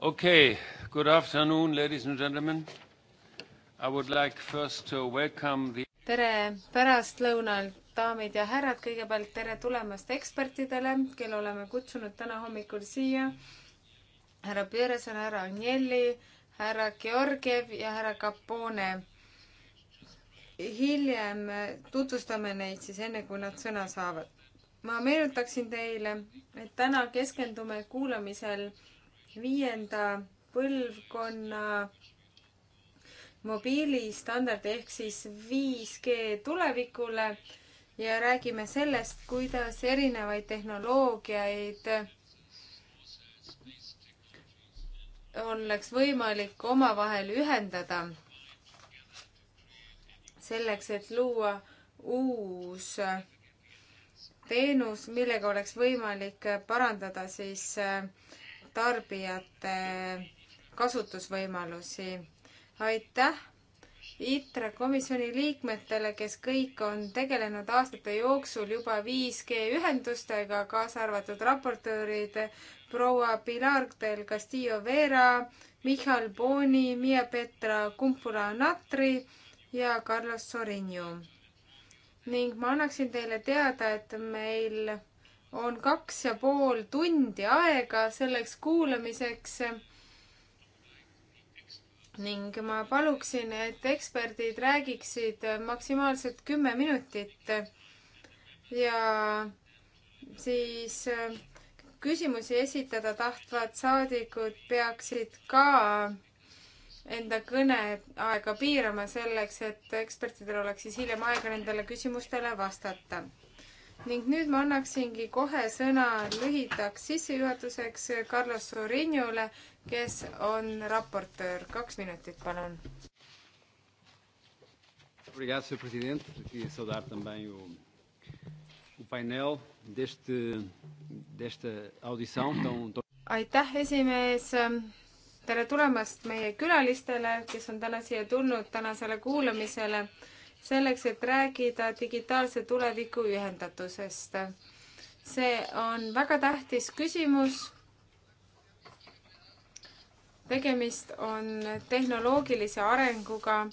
Okay, good afternoon, ladies and gentlemen. I would like first to welcome the tere pärastlõunal, daamid ja härrad, kõigepealt tere tulemast ekspertidele, kelle oleme kutsunud täna hommikul siia. härra Püüresen, härra Agnelli, härra Georgiev ja härra Capone. hiljem tutvustame neid siis enne, kui nad sõna saavad. ma meenutaksin teile, et täna keskendume kuulamisel viienda põlvkonna mobiilistandardi ehk siis 5G tulevikule ja räägime sellest, kuidas erinevaid tehnoloogiaid oleks võimalik omavahel ühendada selleks, et luua uus teenus, millega oleks võimalik parandada siis äh, tarbijate kasutusvõimalusi. aitäh ITRA komisjoni liikmetele, kes kõik on tegelenud aastate jooksul juba 5G ühendustega, kaasa arvatud raportöörid proua Pilar del Castillo Vera, Michal Boni, Miia Petra Kumpula Natri ja Carlos Sorinju. ning ma annaksin teile teada, et meil on kaks ja pool tundi aega selleks kuulamiseks. ning ma paluksin, et eksperdid räägiksid maksimaalselt kümme minutit ja siis äh, küsimusi esitada tahtvad saadikud peaksid ka enda kõneaega piirama selleks, et ekspertidel oleks siis hiljem aega nendele küsimustele vastata ning nüüd ma annaksingi kohe sõna lühidaks sissejuhatuseks Carlos Sorinole, kes on raportöör. kaks minutit, palun. Obrigado, Sr. Presidente. Queria saudar também o, o painel deste, desta audição tão, tão... aitäh, esimees! tere tulemast meie külalistele, kes on täna siia tulnud tänasele kuulamisele selleks, et rääkida digitaalse tuleviku ühendatusest. see on väga tähtis küsimus. tegemist on tehnoloogilise arenguga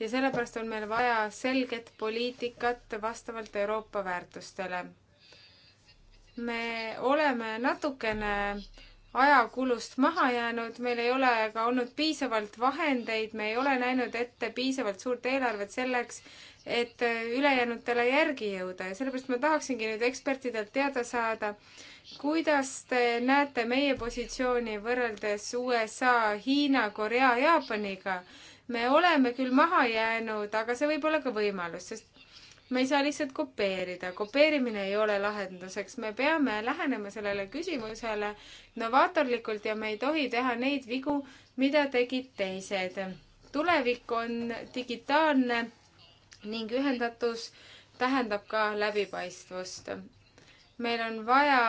ja sellepärast on meil vaja selget poliitikat vastavalt Euroopa väärtustele. me oleme natukene ajakulust maha jäänud, meil ei ole ka olnud piisavalt vahendeid, me ei ole näinud ette piisavalt suurt eelarvet selleks, et ülejäänutele järgi jõuda ja sellepärast ma tahaksingi nüüd ekspertidelt teada saada, kuidas te näete meie positsiooni võrreldes USA, Hiina, Korea, Jaapaniga? me oleme küll maha jäänud, aga see võib olla ka võimalus, sest me ei saa lihtsalt kopeerida, kopeerimine ei ole lahenduseks, me peame lähenema sellele küsimusele novaatorlikult ja me ei tohi teha neid vigu, mida tegid teised. tulevik on digitaalne ning ühendatus tähendab ka läbipaistvust. meil on vaja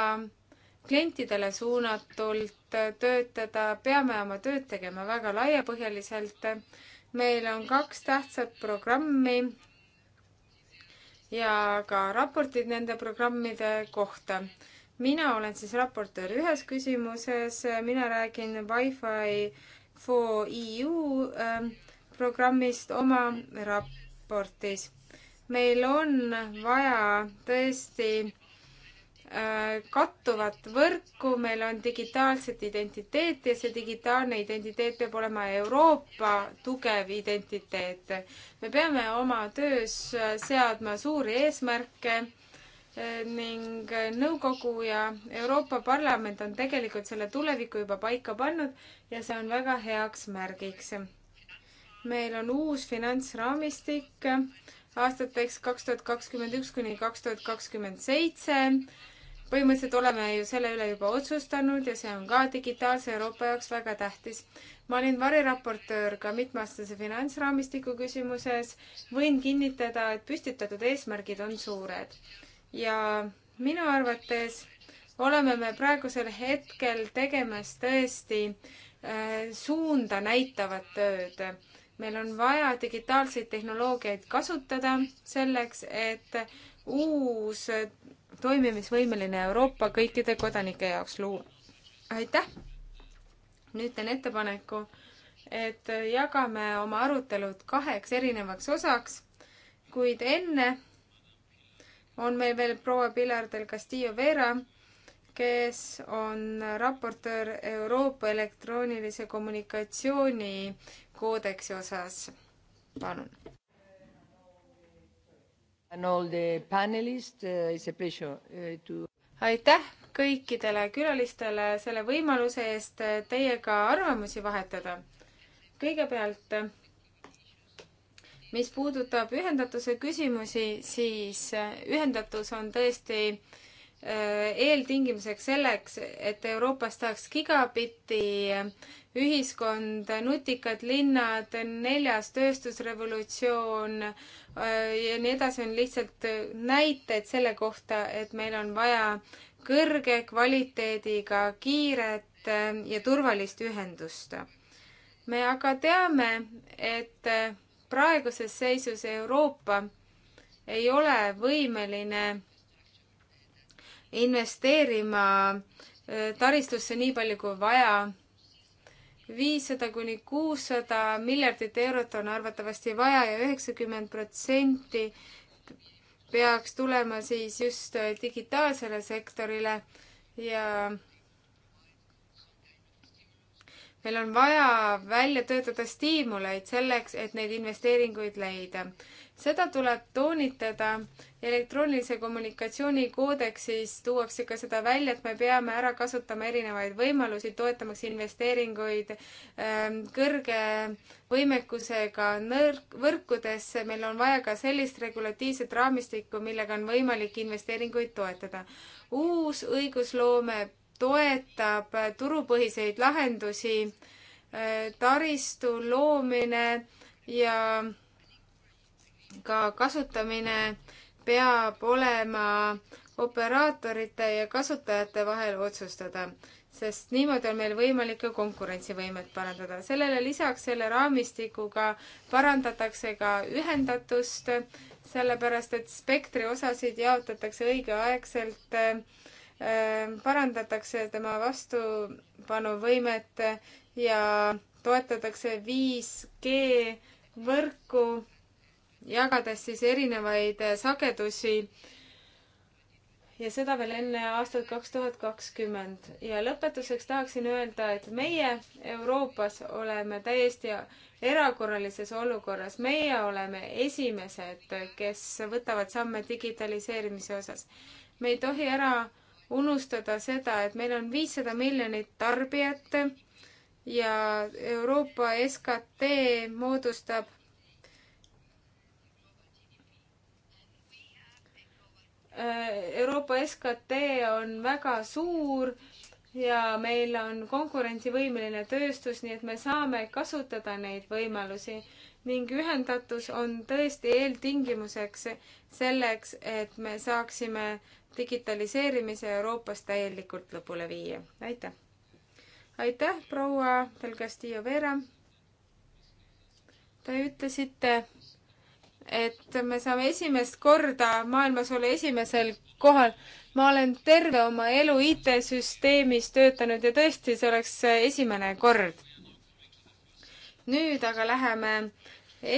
klientidele suunatult töötada, peame oma tööd tegema väga laiapõhjaliselt meil on kaks tähtsat programmi, ja ka raportid nende programmide kohta. mina olen siis raportöör ühes küsimuses, mina räägin Wi-Fi for EU ähm, programmist oma raportis. meil on vaja tõesti Äh, kattuvat võrku, meil on digitaalset identiteeti ja see digitaalne identiteet peab olema Euroopa tugev identiteet. me peame oma töös seadma suuri eesmärke äh, ning nõukogu ja Euroopa Parlament on tegelikult selle tuleviku juba paika pannud ja see on väga heaks märgiks. meil on uus finantsraamistik aastateks kaks tuhat kakskümmend üks kuni kaks tuhat kakskümmend seitse põhimõtteliselt oleme ju selle üle juba otsustanud ja see on ka digitaalse Euroopa jaoks väga tähtis. ma olin variraportöör ka mitmeaastase finantsraamistiku küsimuses. võin kinnitada, et püstitatud eesmärgid on suured ja minu arvates oleme me praegusel hetkel tegemas tõesti äh, suunda näitavat tööd. meil on vaja digitaalseid tehnoloogiaid kasutada selleks, et uus toimimisvõimeline Euroopa kõikide kodanike jaoks luua. aitäh! nüüd teen ettepaneku, et jagame oma arutelud kaheks erinevaks osaks, kuid enne on meil veel proua Pilar del Castillo Vera, kes on raportöör Euroopa elektroonilise kommunikatsiooni koodeksi osas. palun. Uh, uh, to... aitäh kõikidele külalistele selle võimaluse eest uh, teiega arvamusi vahetada. kõigepealt, mis puudutab ühendatuse küsimusi, siis ühendatus on tõesti äh, Äh, eeltingimuseks selleks, et Euroopas tahaks gigabitti äh, ühiskond, nutikad linnad, neljas tööstusrevolutsioon äh, ja nii edasi on lihtsalt näited selle kohta, et meil on vaja kõrge kvaliteediga kiiret ja turvalist ühendust. me aga teame, et praeguses seisus Euroopa ei ole võimeline investeerima äh, taristusse nii palju kui vaja. viissada kuni kuussada miljardit eurot on arvatavasti vaja ja üheksakümmend protsenti peaks tulema siis just äh, digitaalsele sektorile ja meil on vaja välja töötada stiimuleid selleks, et neid investeeringuid leida. seda tuleb toonitada. elektroonilise kommunikatsiooni koodeksis tuuakse ka seda välja, et me peame ära kasutama erinevaid võimalusi, toetamaks investeeringuid ähm, kõrge võimekusega nõrk, võrkudesse. meil on vaja ka sellist regulatiivset raamistikku, millega on võimalik investeeringuid toetada. uus õigusloome toetab turupõhiseid lahendusi, äh, taristu loomine ja ka kasutamine peab olema operaatorite ja kasutajate vahel otsustada, sest niimoodi on meil võimalik ka konkurentsivõimet parandada. sellele lisaks selle raamistikuga parandatakse ka ühendatust, sellepärast et spektri osasid jaotatakse õigeaegselt äh, Äh, parandatakse tema vastupanuvõimet ja toetatakse 5G võrku, jagades siis erinevaid sagedusi ja seda veel enne aastat kaks tuhat kakskümmend. ja lõpetuseks tahaksin öelda, et meie Euroopas oleme täiesti erakorralises olukorras. meie oleme esimesed, kes võtavad samme digitaliseerimise osas. me ei tohi ära unustada seda, et meil on viissada miljonit tarbijat ja Euroopa SKT moodustab äh, Euroopa SKT on väga suur ja meil on konkurentsivõimeline tööstus, nii et me saame kasutada neid võimalusi ning ühendatus on tõesti eeltingimuseks selleks, et me saaksime digitaliseerimise Euroopas täielikult lõpule viia. aitäh! aitäh, proua Del Castillo Vera! Te ütlesite, et me saame esimest korda maailmas olla esimesel kohal. ma olen terve oma elu IT-süsteemis töötanud ja tõesti, see oleks esimene kord. nüüd aga läheme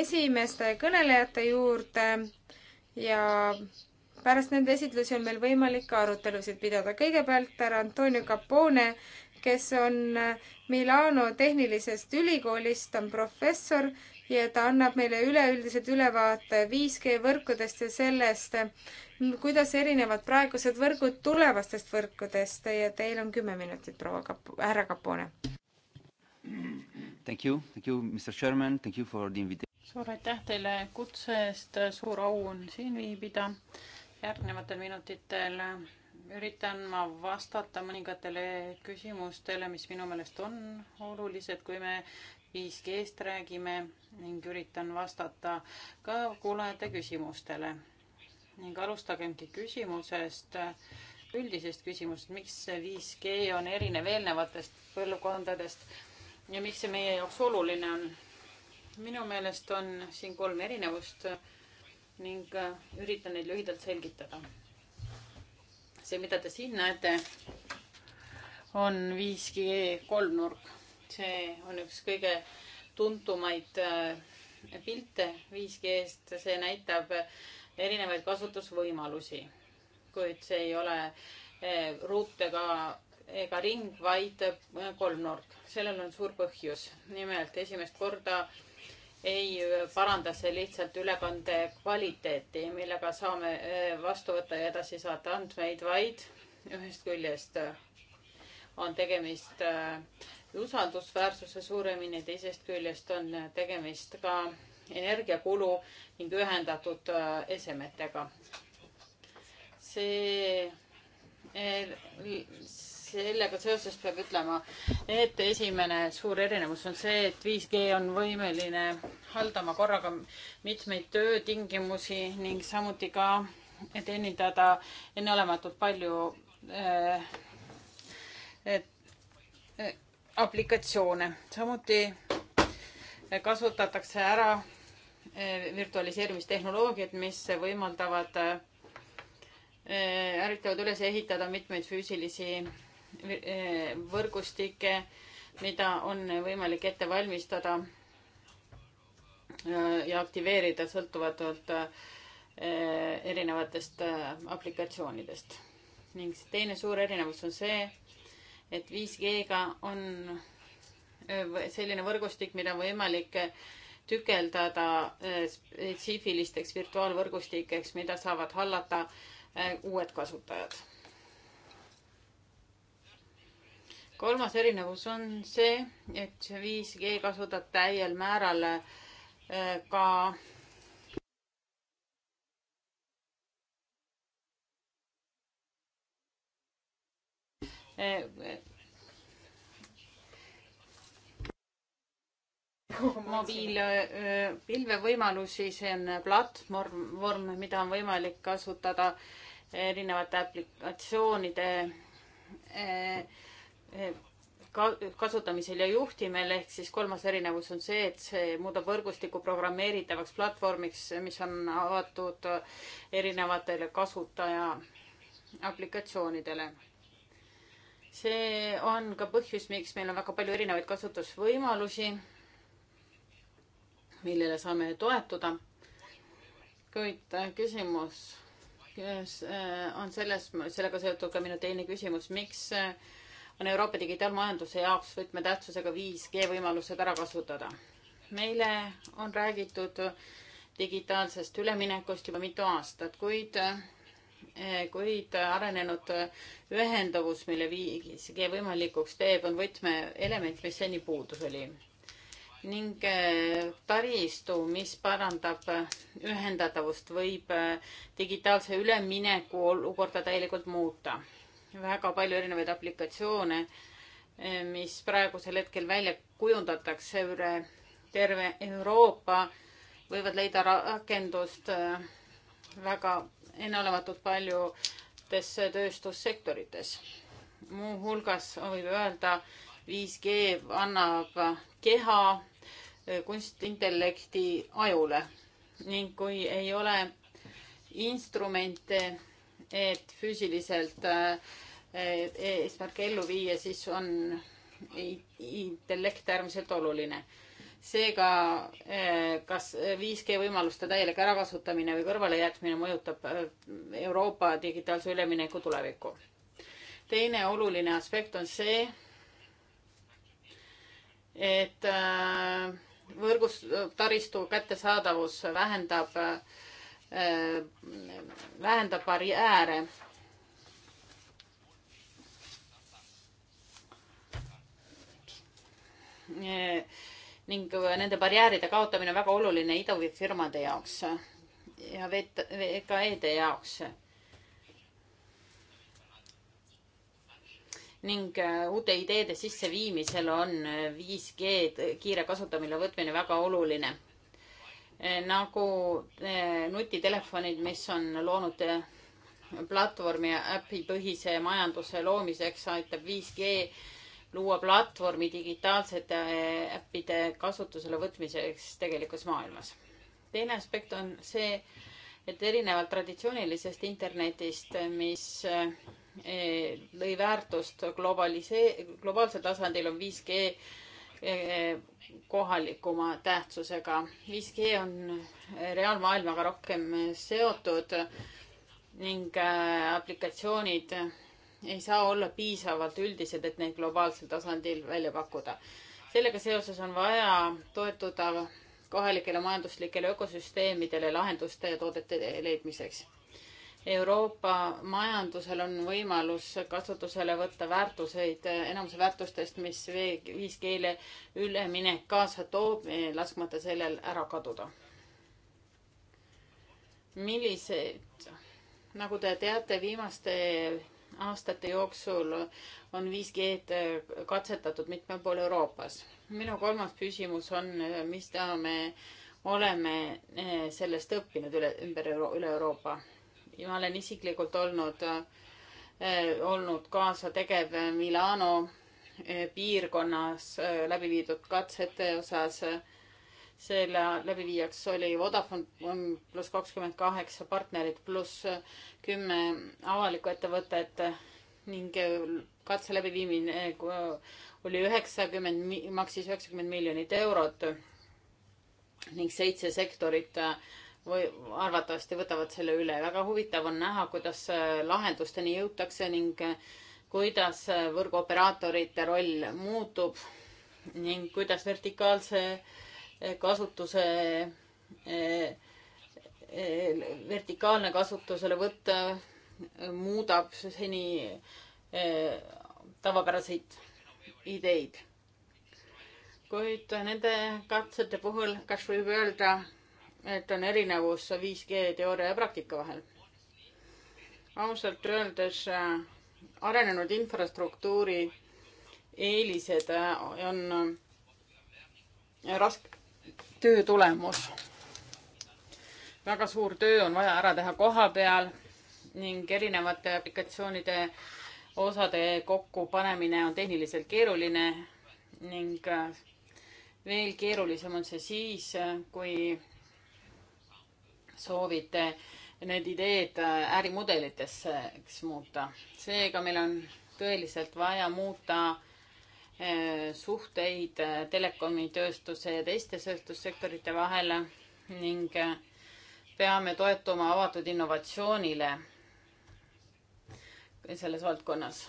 esimeste kõnelejate juurde ja pärast nende esitlusi on meil võimalik ka arutelusid pidada. kõigepealt härra Antonio Capone, kes on Milano Tehnilisest Ülikoolist, ta on professor ja ta annab meile üleüldiselt ülevaate 5G võrkudest ja sellest, kuidas erinevad praegused võrgud tulevastest võrkudest ja teil on kümme minutit, proua Kap-, härra Capone. Thank you, thank you, Mr Chairman, thank you for the invitation. suur aitäh teile kutse eest, suur au on siin viibida järgnevatel minutitel üritan ma vastata mõningatele küsimustele, mis minu meelest on olulised, kui me 5G-st räägime ning üritan vastata ka kuulajate küsimustele. ning alustagemgi küsimusest, üldisest küsimusest, miks 5G on erinev eelnevatest põlvkondadest ja miks see meie jaoks oluline on. minu meelest on siin kolm erinevust ning äh, üritan neid lühidalt selgitada. see, mida te siin näete, on 5G kolmnurk. see on üks kõige tuntumaid äh, pilte 5G-st, see näitab äh, erinevaid kasutusvõimalusi, kuid see ei ole ruut ega, ega ring, vaid kolmnurk. sellel on suur põhjus. nimelt esimest korda ei paranda see lihtsalt ülekande kvaliteeti, millega saame äh, vastu võtta ja edasi saata andmeid, vaid ühest küljest äh, on tegemist äh, usaldusväärsuse suuremini, teisest küljest on tegemist ka energiakulu ning ühendatud esemetega. see sellega seoses peab ütlema, et esimene suur erinevus on see, et 5G on võimeline haldama korraga mitmeid töötingimusi ning samuti ka teenindada enneolematult palju äh, et, äh, aplikatsioone. samuti kasutatakse ära äh, virtualiseerimistehnoloogiad, mis võimaldavad äh, üritavad üles ehitada mitmeid füüsilisi Eh, võrgustikke, mida on võimalik ette valmistada äh, ja aktiveerida sõltuvalt äh, erinevatest äh, aplikatsioonidest. ning teine suur erinevus on see, et 5G-ga on selline võrgustik, mida on võimalik tükeldada spetsiifilisteks virtuaalvõrgustikeks, mida saavad hallata uued kasutajad kolmas erinevus on see, et 5G kasutab täiel määral äh, ka äh, mobiilpilvevõimalusi, äh, see on platvorm, mida on võimalik kasutada erinevate aplikatsioonide eh, kasutamisel ja juhtimel ehk siis kolmas erinevus on see, et see muudab võrgustiku programmeeritavaks platvormiks, mis on avatud erinevatele kasutaja aplikatsioonidele. see on ka põhjus, miks meil on väga palju erinevaid kasutusvõimalusi, millele saame toetuda. kuid äh, küsimus äh, on selles, sellega seotud ka minu teine küsimus, miks äh, on Euroopa digitaalmajanduse jaoks võtmetähtsusega 5G võimalused ära kasutada. meile on räägitud digitaalsest üleminekust juba mitu aastat, kuid eh, kuid arenenud ühendavus, mille 5G võimalikuks teeb, on võtmeelement, mis seni puudus oli. ning eh, taristu, mis parandab ühendatavust, võib eh, digitaalse ülemineku olukorda täielikult muuta väga palju erinevaid aplikatsioone, eh, mis praegusel hetkel välja kujundatakse üle terve Euroopa, võivad leida rakendust eh, väga enneolematult paljudes tööstussektorites. muuhulgas võib öelda, 5G annab keha eh, kunstintellekti ajule ning kui ei ole instrumente et füüsiliselt äh, e-, eesmärke ellu viia, siis on intellekt äärmiselt oluline. seega, äh, kas 5G võimaluste täielik ärakasutamine või kõrvalejätmine mõjutab äh, Euroopa digitaalse ülemineku tulevikku? teine oluline aspekt on see, et võrgus, taristu kättesaadavus vähendab äh, Äh, vähendab barjääre. Äh, ning nende barjääride kaotamine on väga oluline idufirmade jaoks ja VKE-de jaoks. ning äh, uute ideede sisseviimisel on 5G kiire kasutamine võtmine väga oluline nagu eh, nutitelefonid, mis on loonud eh, platvormi äpipõhise majanduse loomiseks, aitab 5G luua platvormi digitaalsete eh, äppide kasutusele võtmiseks tegelikus maailmas. teine aspekt on see, et erinevalt traditsioonilisest internetist, mis lõi väärtust globalisee-, globaalsel tasandil, on 5G kohalikuma tähtsusega. 5G on reaalmaailmaga rohkem seotud ning äh, aplikatsioonid ei saa olla piisavalt üldised, et neid globaalsel tasandil välja pakkuda. sellega seoses on vaja toetuda kohalikele majanduslikele ökosüsteemidele lahenduste ja toodete leidmiseks Euroopa majandusel on võimalus kasutusele võtta väärtuseid, enamuse väärtustest, mis viis keele üleminek kaasa toob, laskmata sellel ära kaduda. millised, nagu te teate, viimaste aastate jooksul on 5G-d katsetatud mitmel pool Euroopas. minu kolmas küsimus on, mis ta me oleme eh, sellest õppinud üle, ümber Euro-, üle Euroopa ma olen isiklikult olnud eh,, olnud kaasategev Milano eh, piirkonnas eh, läbi viidud katsete osas. selle läbiviijaks oli Vodafone pluss kakskümmend kaheksa partnerit pluss kümme avalikku ettevõtet ning eh, katse läbiviimine eh, oli üheksakümmend, maksis üheksakümmend miljonit eurot ning seitse sektorit või arvatavasti võtavad selle üle. väga huvitav on näha, kuidas äh, lahendusteni jõutakse ning äh, kuidas äh, võrguoperaatorite roll muutub ning kuidas vertikaalse kasutuse, vertikaalne kasutuselevõtt muudab seni tavapäraseid ideid. kuid nende katsete puhul, kas võib öelda, et on erinevus 5G teooria ja praktika vahel. ausalt öeldes äh, arenenud infrastruktuuri eelised äh, on äh, raske töö tulemus. väga suur töö on vaja ära teha koha peal ning erinevate aplikatsioonide osade kokkupanemine on tehniliselt keeruline ning veel keerulisem on see siis, kui soovite need ideed äh, ärimudelitesse muuta. seega meil on tõeliselt vaja muuta äh, suhteid äh, telekomitööstuse ja teiste tööstussektorite vahel ning peame toetuma avatud innovatsioonile selles valdkonnas.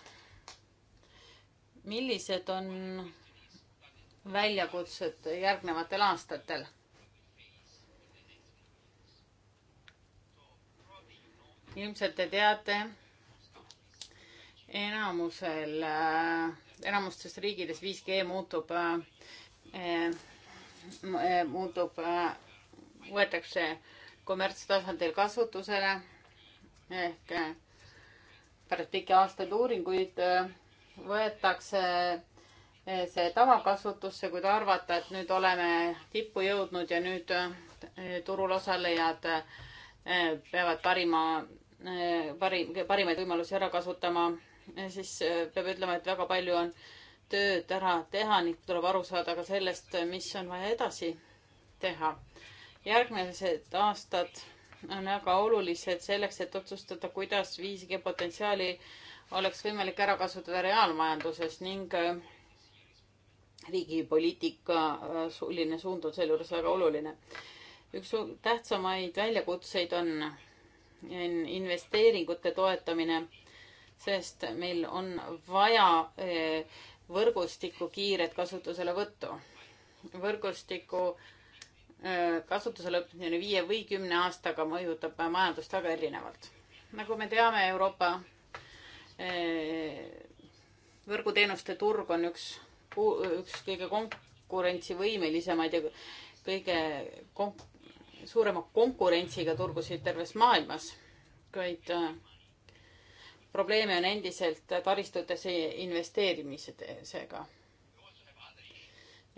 millised on väljakutsed järgnevatel aastatel? ilmselt te teate, enamusel, äh, enamustes riikides 5G muutub eh,, muutub eh,, võetakse kommertstasandil kasutusele ehk pärast pikki aastaid uuringuid võetakse see tavakasutusse, kuid arvata, et nüüd oleme tippu jõudnud ja nüüd turul osalejad peavad parima Äh, parim, parimaid võimalusi ära kasutama, siis äh, peab ütlema, et väga palju on tööd ära teha ning tuleb aru saada ka sellest, mis on vaja edasi teha. järgmised aastad on väga olulised selleks, et otsustada, kuidas 5G potentsiaali oleks võimalik ära kasutada reaalmajanduses ning äh, riigi poliitika suuline suund on sealjuures väga oluline. üks tähtsamaid väljakutseid on investeeringute toetamine, sest meil on vaja eh, võrgustiku kiiret kasutuselevõttu. võrgustiku eh, kasutusele võtmine viie või kümne aastaga mõjutab majandust väga erinevalt. nagu me teame, Euroopa eh, võrguteenuste turg on üks, üks kõige konkurentsivõimelisemaid ja kõige konk-, suurema konkurentsiga turgusid terves maailmas, kuid äh, probleeme on endiselt taristutesse investeerimisega.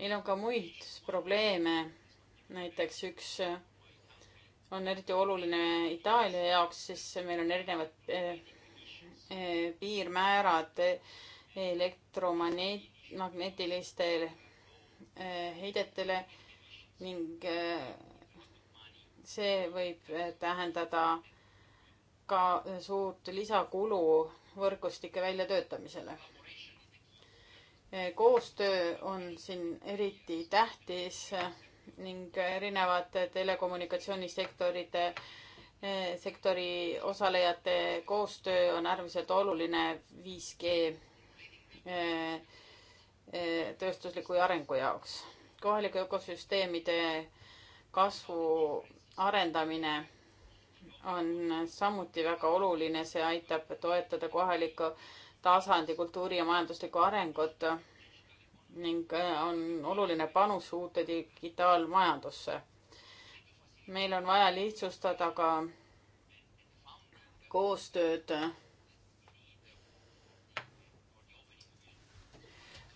meil on ka muid probleeme, näiteks üks äh, on eriti oluline Itaalia jaoks, sest meil on erinevad äh, piirmäärad elektromagnetilistele heidetele ning see võib eh, tähendada ka eh, suurt lisakulu võrgustike väljatöötamisele. Eh, koostöö on siin eriti tähtis ning erinevate telekommunikatsioonisektorite, sektori osalejate koostöö on äärmiselt oluline 5G tööstusliku arengu jaoks. kohalike ökosüsteemide kasvu arendamine on samuti väga oluline, see aitab toetada kohaliku tasandi kultuuri ja majanduslikku arengut ning äh, on oluline panus uute digitaalmajandusse. meil on vaja lihtsustada ka koostööd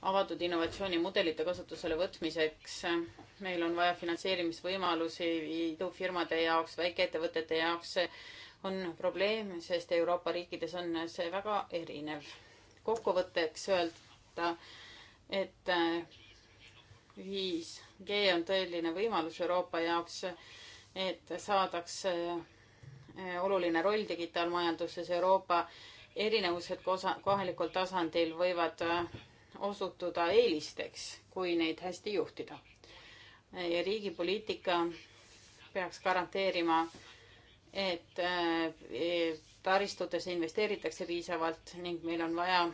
avatud innovatsioonimudelite kasutusele võtmiseks meil on vaja finantseerimisvõimalusi idufirmade jaoks, väikeettevõtete jaoks. on probleem, sest Euroopa riikides on see väga erinev. kokkuvõtteks öelda, et 5G äh, on tõeline võimalus Euroopa jaoks, et saadaks äh, oluline roll digitaalmajanduses Euroopa erinevused kohalikul tasandil võivad äh, osutuda eelisteks, kui neid hästi juhtida ja riigi poliitika peaks garanteerima, et äh, taristutesse investeeritakse piisavalt ning meil on vaja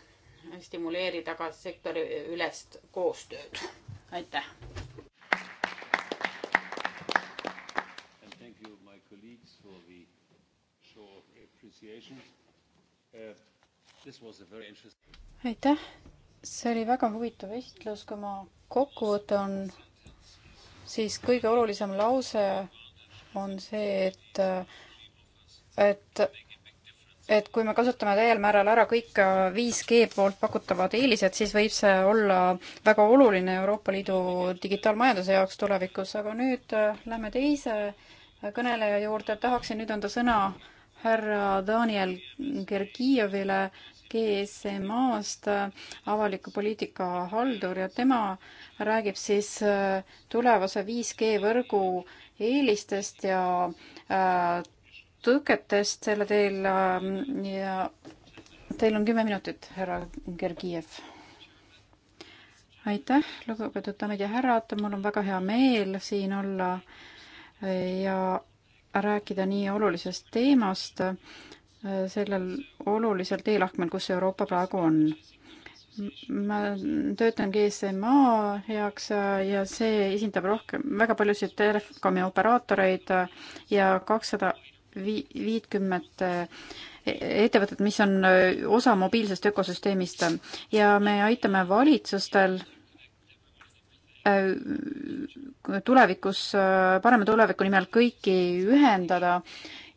stimuleerida ka sektoriülest koostööd. aitäh. Uh, aitäh, see oli väga huvitav esitlus, kui ma kokkuvõtan siis kõige olulisem lause on see, et, et et kui me kasutame täiel määral ära kõik 5G poolt pakutavad eelised, siis võib see olla väga oluline Euroopa Liidu digitaalmajanduse jaoks tulevikus, aga nüüd äh, lähme teise kõneleja juurde, tahaksin nüüd anda sõna härra Daniel Gergijevile, GSM-ast, avaliku poliitika haldur ja tema räägib siis äh, tulevase 5G võrgu eelistest ja äh, tõketest selle teel ähm, ja teil on kümme minutit, härra Gergijev. aitäh, lugupeetud daamid ja härrad, mul on väga hea meel siin olla äh, ja rääkida nii olulisest teemast sellel olulisel teelahkmel, kus Euroopa praegu on. ma töötan GSMA e heaks ja see esindab rohkem, väga paljusid telekomi operaatoreid ja kakssada viitkümmet e-, ettevõtet, mis on osa mobiilsest ökosüsteemist ja me aitame valitsustel äh, tulevikus, äh, parema tuleviku nimel kõiki ühendada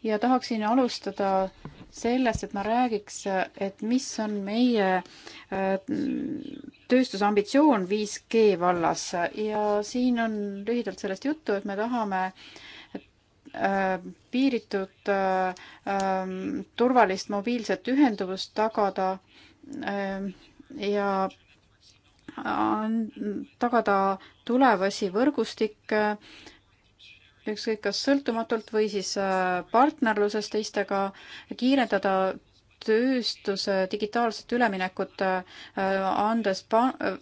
ja tahaksin alustada sellest, et ma räägiks, et mis on meie äh, tööstusambitsioon 5G vallas ja siin on lühidalt sellest juttu, et me tahame äh, piiritud äh, ähm, turvalist mobiilset ühenduvust tagada ähm, ja tagada tulevasi võrgustikke ükskõik kas sõltumatult või siis äh, partnerluses teistega, kiirendada tööstuse digitaalset üleminekut, äh, andes pa-, äh,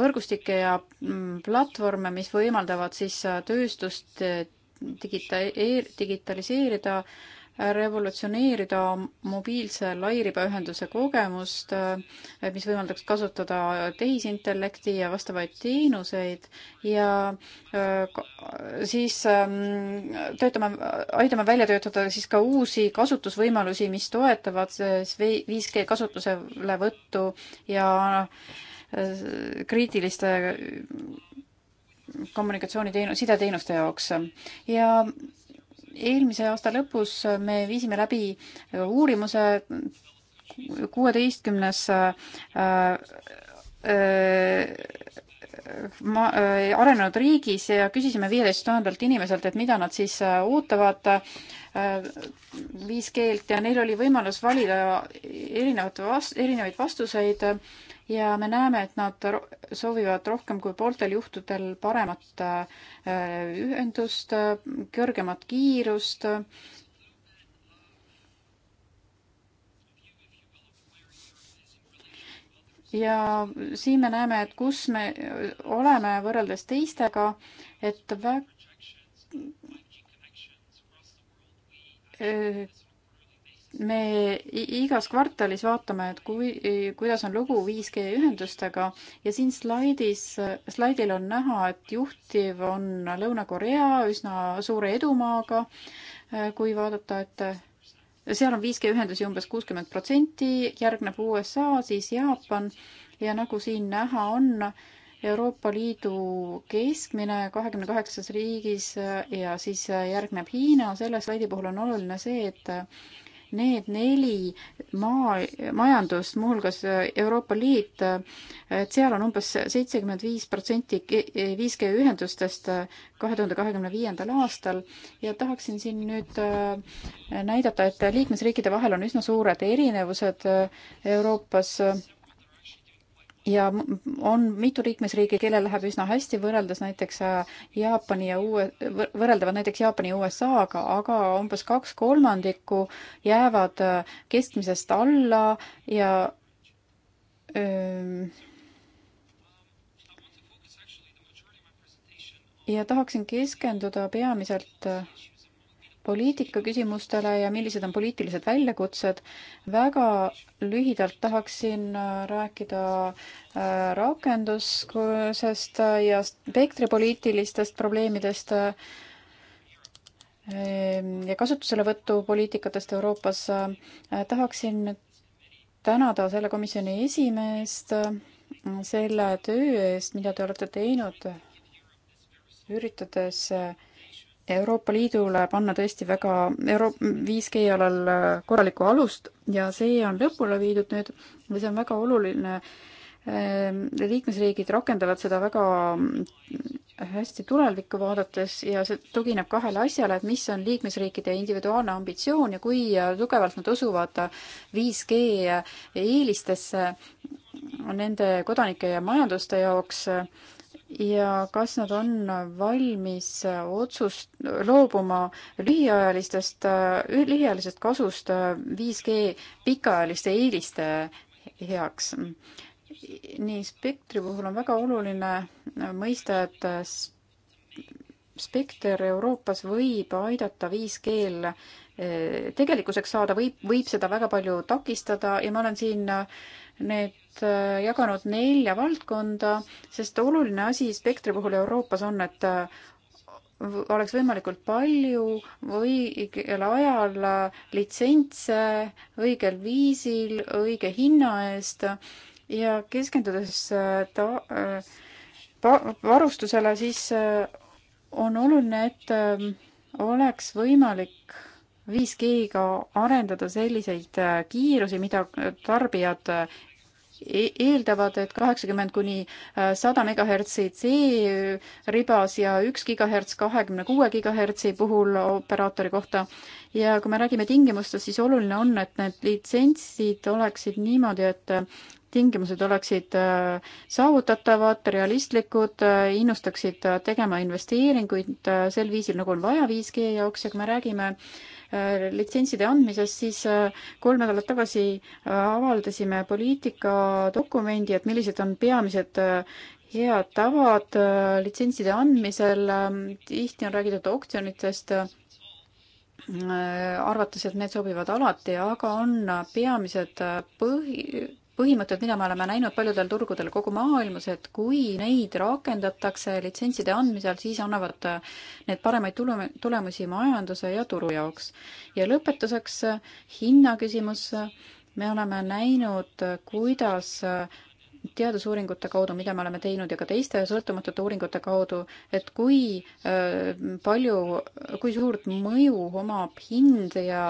võrgustikke ja mm, platvorme, mis võimaldavad siis tööstust digita-, e-, digitaliseerida äh, revolutsioneerida mobiilse lairibaühenduse kogemust, äh, mis võimaldaks kasutada tehisintellekti ja vastavaid teenuseid ja äh, siis ähm, töötame, aitame välja töötada siis ka uusi kasutusvõimalusi, mis toetavad 5G äh, kasutuselevõttu ja kriitiliste kommunikatsiooniteenu-, sideteenuste jaoks ja eelmise aasta lõpus me viisime läbi uurimuse kuueteistkümnes äh, äh, ma- äh,, arenenud riigis ja küsisime viieteist tuhandelt inimeselt, et mida nad siis äh, ootavad äh, viis keelt ja neil oli võimalus valida erinevate vast-, erinevaid vastuseid äh, ja me näeme, et nad soovivad rohkem kui pooltel juhtudel paremat äh, ühendust, kõrgemat kiirust ja siin me näeme, et kus me oleme võrreldes teistega, et vä-, äh, me igas kvartalis vaatame, et kui, kuidas on lugu 5G ühendustega ja siin slaidis, slaidil on näha, et juhtiv on Lõuna-Korea üsna suure edumaaga, kui vaadata, et seal on 5G ühendusi umbes kuuskümmend protsenti, järgneb USA, siis Jaapan ja nagu siin näha on, Euroopa Liidu keskmine kahekümne kaheksas riigis ja siis järgneb Hiina, selle slaidi puhul on oluline see, et need neli maa, majandust, muuhulgas äh, Euroopa Liit, äh, et seal on umbes seitsekümmend viis protsenti 5G äh, ühendustest kahe tuhande kahekümne viiendal aastal ja tahaksin siin nüüd näidata, et liikmesriikide vahel on üsna suured erinevused Euroopas ja on mitu liikmesriigi, kellel läheb üsna hästi, võrreldes näiteks äh, Jaapani ja uue, võrreldavad näiteks Jaapani ja USA-ga, aga umbes kaks kolmandikku jäävad äh, keskmisest alla ja öö, ähm, ja tahaksin keskenduda peamiselt äh, poliitikaküsimustele ja millised on poliitilised väljakutsed. väga lühidalt tahaksin äh, rääkida äh, rakendusest ja spektripoliitilistest probleemidest äh, ja kasutuselevõtu poliitikatest Euroopas. tahaksin tänada selle komisjoni esimeest selle töö eest, mida te olete teinud, üritades äh, Euroopa Liidule panna tõesti väga euro-, 5G alal äh, korralikku alust ja see on lõpule viidud nüüd ja see on väga oluline. Ähm, liikmesriigid rakendavad seda väga äh, hästi tulevikku vaadates ja see tugineb kahele asjale, et mis on liikmesriikide individuaalne ambitsioon ja kui äh, tugevalt nad usuvad 5G eelistesse nende kodanike ja majanduste jaoks ja kas nad on valmis otsust, loobuma lühiajalistest, lühiajalisest kasust 5G pikaajaliste eeliste heaks. nii spektri puhul on väga oluline mõista, et spekter Euroopas võib aidata 5G-l eh, tegelikkuseks saada, võib, võib seda väga palju takistada ja ma olen siin äh, need äh, jaganud nelja valdkonda, sest oluline asi spektri puhul Euroopas on, et äh, oleks võimalikult palju õigel ajal äh, litsentse õigel viisil õige hinna eest ja keskendudes ta-, varustusele, siis on oluline, et oleks võimalik 5G-ga arendada selliseid äh, kiirusi, mida tarbijad äh, e-, eeldavad, et kaheksakümmend kuni äh, sada megahertsi C-ribas ja üks gigahertz kahekümne kuue gigahertsi puhul operaatori kohta. ja kui me räägime tingimustest, siis oluline on, et need litsentsid oleksid niimoodi, et tingimused oleksid saavutatavad, realistlikud, innustaksid tegema investeeringuid sel viisil, nagu on vaja 5G jaoks ja kui me räägime äh, Äh, litsentside andmisest, siis äh, kolm nädalat tagasi äh, avaldasime poliitikadokumendi, et millised on peamised head tavad litsentside andmisel, ähm, tihti on räägitud oktsionitest, arvates, et need sobivad alati, aga on peamised põhi, põhimõtted, mida me oleme näinud paljudel turgudel kogu maailmas, et kui neid rakendatakse litsentside andmisel, siis annavad need paremaid tule-, tulemusi majanduse ja turu jaoks. ja lõpetuseks hinnaküsimus. me oleme näinud, kuidas teadusuuringute kaudu, mida me oleme teinud ja ka teiste sõltumatute uuringute kaudu, et kui palju, kui suurt mõju omab hind ja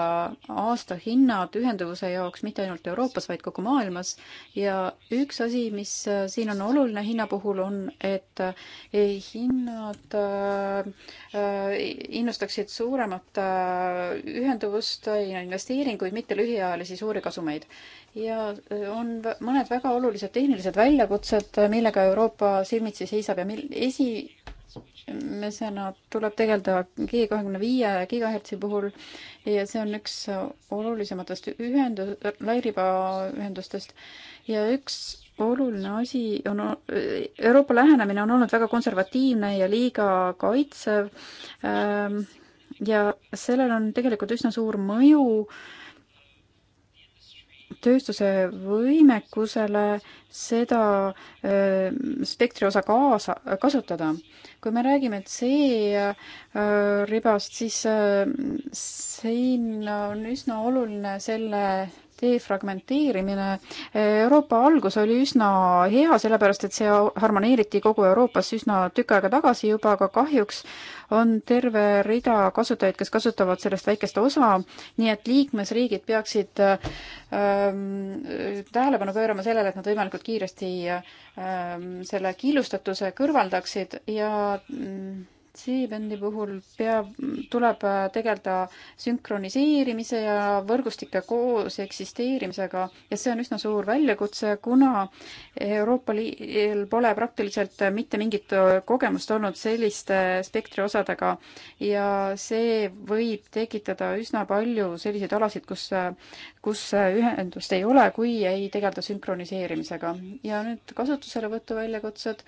aastahinnad ühenduvuse jaoks mitte ainult Euroopas, vaid kogu maailmas. ja üks asi, mis siin on oluline hinna puhul, on, et hinnad innustaksid suuremat ühenduvust ja investeeringuid, mitte lühiajalisi suuri kasumeid ja äh, on mõned väga olulised tehnilised väljakutsed, äh, millega Euroopa silmitsi seisab ja mil-, esimesena tuleb tegeleda G kahekümne viie gigahertsi puhul ja see on üks äh, olulisematest ühendu-, lairibaühendustest ja üks oluline asi on, Euroopa lähenemine on olnud väga konservatiivne ja liiga kaitsev ähm, ja sellel on tegelikult üsna suur mõju äh, tööstuse võimekusele seda spektri osa kaasa, kasutada. kui me räägime C-ribast, siis siin on üsna oluline selle defragmenteerimine. Euroopa algus oli üsna hea, sellepärast et see harmoneeriti kogu Euroopas üsna tükk aega tagasi juba, aga kahjuks on terve rida kasutajaid, kes kasutavad sellest väikest osa, nii et liikmesriigid peaksid ähm, tähelepanu pöörama sellele, et nad võimalikult kiiresti ähm, selle killustatuse kõrvaldaksid ja ähm, C-bändi puhul peab, tuleb tegeleda sünkroniseerimise ja võrgustike koos eksisteerimisega ja see on üsna suur väljakutse, kuna Euroopa Liidul pole praktiliselt mitte mingit kogemust olnud selliste spektriosadega ja see võib tekitada üsna palju selliseid alasid, kus, kus ühendust ei ole, kui ei tegeleda sünkroniseerimisega. ja nüüd kasutuselevõtu väljakutsed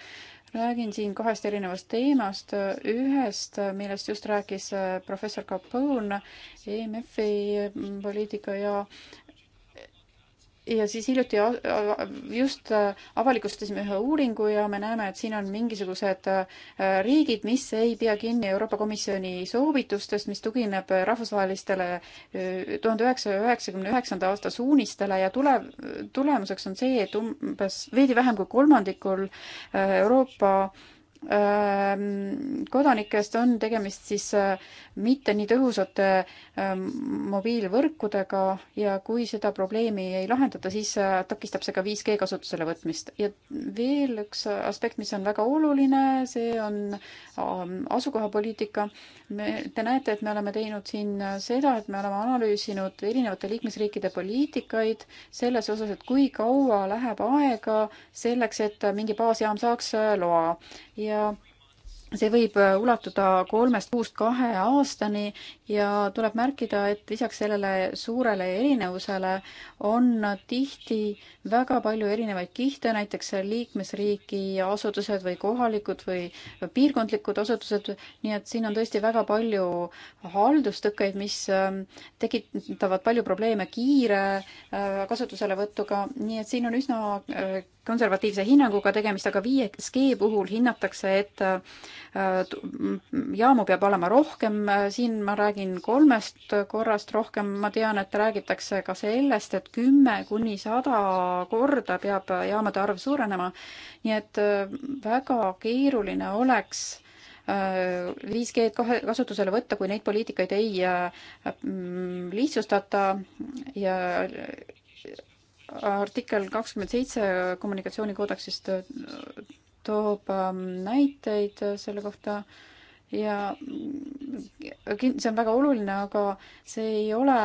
räägin siin kahest erinevast teemast, ühest, millest just rääkis äh, professor Capone, EMF-i poliitika ja ja siis hiljuti just äh, avalikustasime ühe uuringu ja me näeme, et siin on mingisugused äh, riigid, mis ei pea kinni Euroopa Komisjoni soovitustest, mis tugineb rahvusvahelistele äh, tuhande üheksasaja üheksakümne üheksanda aasta suunistele ja tule, tulemuseks on see, et umbes veidi vähem kui kolmandikul Euroopa kodanikest on tegemist siis mitte nii tõhusate mobiilvõrkudega ja kui seda probleemi ei lahendata, siis takistab see ka 5G kasutusele võtmist. ja veel üks aspekt, mis on väga oluline, see on ähm, asukohapoliitika. me, te näete, et me oleme teinud siin seda, et me oleme analüüsinud erinevate liikmesriikide poliitikaid selles osas, et kui kaua läheb aega selleks, et mingi baasjaam saaks loa ja ja see võib ulatuda kolmest kuust kahe aastani ja tuleb märkida, et lisaks sellele suurele erinevusele on tihti väga palju erinevaid kihte, näiteks liikmesriigi asutused või kohalikud või piirkondlikud asutused, nii et siin on tõesti väga palju haldustõkkeid, mis ähm, tekitavad palju probleeme kiire äh, kasutuselevõtuga, nii et siin on üsna äh, konservatiivse hinnanguga tegemist, aga 5G puhul hinnatakse, et äh, jaamu peab olema rohkem, siin ma räägin räägin kolmest korrast rohkem, ma tean, et räägitakse ka sellest, et kümme kuni sada korda peab jaamade arv suurenema. nii et äh, väga keeruline oleks 5G-d äh, kasutusele võtta, kui neid poliitikaid ei äh, mm, lihtsustata ja artikkel kakskümmend seitse kommunikatsioonikoodeksist toob näiteid selle kohta äh, ja see on väga oluline, aga see ei ole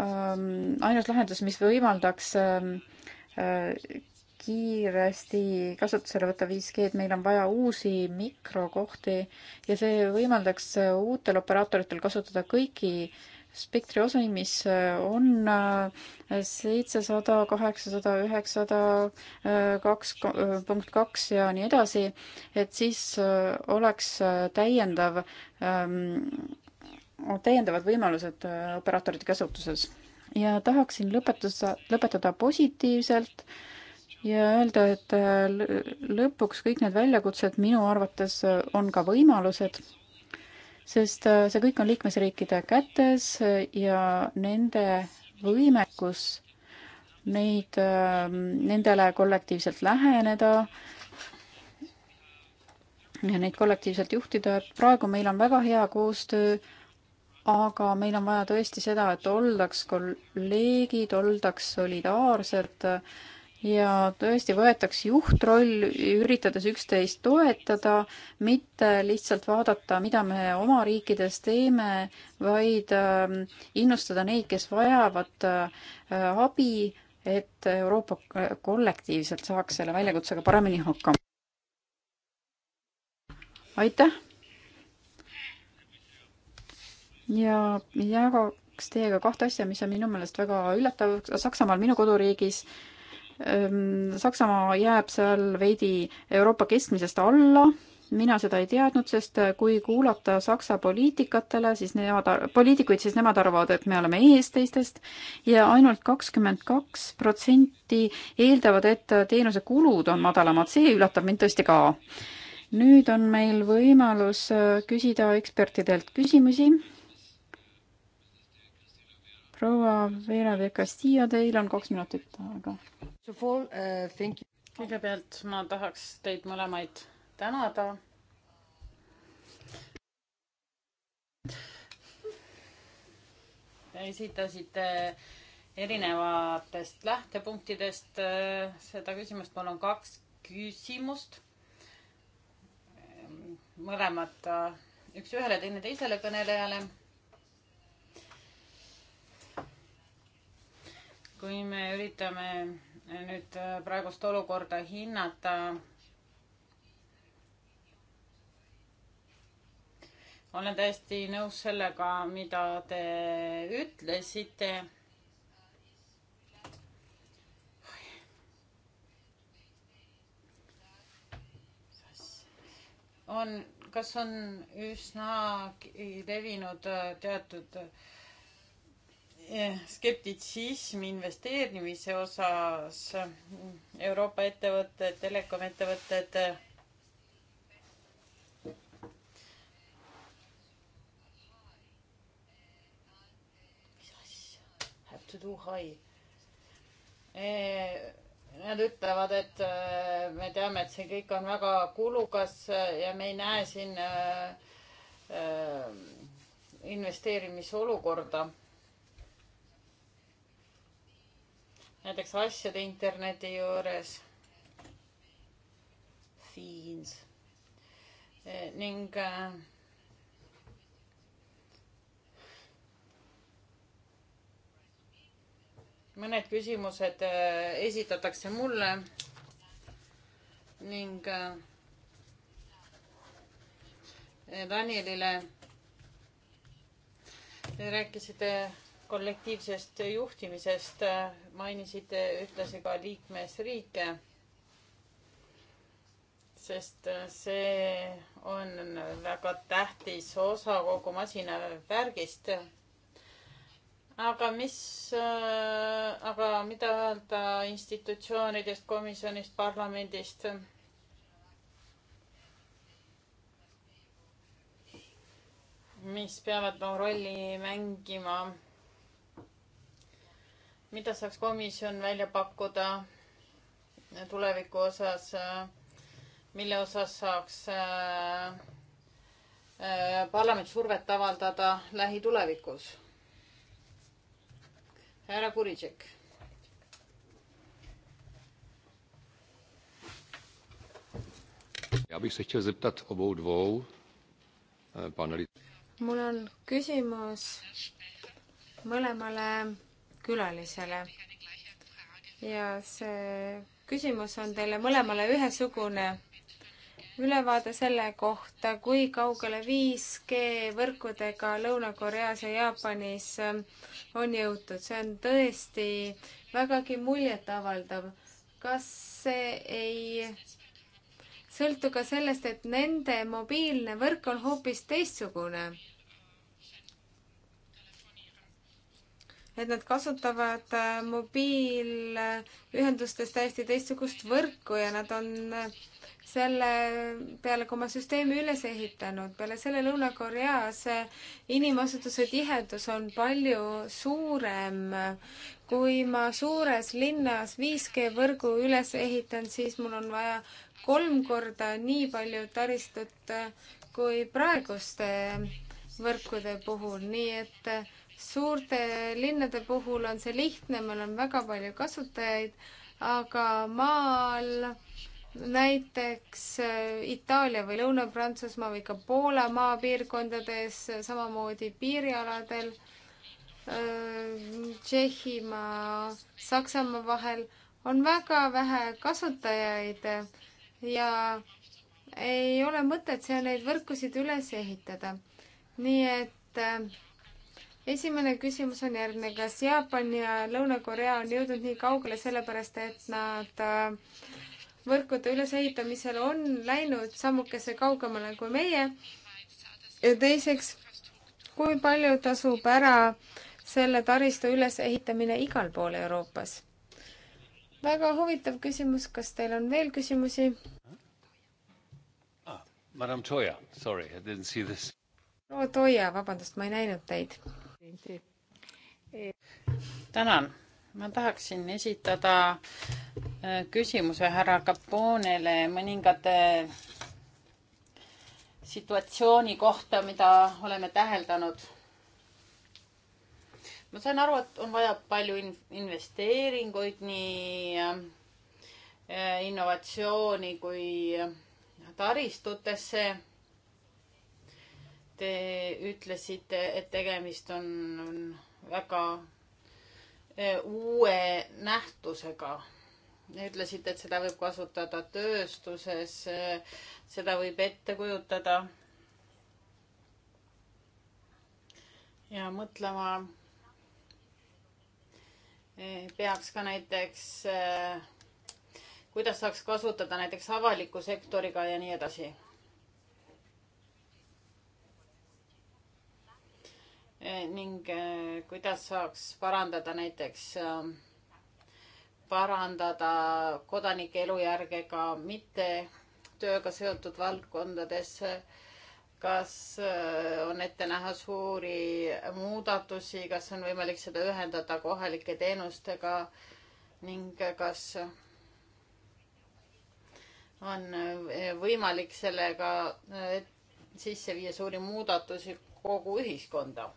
ähm, ainus lahendus, mis võimaldaks ähm, äh, kiiresti kasutusele võtta 5G-d, meil on vaja uusi mikrokohti ja see võimaldaks äh, uutel operaatoritel kasutada kõiki äh, spektri osi, mis äh, on äh, seitsesada, kaheksasada, üheksasada, äh, kaks punkt kaks ja nii edasi, et siis oleks täiendav, ähm, täiendavad võimalused operaatorite käsutuses. ja tahaksin lõpetusa, lõpetada positiivselt ja öelda, et lõpuks kõik need väljakutsed minu arvates on ka võimalused sest äh, see kõik on liikmesriikide kätes äh, ja nende võimekus neid, äh, nendele kollektiivselt läheneda ja neid kollektiivselt juhtida, et praegu meil on väga hea koostöö, aga meil on vaja tõesti seda, et oldaks kolleegid, oldaks solidaarsed äh, ja tõesti võetaks juhtroll, üritades üksteist toetada, mitte lihtsalt vaadata, mida me oma riikides teeme, vaid ähm, innustada neid, kes vajavad äh, abi, et Euroopa äh, kollektiivselt saaks selle väljakutsega paremini hakkama. aitäh! ja jagaks teiega kahte asja, mis on minu meelest väga üllatav. Saksamaal, minu koduriigis äh, Saksamaa jääb seal veidi Euroopa keskmisest alla, mina seda ei teadnud, sest äh, kui kuulata Saksa poliitikatele, siis nemad, poliitikuid, siis nemad arvavad, et me oleme ees teistest ja ainult kakskümmend kaks protsenti eeldavad, et äh, teenuse kulud on madalamad, see üllatab mind tõesti ka. nüüd on meil võimalus äh, küsida ekspertidelt küsimusi proua Veera de Castillo, teil on kaks minutit aega. Uh, kõigepealt ma tahaks teid mõlemaid tänada. Te esitasite erinevatest lähtepunktidest äh, seda küsimust, mul on kaks küsimust. mõlemad äh, üks-ühele, teine teisele kõnelejale kui me üritame nüüd praegust olukorda hinnata, olen täiesti nõus sellega, mida te ütlesite on, kas on üsna levinud teatud äh, Eh, skeptitsism investeerimise osas. Euroopa ettevõtted, telekomettevõtted to do high. Eh, nad ütlevad, et eh, me teame, et see kõik on väga kulukas ja me ei näe siin investeerimisolukorda. näiteks asjade interneti juures, feeds e, ning äh, mõned küsimused äh, esitatakse mulle ning äh, Danielile rääkisite kollektiivsest juhtimisest mainisite ühtlasi ka liikmesriike, sest see on väga tähtis osa kogu masinavärgist. aga mis, aga mida öelda institutsioonidest, komisjonist, parlamendist? mis peavad oma rolli mängima mida saaks komisjon välja pakkuda tuleviku osas, mille osas saaks äh, parlament survet avaldada lähitulevikus? härra Kuritšek. Eh, mul on küsimus mõlemale külalisele. ja see küsimus on teile mõlemale ühesugune. ülevaade selle kohta, kui kaugele 5G võrkudega Lõuna-Koreas ja Jaapanis on jõutud. see on tõesti vägagi muljetavaldav. kas see ei sõltu ka sellest, et nende mobiilne võrk on hoopis teistsugune? et nad kasutavad äh, mobiilühendustes täiesti teistsugust võrku ja nad on äh, selle peale ka oma süsteemi üles ehitanud. peale selle Lõuna-Koreas äh, inimasutuse tihedus on palju suurem. kui ma suures linnas 5G võrgu üles ehitan, siis mul on vaja kolm korda nii palju taristut kui praeguste võrkude puhul, nii et suurte linnade puhul on see lihtne, meil on väga palju kasutajaid, aga maal näiteks äh, Itaalia või Lõuna-Prantsusmaa või ka Poola maapiirkondades, samamoodi piirialadel, äh, Tšehhimaa, Saksamaa vahel on väga vähe kasutajaid ja ei ole mõtet seal neid võrkusid üles ehitada. nii et äh, esimene küsimus on järgmine, kas Jaapan ja Lõuna-Korea on jõudnud nii kaugele sellepärast, et nad äh, võrkude ülesehitamisel on läinud sammukese kaugemale kui meie? ja teiseks, kui palju tasub ära selle taristu ülesehitamine igal pool Euroopas? väga huvitav küsimus, kas teil on veel küsimusi? Ah, Madame Toia, sorry, I didn't see this. proua Toia, vabandust, ma ei näinud teid tänan, ma tahaksin esitada äh, küsimuse härra Caponele mõningate situatsiooni kohta, mida oleme täheldanud. ma sain aru, et on vaja palju in investeeringuid, nii äh, innovatsiooni kui taristutesse Te ütlesite, et tegemist on väga e, uue nähtusega. ütlesite, et seda võib kasutada tööstuses, e, seda võib ette kujutada. ja mõtlema e, peaks ka näiteks, kuidas saaks kasutada näiteks avaliku sektoriga ja nii edasi Eh, ning eh, kuidas saaks parandada näiteks, eh, parandada kodanike elujärge ka mitte tööga seotud valdkondades. kas on ette näha suuri muudatusi, kas on võimalik seda ühendada kohalike teenustega ning kas on võimalik sellega sisse viia suuri muudatusi kogu ühiskonda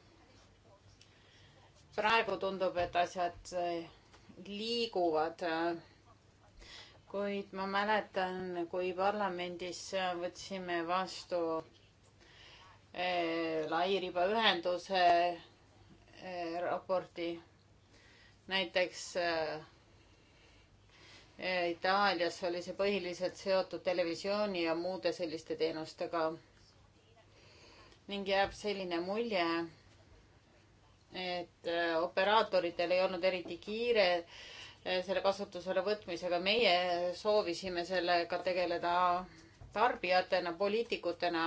praegu tundub, et asjad eh, liiguvad. Eh, kuid ma mäletan, kui parlamendis võtsime vastu eh, lairibaühenduse raporti, näiteks Itaalias oli see põhiliselt seotud televisiooni ja muude selliste teenustega ning jääb selline mulje et äh, operaatoritel ei olnud eriti kiire äh, selle kasutusele võtmisega. meie soovisime sellega tegeleda tarbijatena, poliitikutena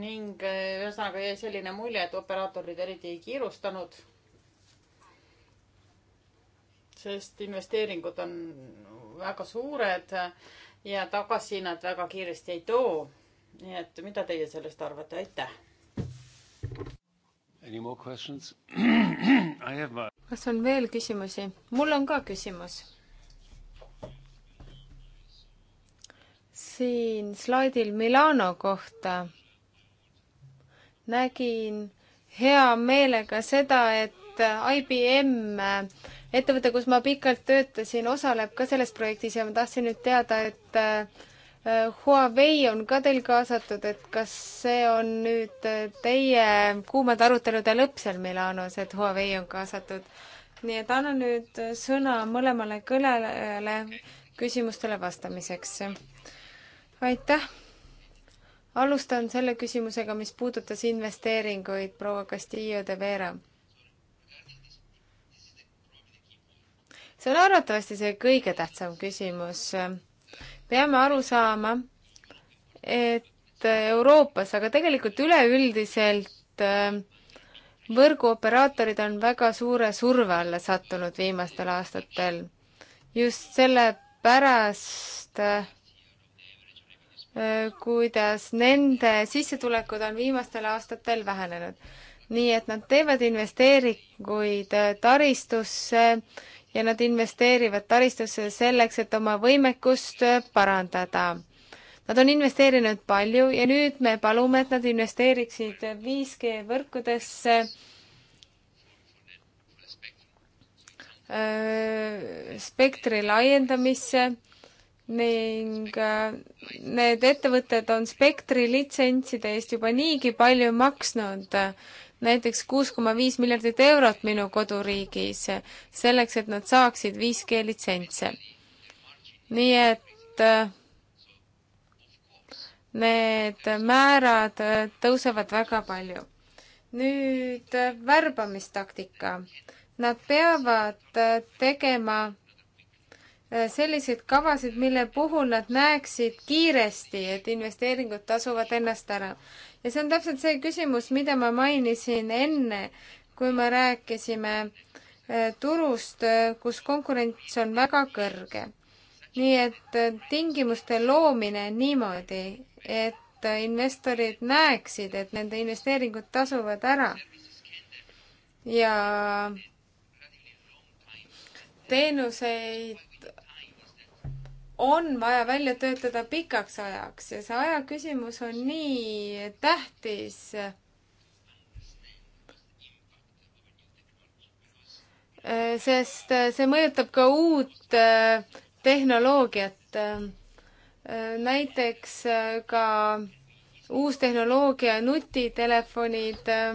ning äh, ühesõnaga jäi selline mulje, et operaatorid eriti ei kiirustanud. sest investeeringud on väga suured ja tagasi nad väga kiiresti ei too. nii et mida teie sellest arvate, aitäh. My... kas on veel küsimusi? mul on ka küsimus. siin slaidil Milano kohta nägin hea meelega seda, et IBM ettevõte, kus ma pikalt töötasin, osaleb ka selles projektis ja ma tahtsin nüüd teada, et äh, Huawei on ka teil kaasatud, et kas see on nüüd äh, teie kuumade arutelude lõpp seal Milanos, et Huawei on kaasatud? nii et annan nüüd sõna mõlemale kõnele küsimustele vastamiseks. aitäh! alustan selle küsimusega, mis puudutas investeeringuid, proua Castillo de Vera see on arvatavasti see kõige tähtsam küsimus. peame aru saama, et Euroopas, aga tegelikult üleüldiselt äh, võrguoperaatorid on väga suure surve alla sattunud viimastel aastatel. just sellepärast, äh, kuidas nende sissetulekud on viimastel aastatel vähenenud. nii et nad teevad investeeringuid äh, taristusse, ja nad investeerivad taristusse selleks, et oma võimekust parandada. Nad on investeerinud palju ja nüüd me palume, et nad investeeriksid 5G võrkudesse spektri laiendamisse ning äh, need ettevõtted on spektri litsentside eest juba niigi palju maksnud näiteks kuus koma viis miljardit eurot minu koduriigis selleks, et nad saaksid 5G litsentse. nii et äh, need määrad äh, tõusevad väga palju. nüüd äh, värbamistaktika. Nad peavad tegema selliseid kavasid, mille puhul nad näeksid kiiresti, et investeeringud tasuvad ennast ära ja see on täpselt see küsimus, mida ma mainisin enne, kui me rääkisime äh, turust, äh, kus konkurents on väga kõrge. nii et äh, tingimuste loomine niimoodi, et investorid näeksid, et nende investeeringud tasuvad ära ja teenuseid on vaja välja töötada pikaks ajaks ja see aja küsimus on nii tähtis. sest see mõjutab ka uut äh, tehnoloogiat. näiteks äh, ka uus tehnoloogia, nutitelefonid äh,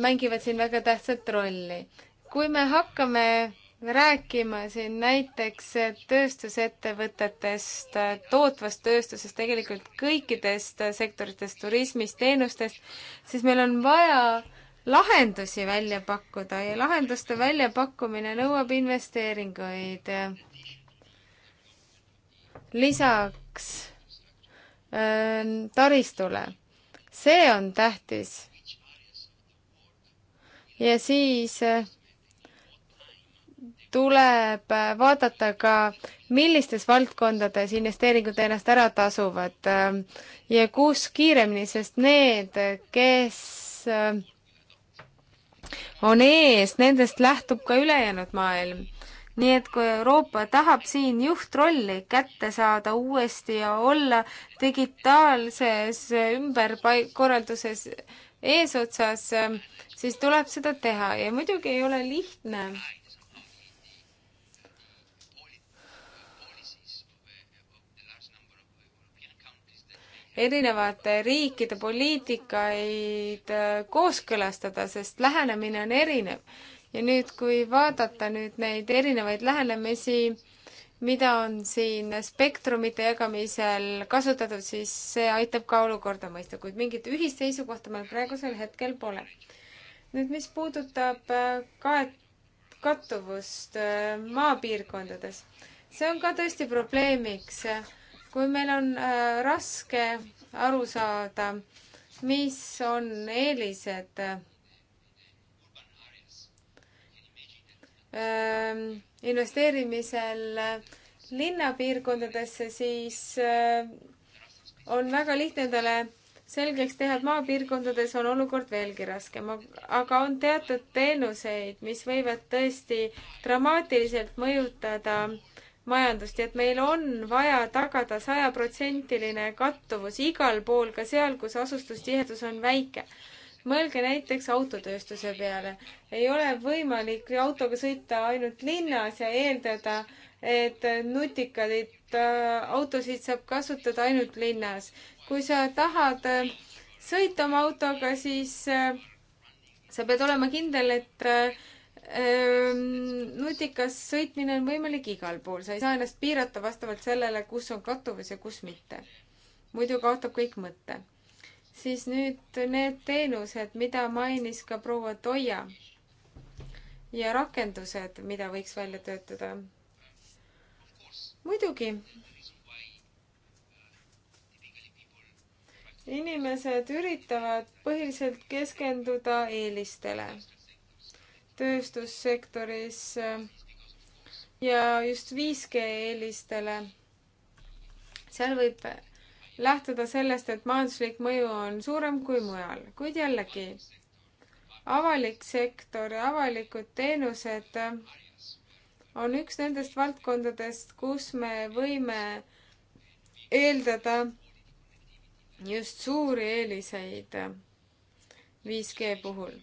mängivad siin väga tähtsat rolli. kui me hakkame rääkima siin näiteks tööstusettevõtetest, tootvast tööstusest, tegelikult kõikidest sektoritest, turismist, teenustest, siis meil on vaja lahendusi välja pakkuda ja lahenduste väljapakkumine nõuab investeeringuid. lisaks äh, taristule, see on tähtis. ja siis äh, tuleb äh, vaadata ka, millistes valdkondades investeeringud ennast ära tasuvad ähm, ja kus kiiremini, sest need, kes äh, on ees, nendest lähtub ka ülejäänud maailm. nii et kui Euroopa tahab siin juhtrolli kätte saada uuesti ja olla digitaalses ümberkorralduses eesotsas, ähm, siis tuleb seda teha ja muidugi ei ole lihtne erinevate riikide poliitikaid äh, kooskõlastada, sest lähenemine on erinev. ja nüüd, kui vaadata nüüd neid erinevaid lähenemisi, mida on siin spektrumite jagamisel kasutatud, siis see aitab ka olukorda mõista, kuid mingit ühist seisukohta meil praegusel hetkel pole. nüüd, mis puudutab äh, kaet-, kattuvust äh, maapiirkondades, see on ka tõesti probleemiks kui meil on äh, raske aru saada, mis on eelised ähm, investeerimisel linnapiirkondadesse, siis äh, on väga lihtne endale selgeks teha, et maapiirkondades on olukord veelgi raskem, aga on teatud teenuseid, mis võivad tõesti dramaatiliselt mõjutada äh, majandust ja et meil on vaja tagada sajaprotsendiline kattuvus igal pool, ka seal, kus asustustihedus on väike. mõelge näiteks autotööstuse peale. ei ole võimalik autoga sõita ainult linnas ja eeldada, et nutikaid äh, autosid saab kasutada ainult linnas. kui sa tahad äh, sõita oma autoga, siis äh, sa pead olema kindel, et Ehm, nutikas sõitmine on võimalik igal pool, sa ei saa ennast piirata vastavalt sellele, kus on kattuvus ja kus mitte. muidu kaotab kõik mõte. siis nüüd need teenused, mida mainis ka proua Toia ja rakendused, mida võiks välja töötada. muidugi. inimesed üritavad põhiliselt keskenduda eelistele tööstussektoris äh, ja just 5G eelistele. seal võib lähtuda sellest, et majanduslik mõju on suurem kui mujal, kuid jällegi avalik sektor ja avalikud teenused on üks nendest valdkondadest, kus me võime eeldada just suuri eeliseid 5G puhul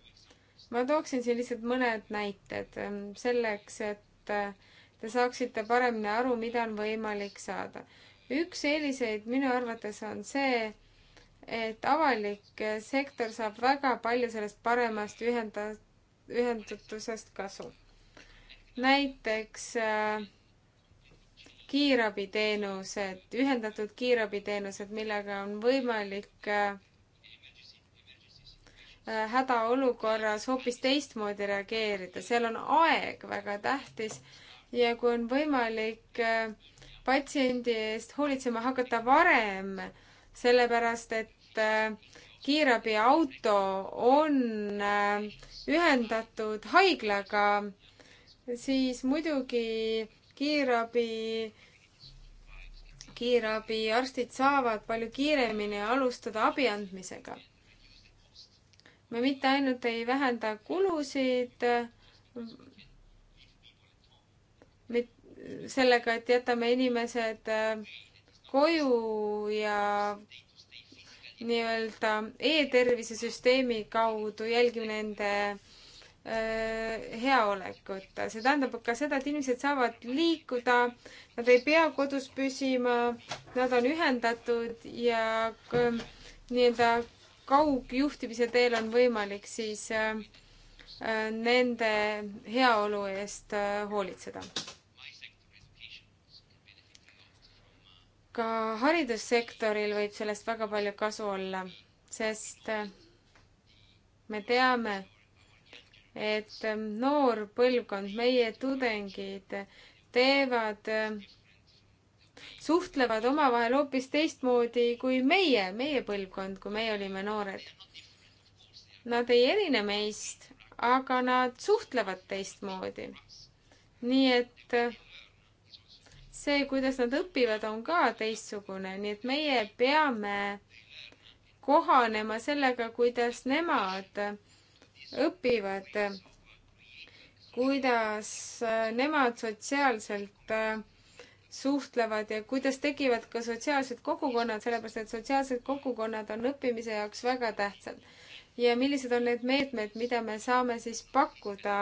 ma tooksin siin lihtsalt mõned näited ehm, selleks, et eh, te saaksite paremini aru, mida on võimalik saada. üks eeliseid minu arvates on see, et avalik eh, sektor saab väga palju sellest paremast ühenda-, ühendatusest kasu. näiteks äh, kiirabiteenused, ühendatud kiirabiteenused, millega on võimalik äh, Äh, hädaolukorras hoopis teistmoodi reageerida, seal on aeg väga tähtis ja kui on võimalik äh, patsiendi eest hoolitsema hakata varem, sellepärast et äh, kiirabiauto on ühendatud haiglaga, siis muidugi kiirabi, kiirabiarstid saavad palju kiiremini alustada abi andmisega me mitte ainult ei vähenda kulusid sellega, et jätame inimesed äh, koju ja nii-öelda e-tervise süsteemi kaudu jälgime nende äh, heaolekut. see tähendab ka seda, et inimesed saavad liikuda, nad ei pea kodus püsima, nad on ühendatud ja nii-öelda kaugjuhtimise teel on võimalik siis äh, äh, nende heaolu eest äh, hoolitseda. ka haridussektoril võib sellest väga palju kasu olla, sest me teame, et noor põlvkond, meie tudengid teevad äh, suhtlevad omavahel hoopis teistmoodi kui meie, meie põlvkond, kui meie olime noored. Nad ei erine meist, aga nad suhtlevad teistmoodi. nii et äh, see, kuidas nad õpivad, on ka teistsugune, nii et meie peame kohanema sellega, kuidas nemad äh, õpivad, kuidas äh, nemad sotsiaalselt äh, suhtlevad ja kuidas tekivad ka sotsiaalsed kogukonnad, sellepärast et sotsiaalsed kogukonnad on õppimise jaoks väga tähtsad. ja millised on need meetmed, mida me saame siis pakkuda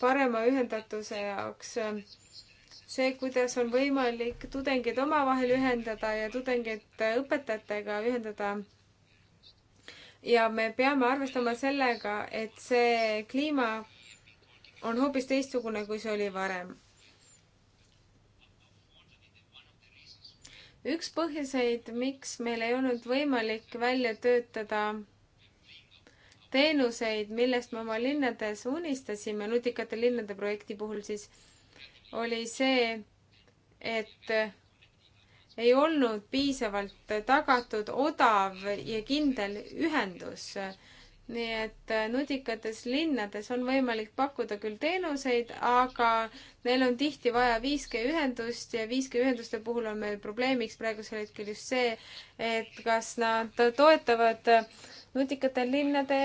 parema ühendatuse jaoks? see, kuidas on võimalik tudengeid omavahel ühendada ja tudengeid õpetajatega ühendada. ja me peame arvestama sellega, et see kliima on hoopis teistsugune, kui see oli varem üks põhjuseid, miks meil ei olnud võimalik välja töötada teenuseid, millest me oma linnades unistasime, nutikate linnade projekti puhul siis, oli see, et ei olnud piisavalt tagatud odav ja kindel ühendus nii et äh, nutikates linnades on võimalik pakkuda küll teenuseid, aga neil on tihti vaja 5G ühendust ja 5G ühenduste puhul on meil probleemiks praegusel hetkel just see, et kas nad toetavad äh, nutikate linnade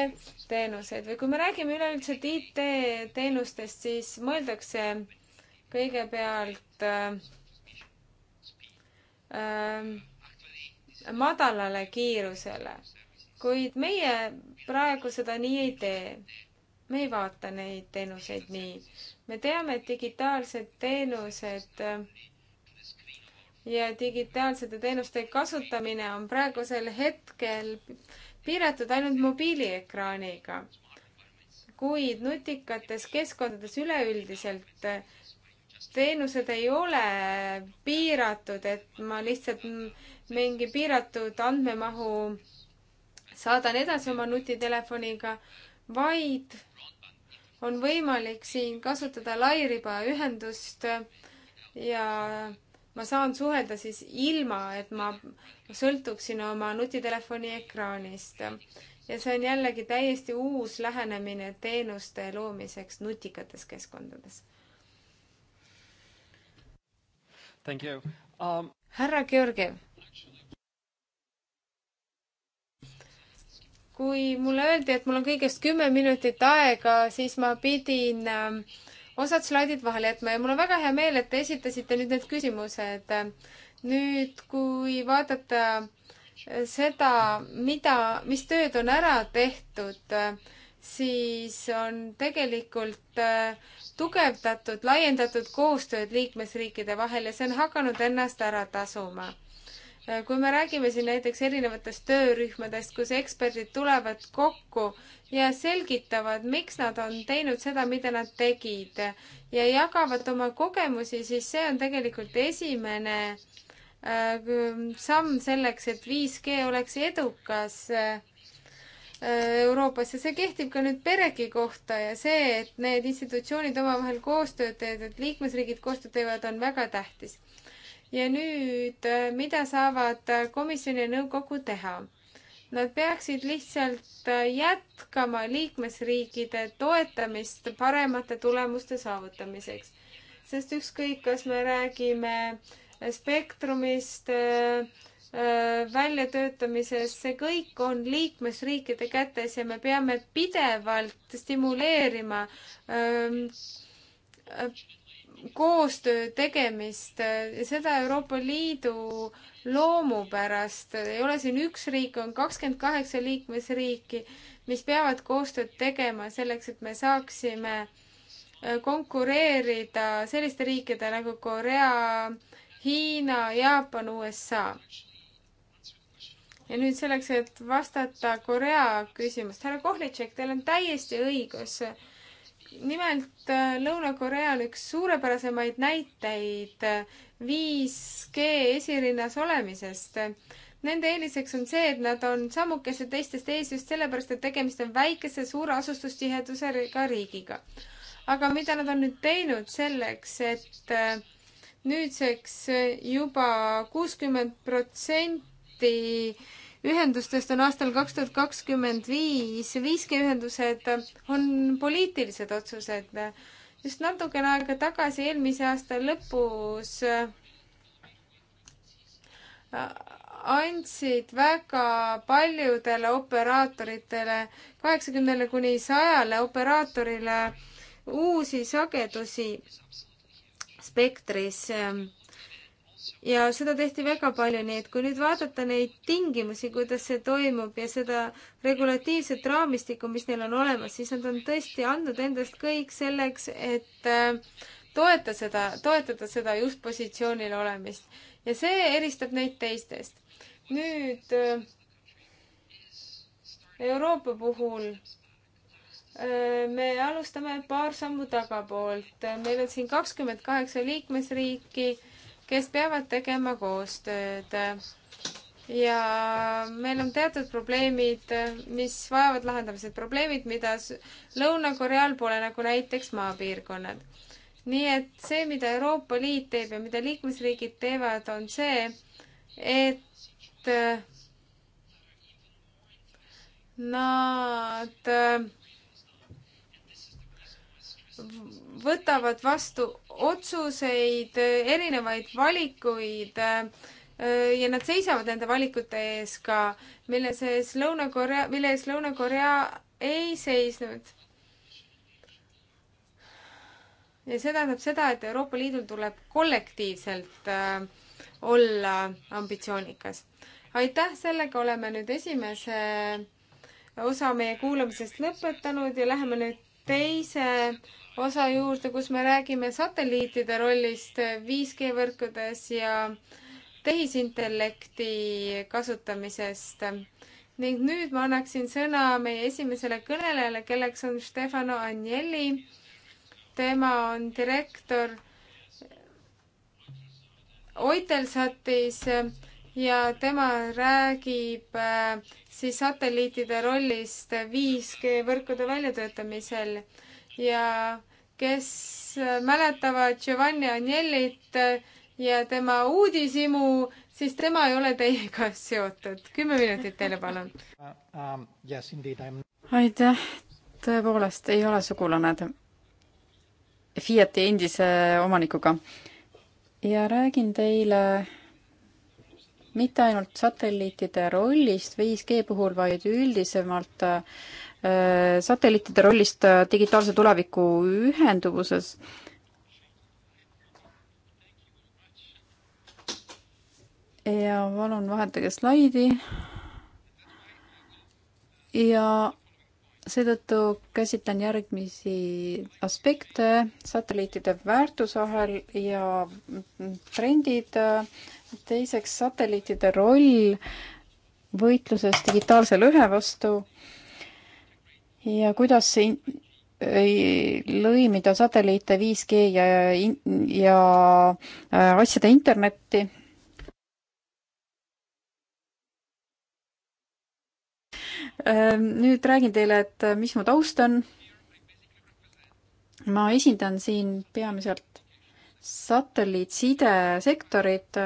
teenuseid või kui me räägime üleüldiselt IT-teenustest, siis mõeldakse kõigepealt äh, äh, madalale kiirusele kuid meie praegu seda nii ei tee. me ei vaata neid teenuseid nii. me teame, et digitaalsed teenused ja digitaalsete teenuste kasutamine on praegusel hetkel piiratud ainult mobiiliekraaniga. kuid nutikates keskkondades üleüldiselt teenused ei ole piiratud, et ma lihtsalt mingi piiratud andmemahu saadan edasi oma nutitelefoniga, vaid on võimalik siin kasutada lairibaühendust ja ma saan suhelda siis ilma, et ma sõltuksin oma nutitelefoni ekraanist. ja see on jällegi täiesti uus lähenemine teenuste loomiseks nutikates keskkondades. Um, härra um... Georgiev kui mulle öeldi, et mul on kõigest kümme minutit aega, siis ma pidin ähm, osad slaidid vahele jätma ja mul on väga hea meel, et te esitasite nüüd need küsimused. nüüd, kui vaadata äh, seda, mida, mis tööd on ära tehtud, äh, siis on tegelikult äh, tugevdatud, laiendatud koostööd liikmesriikide vahel ja see on hakanud ennast ära tasuma kui me räägime siin näiteks erinevatest töörühmadest, kus eksperdid tulevad kokku ja selgitavad, miks nad on teinud seda, mida nad tegid ja jagavad oma kogemusi, siis see on tegelikult esimene äh, samm selleks, et 5G oleks edukas äh, Euroopas ja see kehtib ka nüüd peregi kohta ja see, et need institutsioonid omavahel koostööd teevad, et liikmesriigid koostööd teevad, on väga tähtis ja nüüd, äh, mida saavad äh, komisjon ja nõukogu teha? Nad peaksid lihtsalt äh, jätkama liikmesriikide toetamist paremate tulemuste saavutamiseks, sest ükskõik, kas me räägime spektrumist, väljatöötamises, see kõik on liikmesriikide kätes ja me peame pidevalt stimuleerima öö, ähm, öö, koostöö tegemist ja seda Euroopa Liidu loomu pärast. ei ole siin üks riik, on kakskümmend kaheksa liikmesriiki, mis peavad koostööd tegema selleks, et me saaksime äh, konkureerida selliste riikide nagu Korea, Hiina, Jaapan, USA. ja nüüd selleks, et vastata Korea küsimust. härra Kohlitšek, teil on täiesti õigus nimelt äh, Lõuna-Koreal üks suurepärasemaid näiteid 5G äh, esirinnas olemisest. Nende eeliseks on see, et nad on sammukesed teistest ees just sellepärast, et tegemist on väikese suure asustustihedusega riigiga. aga mida nad on nüüd teinud selleks, et äh, nüüdseks juba kuuskümmend protsenti ühendustest on aastal kaks tuhat kakskümmend viis, 5G ühendused on poliitilised otsused. just natukene aega tagasi, eelmise aasta lõpus äh, andsid väga paljudele operaatoritele, kaheksakümnele kuni sajale operaatorile uusi sagedusi spektris ja seda tehti väga palju, nii et kui nüüd vaadata neid tingimusi, kuidas see toimub ja seda regulatiivset raamistikku, mis neil on olemas, siis nad on tõesti andnud endast kõik selleks, et äh, toeta seda, toetada seda just positsioonil olemist. ja see eristab neid teistest. nüüd äh, Euroopa puhul äh, me alustame paar sammu tagapoolt. meil on siin kakskümmend kaheksa liikmesriiki kes peavad tegema koostööd. ja meil on teatud probleemid, mis vajavad lahendamised, probleemid, mida Lõuna-Koreal pole, nagu näiteks maapiirkonnad. nii et see, mida Euroopa Liit teeb ja mida liikmesriigid teevad, on see, et nad äh, võtavad vastu otsuseid, erinevaid valikuid äh, ja nad seisavad nende valikute ees ka, mille sees Lõuna-Korea, mille ees Lõuna-Korea ei seisnud. ja see tähendab seda, et Euroopa Liidul tuleb kollektiivselt äh, olla ambitsioonikas. aitäh, sellega oleme nüüd esimese osa meie kuulamisest lõpetanud ja läheme nüüd teise osa juurde, kus me räägime satelliitide rollist 5G võrkudes ja tehisintellekti kasutamisest. ning nüüd ma annaksin sõna meie esimesele kõnelejale, kelleks on Stefano Agnelli. tema on direktor Oitelsatis ja tema räägib äh, siis satelliitide rollist 5G võrkude väljatöötamisel ja kes mäletavad Giovanni Agnellit ja tema uudishimu, siis tema ei ole teiega seotud. kümme minutit teile, palun. aitäh, tõepoolest ei ole sugulaned Fiati endise omanikuga ja räägin teile mitte ainult satelliitide rollist 5G puhul, vaid üldisemalt Äh, satelliitide rollist äh, digitaalse tuleviku ühenduvuses. ja palun vahetage slaidi. ja seetõttu käsitlen järgmisi aspekte, satelliitide väärtusahel ja trendid, teiseks satelliitide roll võitluses digitaalse lõhe vastu ja kuidas lõimida satelliite 5G ja, ja äh, asjade internetti. Ähm, nüüd räägin teile, et äh, mis mu taust on. ma esindan siin peamiselt satelliitsidesektorit, äh,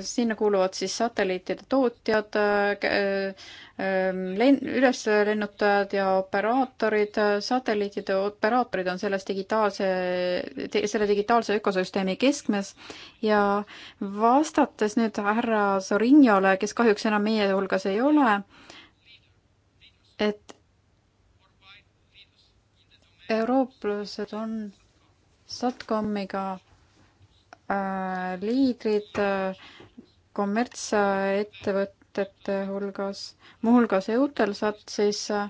sinna kuuluvad siis satelliitide tootjad, äh, äh, ähm, len-, üleslennutajad ja operaatorid, satelliitide operaatorid on selles digitaalse, selle digitaalse ökosüsteemi keskmes ja vastates nüüd härra Sorinjole, kes kahjuks enam meie hulgas ei ole, et eurooplased on Satcomiga Äh, liidrid äh, kommertsettevõtete hulgas, muuhulgas Eutelsat, siis äh,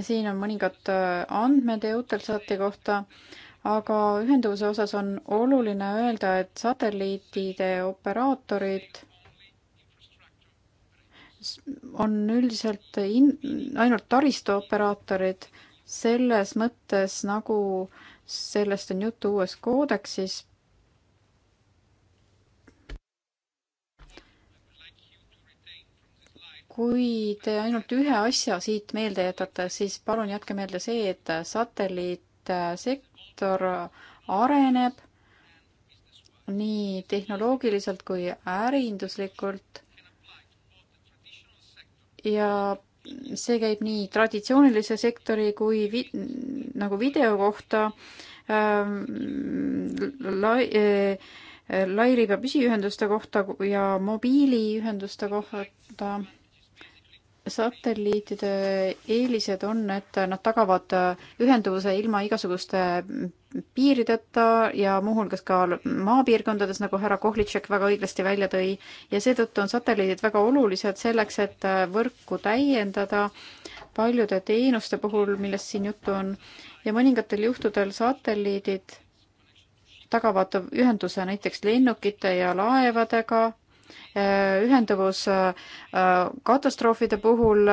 siin on mõningad andmed Eutelsati kohta, aga ühenduvuse osas on oluline öelda, et satelliitide operaatorid on üldiselt in-, ainult taristuoperaatorid, selles mõttes, nagu sellest on juttu uues koodeksis, kui te ainult ühe asja siit meelde jätate, siis palun jätke meelde see, et satelliitsektor areneb nii tehnoloogiliselt kui ärinduslikult ja see käib nii traditsioonilise sektori kui vi nagu video kohta ähm, lai, äh, lairiba püsiühenduste kohta ja mobiiliühenduste kohta satelliitide eelised on, et nad tagavad ühenduvuse ilma igasuguste piirideta ja muuhulgas ka maapiirkondades, nagu härra Kohlitšek väga õiglasti välja tõi, ja seetõttu on satelliidid väga olulised selleks, et võrku täiendada paljude teenuste puhul, millest siin juttu on, ja mõningatel juhtudel satelliidid tagavad ühenduse näiteks lennukite ja laevadega Äh, ühenduvus äh, katastroofide puhul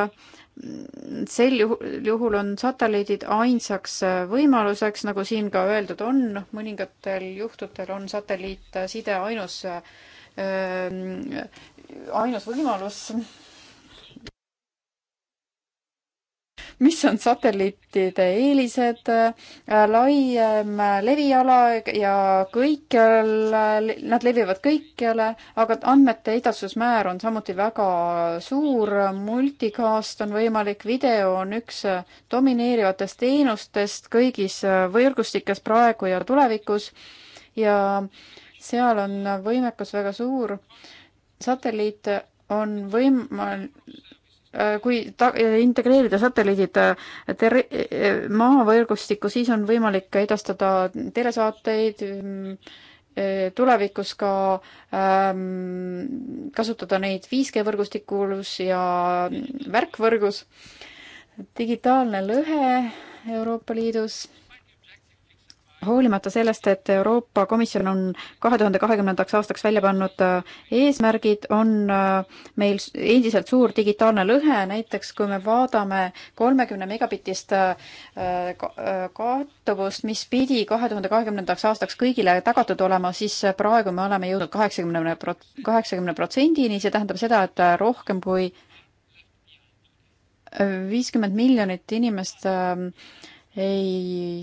sel juhul, juhul on satelliidid ainsaks äh, võimaluseks, nagu siin ka öeldud on, mõningatel juhtudel on satelliitside ainus, ähm, ainus võimalus mis on satelliitide eelised, laiem leviala ja kõikjal, nad levivad kõikjale, aga andmete edastusmäär on samuti väga suur, multicast on võimalik, video on üks domineerivatest teenustest kõigis võrgustikes praegu ja tulevikus ja seal on võimekus väga suur. satelliit on võim-, Äh, kui ta-, äh, integreerida satelliidid äh, ter-, maavõrgustikku, siis on võimalik edastada telesaateid, mm, tulevikus ka ähm, kasutada neid 5G võrgustikus ja mm, värkvõrgus. digitaalne lõhe Euroopa Liidus hoolimata sellest, et Euroopa Komisjon on kahe tuhande kahekümnendaks aastaks välja pannud äh, eesmärgid, on äh, meil endiselt suur digitaalne lõhe, näiteks kui me vaatame kolmekümne megabittist äh, kattuvust, mis pidi kahe tuhande kahekümnendaks aastaks kõigile tagatud olema, siis praegu me oleme jõudnud kaheksakümne prot-, kaheksakümne protsendini, see tähendab seda, et rohkem kui viiskümmend miljonit inimest äh, ei,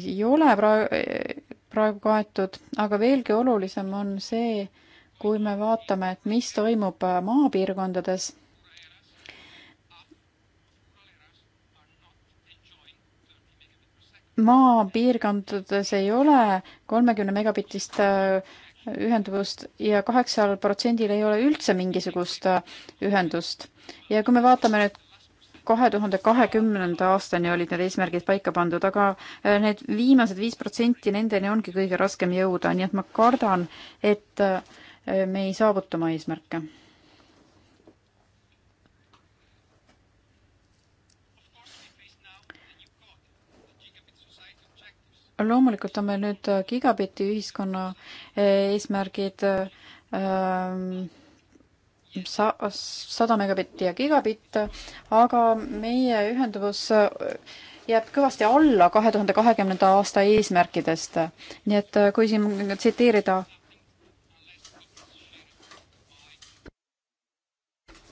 ei ole praegu, praegu kaetud, aga veelgi olulisem on see, kui me vaatame, et mis toimub maapiirkondades. maapiirkondades ei ole kolmekümne megabittist äh, ühenduvust ja kaheksal protsendil ei ole üldse mingisugust äh, ühendust. ja kui me vaatame nüüd kahe tuhande kahekümnenda aastani olid need eesmärgid paika pandud, aga äh, need viimased viis protsenti, nendeni ongi kõige raskem jõuda, nii et ma kardan, et äh, me ei saavuta oma eesmärke. loomulikult on meil nüüd äh, gigabitti ühiskonna eesmärgid ähm, sa-, sada megabitti ja gigabitt, aga meie ühenduvus jääb kõvasti alla kahe tuhande kahekümnenda aasta eesmärkidest. nii et äh, kui siin tsiteerida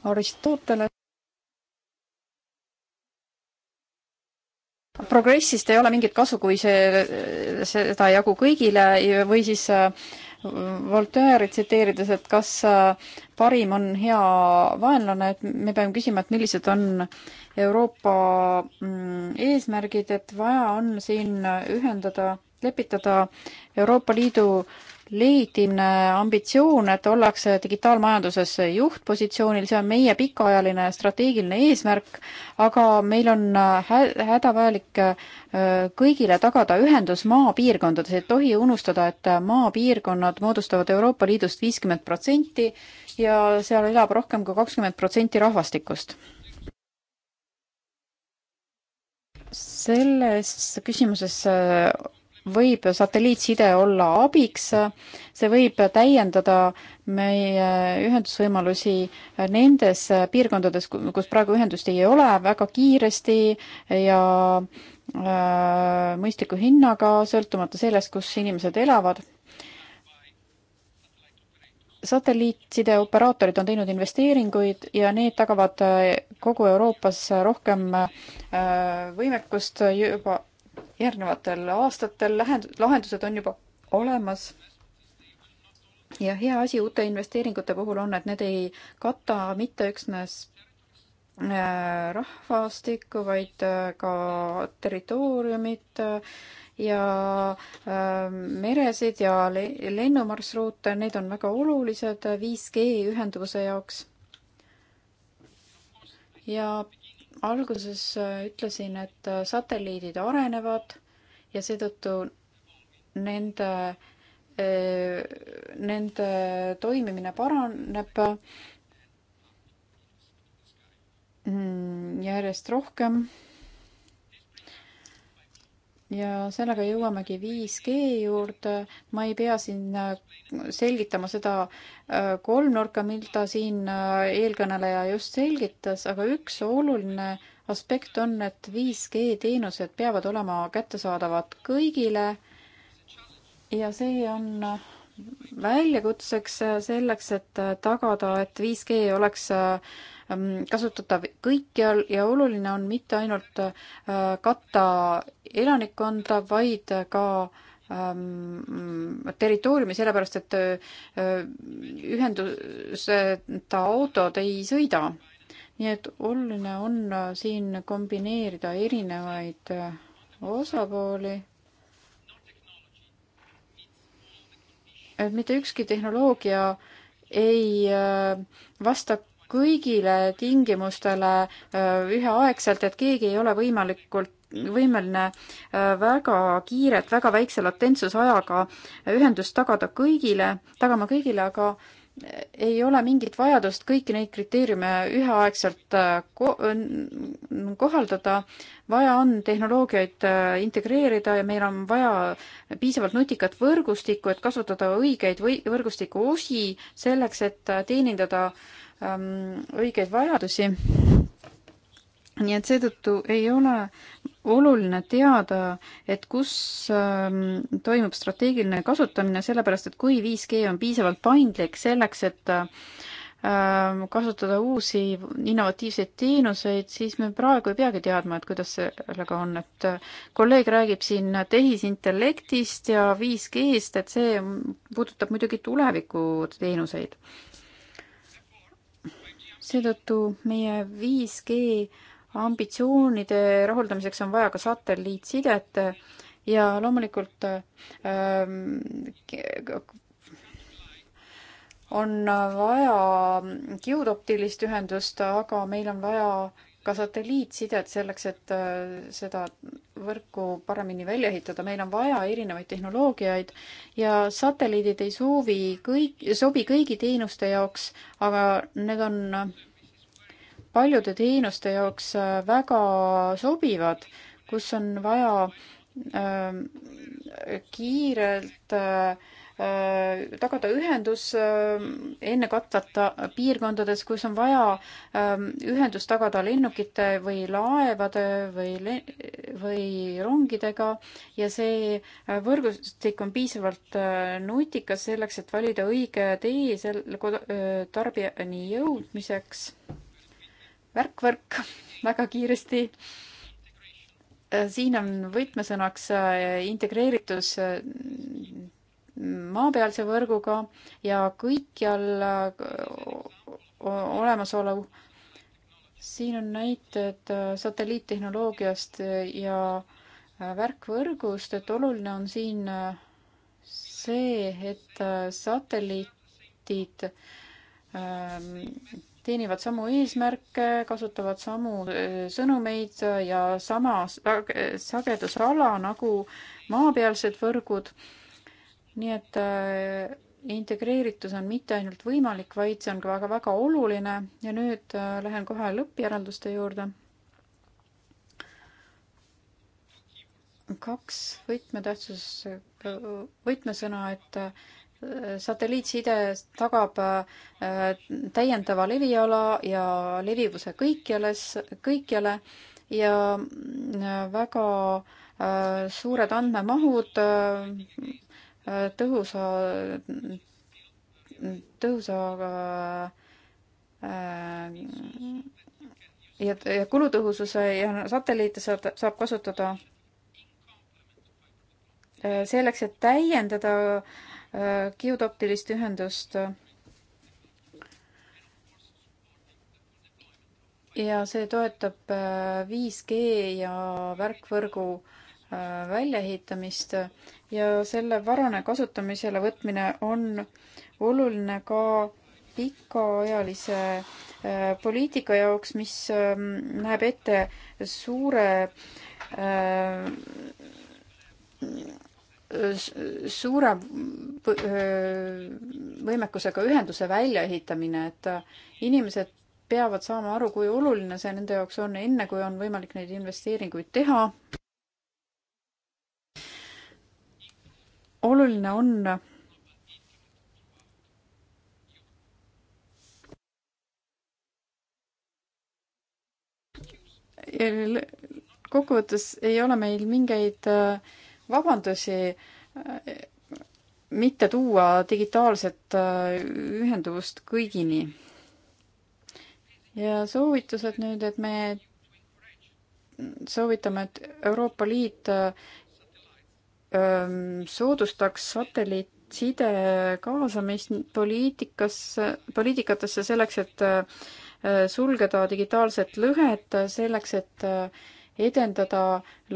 Aristoteles, progressist ei ole mingit kasu, kui see, seda ei jagu kõigile või siis äh, Voltaire'i tsiteerides, et kas äh, parim on hea vaenlane, et me peame küsima, et millised on Euroopa mm, eesmärgid, et vaja on siin ühendada, lepitada Euroopa Liidu legitiimne äh, ambitsioon, et ollakse digitaalmajanduses juhtpositsioonil, see on meie pikaajaline strateegiline eesmärk, aga meil on äh, hädavajalik äh, kõigile tagada ühendus maapiirkondades, ei tohi unustada, et maapiirkonnad moodustavad Euroopa Liidust viiskümmend protsenti ja seal elab rohkem kui kakskümmend protsenti rahvastikust. selles küsimuses võib satelliitside olla abiks, see võib täiendada meie ühendusvõimalusi nendes piirkondades, kus praegu ühendust ei ole, väga kiiresti ja äh, mõistliku hinnaga, sõltumata sellest, kus inimesed elavad satelliitsideoperaatorid on teinud investeeringuid ja need tagavad kogu Euroopas rohkem äh, võimekust juba järgnevatel aastatel, lahendused on juba olemas ja hea asi uute investeeringute puhul on, et need ei kata mitte üksnes äh, rahvastikku, vaid äh, ka territooriumit äh, ja meresid ja lennumarsruute, need on väga olulised 5G ühenduvuse jaoks. ja alguses äh, ütlesin, et äh, satelliidid arenevad ja seetõttu nende, äh, nende toimimine paraneb mm, järjest rohkem ja sellega jõuamegi 5G juurde. ma ei pea siin äh, selgitama seda äh, kolmnurka, mida siin äh, eelkõneleja just selgitas, aga üks oluline aspekt on, et 5G teenused peavad olema kättesaadavad kõigile. ja see on väljakutseks selleks, et tagada, et 5G oleks äh, Ähm, kasutatav kõikjal ja oluline on mitte ainult äh, katta elanikkonda, vaid ka ähm, territooriumi, sellepärast et äh, ühenduseta autod ei sõida. nii et oluline on äh, siin kombineerida erinevaid osapooli. et mitte ükski tehnoloogia ei vasta kõigile tingimustele äh, üheaegselt, et keegi ei ole võimalikult võimeline äh, väga kiiret, väga väikse latentsusajaga äh, ühendust tagada kõigile, tagama kõigile, aga ei ole mingit vajadust kõiki neid kriteeriume üheaegselt ko kohaldada. vaja on tehnoloogiaid integreerida ja meil on vaja piisavalt nutikat võrgustikku, et kasutada õigeid või võrgustiku osi selleks, et teenindada äh, Ähm, õigeid vajadusi. nii et seetõttu ei ole oluline teada, et kus ähm, toimub strateegiline kasutamine, sellepärast et kui 5G on piisavalt paindlik selleks, et ähm, kasutada uusi innovatiivseid teenuseid, siis me praegu ei peagi teadma, et kuidas sellega on, et äh, kolleeg räägib siin tehisintellektist ja 5G-st, et see puudutab muidugi tuleviku teenuseid seetõttu meie 5G ambitsioonide rahuldamiseks on vaja ka satelliitsidet ja loomulikult ähm, on vaja kiudoptilist ühendust, aga meil on vaja ka satelliitsidet selleks, et äh, seda võrku paremini välja ehitada, meil on vaja erinevaid tehnoloogiaid ja satelliidid ei soovi kõik, sobi kõigi teenuste jaoks, aga need on paljude teenuste jaoks äh, väga sobivad, kus on vaja äh, kiirelt äh, Äh, tagada ühendus äh, enne katvata piirkondades, kus on vaja ähm, ühendust tagada lennukite või laevade või, või rongidega ja see äh, võrgustik on piisavalt nutikas selleks, et valida õige tee selle tarbijani jõudmiseks. värk-värk väga kiiresti siin on võtmesõnaks integreeritus maapealse võrguga ja kõikjal äh, olemasolu. siin on näited äh, satelliittehnoloogiast äh, ja värkvõrgust, et oluline on siin see, et satelliitid ähm, teenivad samu eesmärke, kasutavad samu sõnumeid ja sama sagedusala nagu maapealsed võrgud nii et äh, integreeritus on mitte ainult võimalik, vaid see on ka väga-väga oluline ja nüüd äh, lähen kohe lõppjärelduste juurde. kaks võtmetähtsus, võtmesõna, et äh, satelliitside tagab täiendava leviala ja levivuse kõikjales, kõikjale ja väga suured andmemahud tõhusa, tõhusa äh, ja, ja kulutõhususe ja satelliite saab, saab kasutada äh, selleks, et täiendada äh, geotoptilist ühendust. ja see toetab 5G ja värkvõrgu väljaehitamist ja selle varane kasutamisele võtmine on oluline ka pikaajalise äh, poliitika jaoks, mis ähm, näeb ette suure äh, suure äh, võimekusega ühenduse väljaehitamine, et inimesed peavad saama aru, kui oluline see nende jaoks on, enne kui on võimalik neid investeeringuid teha. oluline on kokkuvõttes ei ole meil mingeid äh, vabandusi äh, mitte tuua digitaalset äh, ühenduvust kõigini. ja soovitused nüüd, et me soovitame, et Euroopa Liit soodustaks satelliitside kaasamist poliitikasse, poliitikatesse selleks, et sulgeda digitaalset lõhet, selleks, et edendada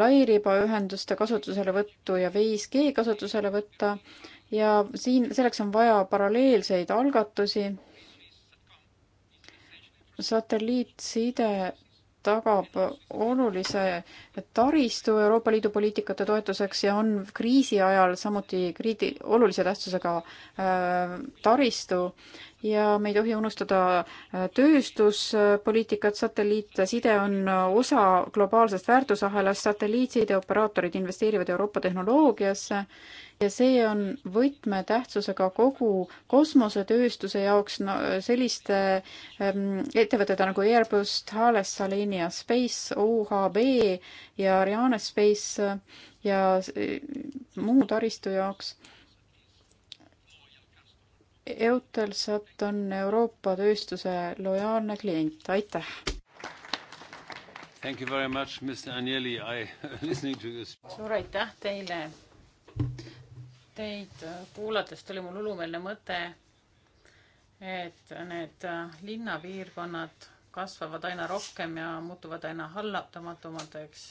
lairibaühenduste kasutuselevõttu ja 5G kasutusele võtta ja siin, selleks on vaja paralleelseid algatusi. satelliitside tagab olulise taristu Euroopa Liidu poliitikate toetuseks ja on kriisi ajal samuti kriiti-, olulise tähtsusega äh, taristu ja me ei tohi unustada äh, tööstuspoliitikat, satelliitside on osa globaalsest väärtusahelast, satelliitside operaatorid investeerivad Euroopa tehnoloogiasse ja see on võtmetähtsusega kogu kosmosetööstuse jaoks no, selliste ähm, ettevõtete nagu Airbus, Thales, Salenia Space, OHB ja Ariane Space äh, ja äh, muu taristu jaoks Eutelsat on Euroopa tööstuse lojaalne klient, aitäh! suur aitäh teile! Teid kuulates tuli mul hullumeelne mõte, et need linnapiirkonnad kasvavad aina rohkem ja muutuvad aina hallatamatumaks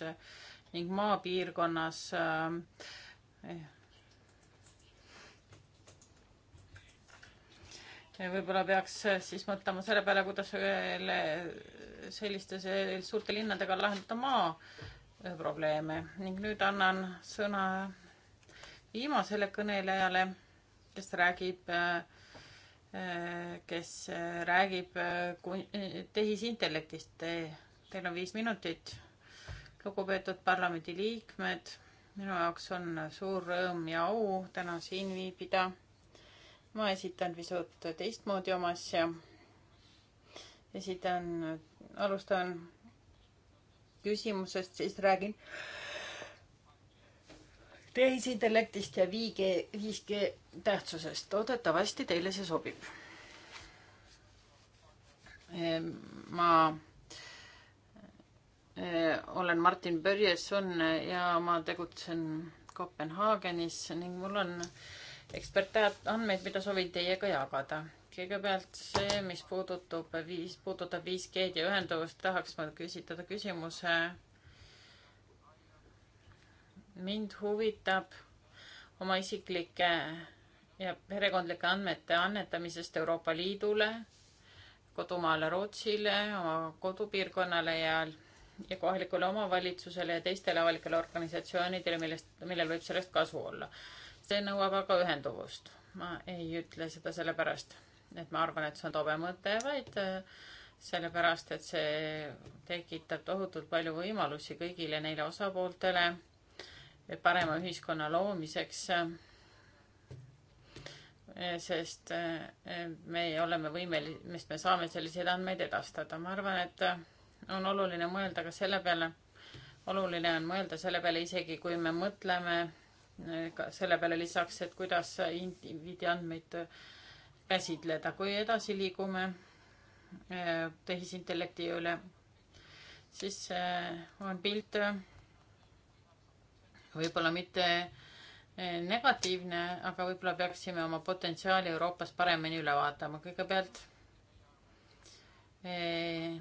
ning maapiirkonnas eh, võib-olla peaks siis mõtlema selle peale, kuidas selliste suurte linnadega lahendada maa probleeme ning nüüd annan sõna viimasele kõnelejale, kes räägib, kes räägib tehisintellektist. Teil on viis minutit. lugupeetud parlamendiliikmed, minu jaoks on suur rõõm ja au täna siin viibida. ma esitan pisut teistmoodi oma asja. esitan, alustan küsimusest, siis räägin tehisintellektist ja 5G, 5G tähtsusest. loodetavasti teile see sobib. Ehm, ma eh, olen Martin Börjesson ja ma tegutsen Kopenhaagenis ning mul on ekspertandmeid, mida soovin teiega jagada. kõigepealt see, mis puudutab viis, puudutab 5G-d ja ühenduvust, tahaks ma küsitada küsimuse mind huvitab oma isiklike ja perekondlike andmete annetamisest Euroopa Liidule, kodumaale Rootsile, oma kodupiirkonnale ja, ja kohalikule omavalitsusele ja teistele avalikele organisatsioonidele, millest, millel võib sellest kasu olla. see nõuab aga ühenduvust. ma ei ütle seda sellepärast, et ma arvan, et see on tobe mõte, vaid äh, sellepärast, et see tekitab tohutult palju võimalusi kõigile neile osapooltele parema ühiskonna loomiseks. Eh, sest eh, me oleme võimelised, mis me saame selliseid andmeid edastada, ma arvan, et eh, on oluline mõelda ka selle peale, oluline on mõelda selle peale isegi, kui me mõtleme ka selle peale lisaks, et kuidas indiviidi andmeid käsitleda, kui edasi liigume tehisintellekti üle, siis on pilt võib-olla mitte eh, negatiivne, aga võib-olla peaksime oma potentsiaali Euroopas paremini üle vaatama. kõigepealt eh,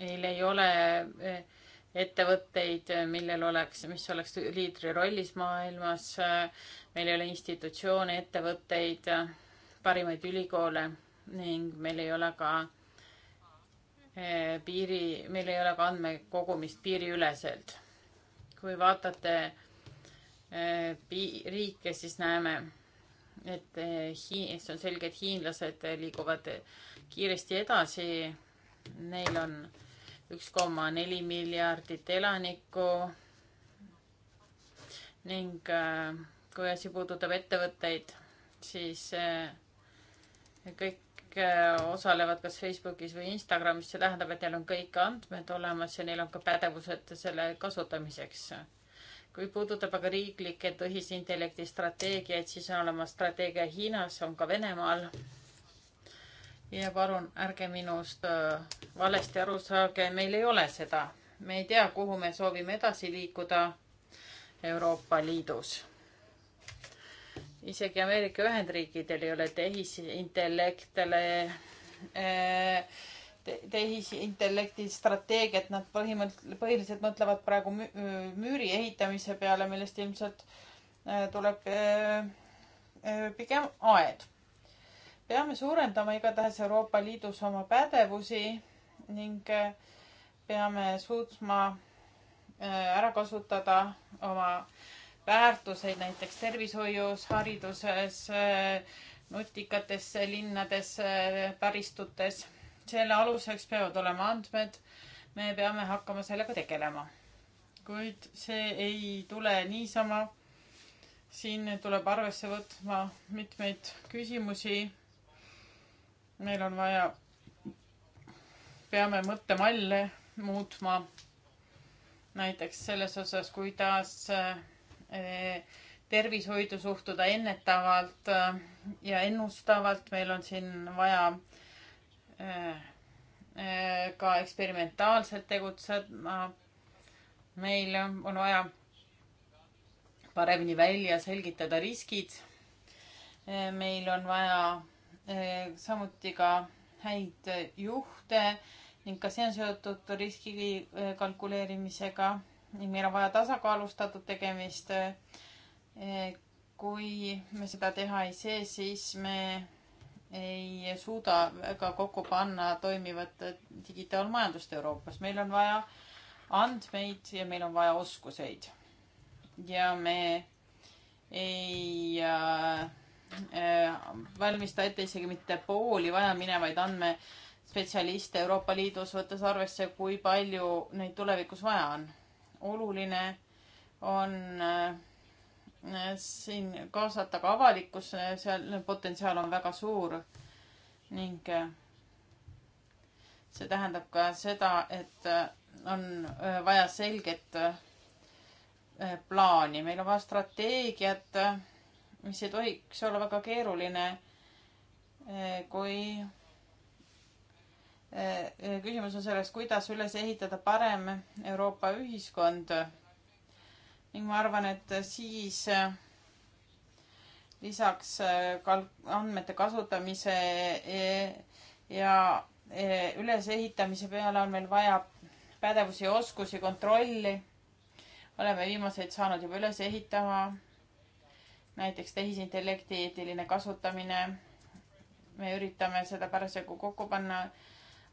meil ei ole eh, ettevõtteid, millel oleks, mis oleks liidri rollis maailmas. meil ei ole institutsioone, ettevõtteid, parimaid ülikoole ning meil ei ole ka piiri, meil ei ole ka andmekogumist piiriüleselt. kui vaatate Eh, riike, siis näeme, et eh, Hiin-, see on selge, et hiinlased liiguvad eh, kiiresti edasi. Neil on üks koma neli miljardit elanikku ning kui asi puudutab ettevõtteid, siis kõik osalevad kas Facebookis või Instagramis, see tähendab, et neil on kõik andmed olemas ja neil on ka pädevused selle kasutamiseks kui puudutab aga riiklikke tehisintellekti strateegiaid, siis on olemas strateegia Hiinas, on ka Venemaal. ja palun ärge minust äh, valesti aru saage, meil ei ole seda, me ei tea, kuhu me soovime edasi liikuda Euroopa Liidus. isegi Ameerika Ühendriikidel ei ole tehisintellektile äh, tehisintellekti strateegiat, nad põhimõtteliselt, põhiliselt mõtlevad praegu müüri ehitamise peale, millest ilmselt äh, tuleb äh, äh, pigem aed. peame suurendama igatahes Euroopa Liidus oma pädevusi ning peame suutma ära kasutada oma väärtuseid näiteks tervishoius, hariduses, nutikates linnades, taristutes selle aluseks peavad olema andmed, me peame hakkama sellega tegelema. kuid see ei tule niisama. siin tuleb arvesse võtma mitmeid küsimusi. meil on vaja, peame mõttemalle muutma. näiteks selles osas, kuidas eh, tervishoidu suhtuda ennetavalt eh, ja ennustavalt, meil on siin vaja ka eksperimentaalselt tegutsema. meil on vaja paremini välja selgitada riskid. meil on vaja eh, samuti ka häid juhte ning ka see on seotud riski eh, kalkuleerimisega ning meil on vaja tasakaalustatud tegemist. Eh, kui me seda teha ei see, siis me ei suuda väga kokku panna toimivat digitaalmajandust Euroopas. meil on vaja andmeid ja meil on vaja oskuseid. ja me ei äh, äh, valmista ette isegi mitte pooli vajaminevaid andmespetsialiste Euroopa Liidus, võttes arvesse, kui palju neid tulevikus vaja on. oluline on äh, siin kaasata ka avalikkus, seal potentsiaal on väga suur ning äh, see tähendab ka seda, et äh, on äh, vaja selget plaani, meil on vaja strateegiat, mis ei tohiks olla väga keeruline, kui küsimus on selles, kuidas üles ehitada parem Euroopa ühiskond ning ma arvan, et siis äh, lisaks äh, andmete kasutamise äh, ja ülesehitamise peale on meil vaja pädevusi ja oskusi, kontrolli. oleme viimaseid saanud juba üles ehitama. näiteks tehisintellekti eetiline kasutamine. me üritame seda parasjagu kokku panna,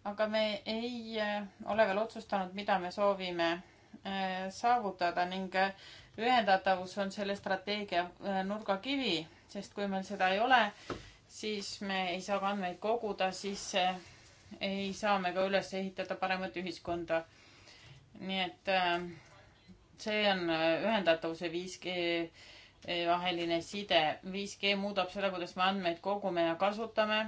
aga me ei ole veel otsustanud, mida me soovime Äh, saavutada ning äh, ühendatavus on selle strateegia äh, nurgakivi, sest kui meil seda ei ole, siis me ei saa ka andmeid koguda, siis ei saa me ka üles ehitada paremat ühiskonda. nii et see on ühendatavuse 5G vaheline side. 5G muudab seda, kuidas me andmeid kogume ja kasutame,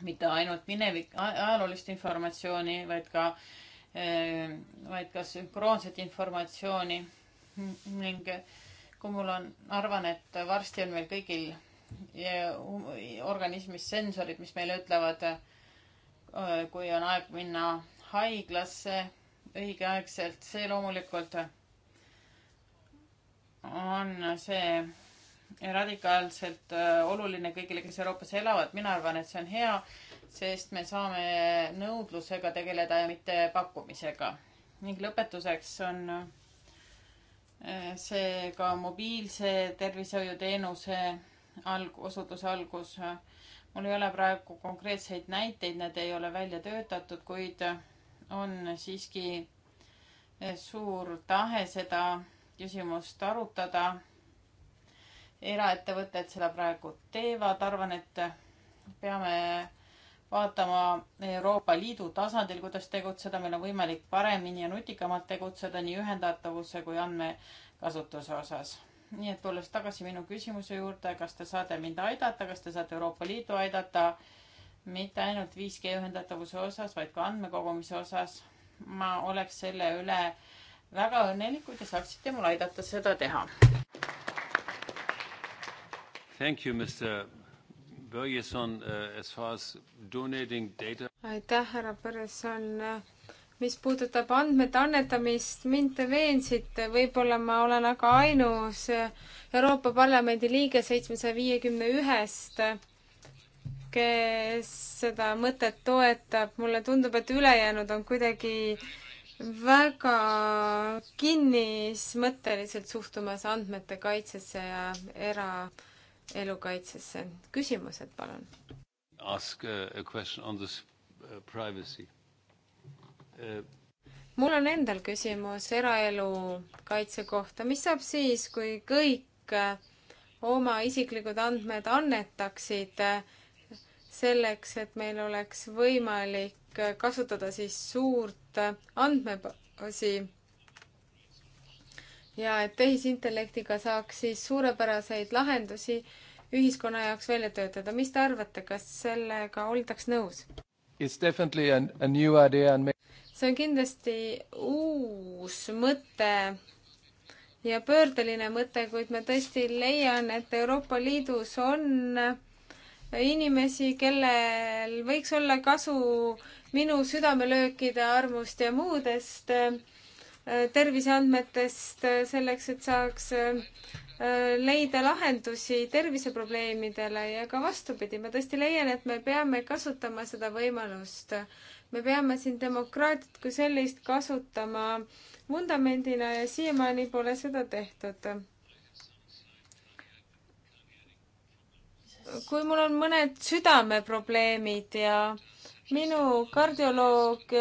mitte ainult minevik, ajaloolist informatsiooni, vaid ka äh, Ehm, vaid ka sünkroonset informatsiooni ning kui mul on, arvan, et varsti on meil kõigil organismis sensorid, mis meile ütlevad, kui on aeg minna haiglasse õigeaegselt, see loomulikult on see radikaalselt oluline kõigile, kes Euroopas elavad, mina arvan, et see on hea sest me saame nõudlusega tegeleda ja mitte pakkumisega. ning lõpetuseks on äh, see ka mobiilse tervishoiuteenuse alg-, osutuse algus. mul ei ole praegu konkreetseid näiteid, need ei ole välja töötatud, kuid on siiski äh, suur tahe seda küsimust arutada. eraettevõtted seda praegu teevad, arvan, et peame vaatama Euroopa Liidu tasandil, kuidas tegutseda, meil on võimalik paremini ja nutikamalt tegutseda nii ühendatavuse kui andmekasutuse osas. nii et tulles tagasi minu küsimuse juurde, kas te saate mind aidata, kas te saate Euroopa Liidu aidata mitte ainult 5G ühendatavuse osas, vaid ka andmekogumise osas. ma oleks selle üle väga õnnelik, kui te saaksite mul aidata seda teha. Thank you, Mr Äh, aitäh, härra Börjesson. mis puudutab andmete annetamist, mind te veensite, võib-olla ma olen aga ainus Euroopa Parlamendi liige seitsmesaja viiekümne ühest, kes seda mõtet toetab. mulle tundub, et ülejäänud on kuidagi väga kinnismõtteliselt suhtumas andmete kaitsesse ja era- elukaitsesse. küsimused, palun. Ask a question on this uh, privacy uh mul on endal küsimus eraelu kaitse kohta, mis saab siis, kui kõik uh, oma isiklikud andmed annetaksid uh, selleks, et meil oleks võimalik kasutada siis suurt andmebaasi ja et tehisintellektiga saaks siis suurepäraseid lahendusi ühiskonna jaoks välja töötada. mis te arvate, kas sellega oldaks nõus? see on kindlasti uus mõte ja pöördeline mõte, kuid ma tõesti leian, et Euroopa Liidus on inimesi, kellel võiks olla kasu minu südamelöökide armust ja muudest äh, terviseandmetest äh, selleks, et saaks äh, leida lahendusi terviseprobleemidele ja ka vastupidi, ma tõesti leian, et me peame kasutama seda võimalust. me peame siin demokraatiat kui sellist kasutama vundamendina ja siiamaani pole seda tehtud. kui mul on mõned südameprobleemid ja minu kardioloog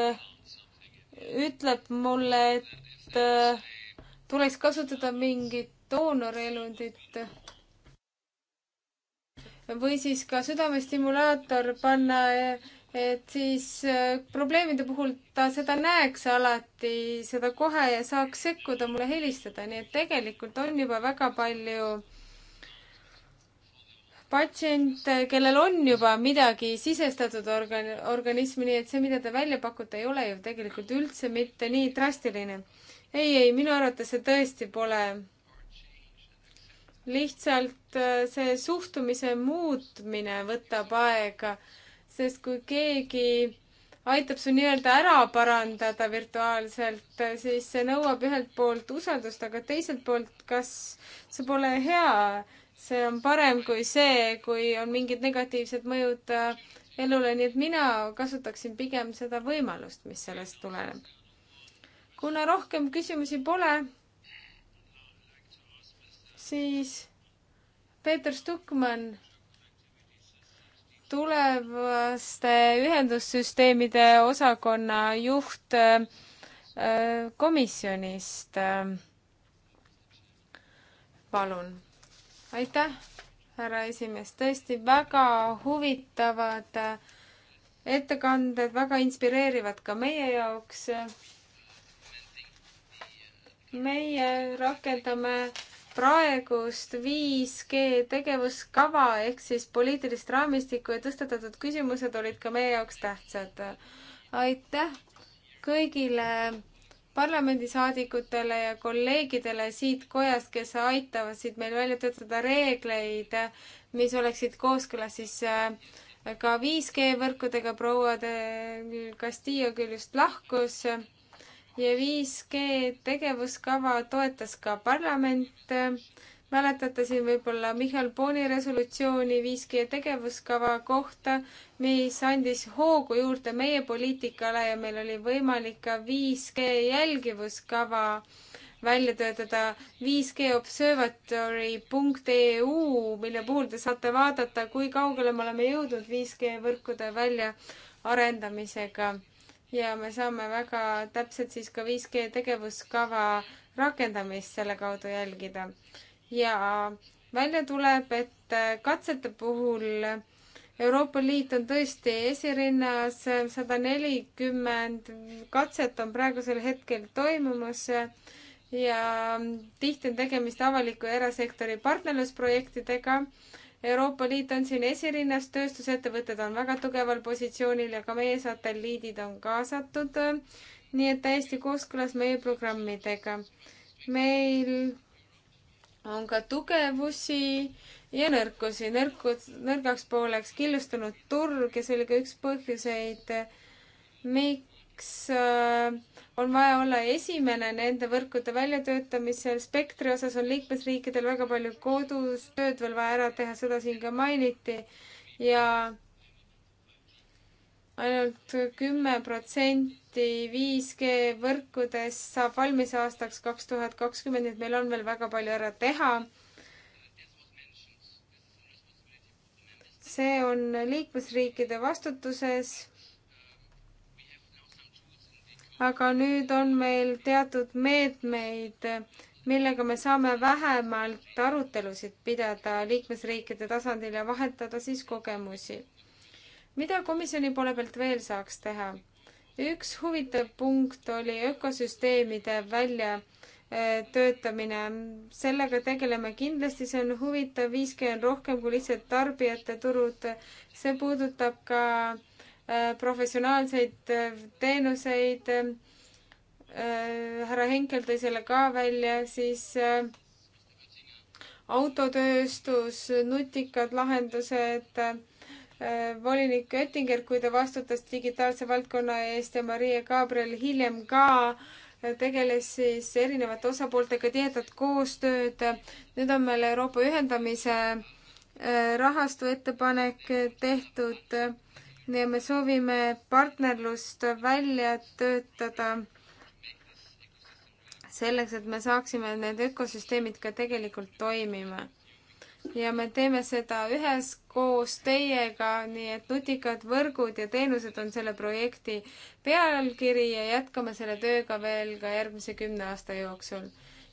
ütleb mulle, et äh, tuleks kasutada mingit doonorelundit või siis ka südamestimulaator panna, et siis äh, probleemide puhul ta seda näeks alati, seda kohe ja saaks sekkuda, mulle helistada, nii et tegelikult on juba väga palju patsient, kellel on juba midagi sisestatud organ-, organismi, nii et see, mida te välja pakute, ei ole ju tegelikult üldse mitte nii drastiline. ei, ei, minu arvates see tõesti pole lihtsalt äh, see suhtumise muutmine võtab aega, sest kui keegi aitab su nii-öelda ära parandada virtuaalselt, siis see nõuab ühelt poolt usaldust, aga teiselt poolt, kas see pole hea see on parem kui see, kui on mingid negatiivsed mõjud äh, elule, nii et mina kasutaksin pigem seda võimalust, mis sellest tuleneb. kuna rohkem küsimusi pole, siis Peeter Stukman tulevaste ühendussüsteemide osakonna juht äh, komisjonist. Äh, palun aitäh, härra esimees, tõesti väga huvitavad äh, ettekanded, väga inspireerivad ka meie jaoks. meie rakendame praegust 5G tegevuskava ehk siis poliitilist raamistikku ja tõstatatud küsimused olid ka meie jaoks tähtsad. aitäh kõigile parlamendisaadikutele ja kolleegidele siit kojast, kes aitavad meil välja töötada reegleid, mis oleksid kooskõlas siis äh, ka 5G võrkudega, proua de Castillo küll just lahkus ja 5G tegevuskava toetas ka parlament mäletate siin võib-olla Michal Boni resolutsiooni 5G tegevuskava kohta, mis andis hoogu juurde meie poliitikale ja meil oli võimalik ka 5G jälgivuskava välja töötada 5G observatory.eu, mille puhul te saate vaadata, kui kaugele me oleme jõudnud 5G võrkude väljaarendamisega. ja me saame väga täpselt siis ka 5G tegevuskava rakendamist selle kaudu jälgida ja välja tuleb, et katsete puhul Euroopa Liit on tõesti esirinnas, sada nelikümmend katset on praegusel hetkel toimumas ja tihti on tegemist avaliku ja erasektori partnerlusprojektidega. Euroopa Liit on siin esirinnas, tööstusettevõtted on väga tugeval positsioonil ja ka meie satelliidid on kaasatud. nii et täiesti kooskõlas meie programmidega. meil on ka tugevusi ja nõrkusi, nõrkud, nõrgaks pooleks killustunud turg ja see oli ka üks põhjuseid, miks äh, on vaja olla esimene nende võrkude väljatöötamisel. spektri osas on liikmesriikidel väga palju kodus tööd veel vaja ära teha, seda siin ka mainiti ja ainult kümme protsenti 5G võrkudest saab valmis aastaks kaks tuhat kakskümmend, nii et meil on veel väga palju ära teha. see on liikmesriikide vastutuses. aga nüüd on meil teatud meetmeid, millega me saame vähemalt arutelusid pidada liikmesriikide tasandil ja vahetada siis kogemusi mida komisjoni poole pealt veel saaks teha? üks huvitav punkt oli ökosüsteemide väljatöötamine. Äh, sellega tegeleme kindlasti, see on huvitav, 5G on rohkem kui lihtsalt tarbijate turud. see puudutab ka äh, professionaalseid äh, teenuseid. härra Henkel tõi selle ka välja, siis autotööstus, nutikad lahendused Äh, volinik Oettinger, kui ta vastutas digitaalse valdkonna eest ja Maria Gabriel hiljem ka äh, tegeles siis erinevate osapooltega tihedat koostööd. nüüd on meil Euroopa ühendamise äh, rahastu ettepanek tehtud ja me soovime partnerlust välja töötada selleks, et me saaksime need ökosüsteemid ka tegelikult toimima ja me teeme seda üheskoos teiega, nii et nutikad võrgud ja teenused on selle projekti pealkiri ja jätkame selle tööga veel ka järgmise kümne aasta jooksul.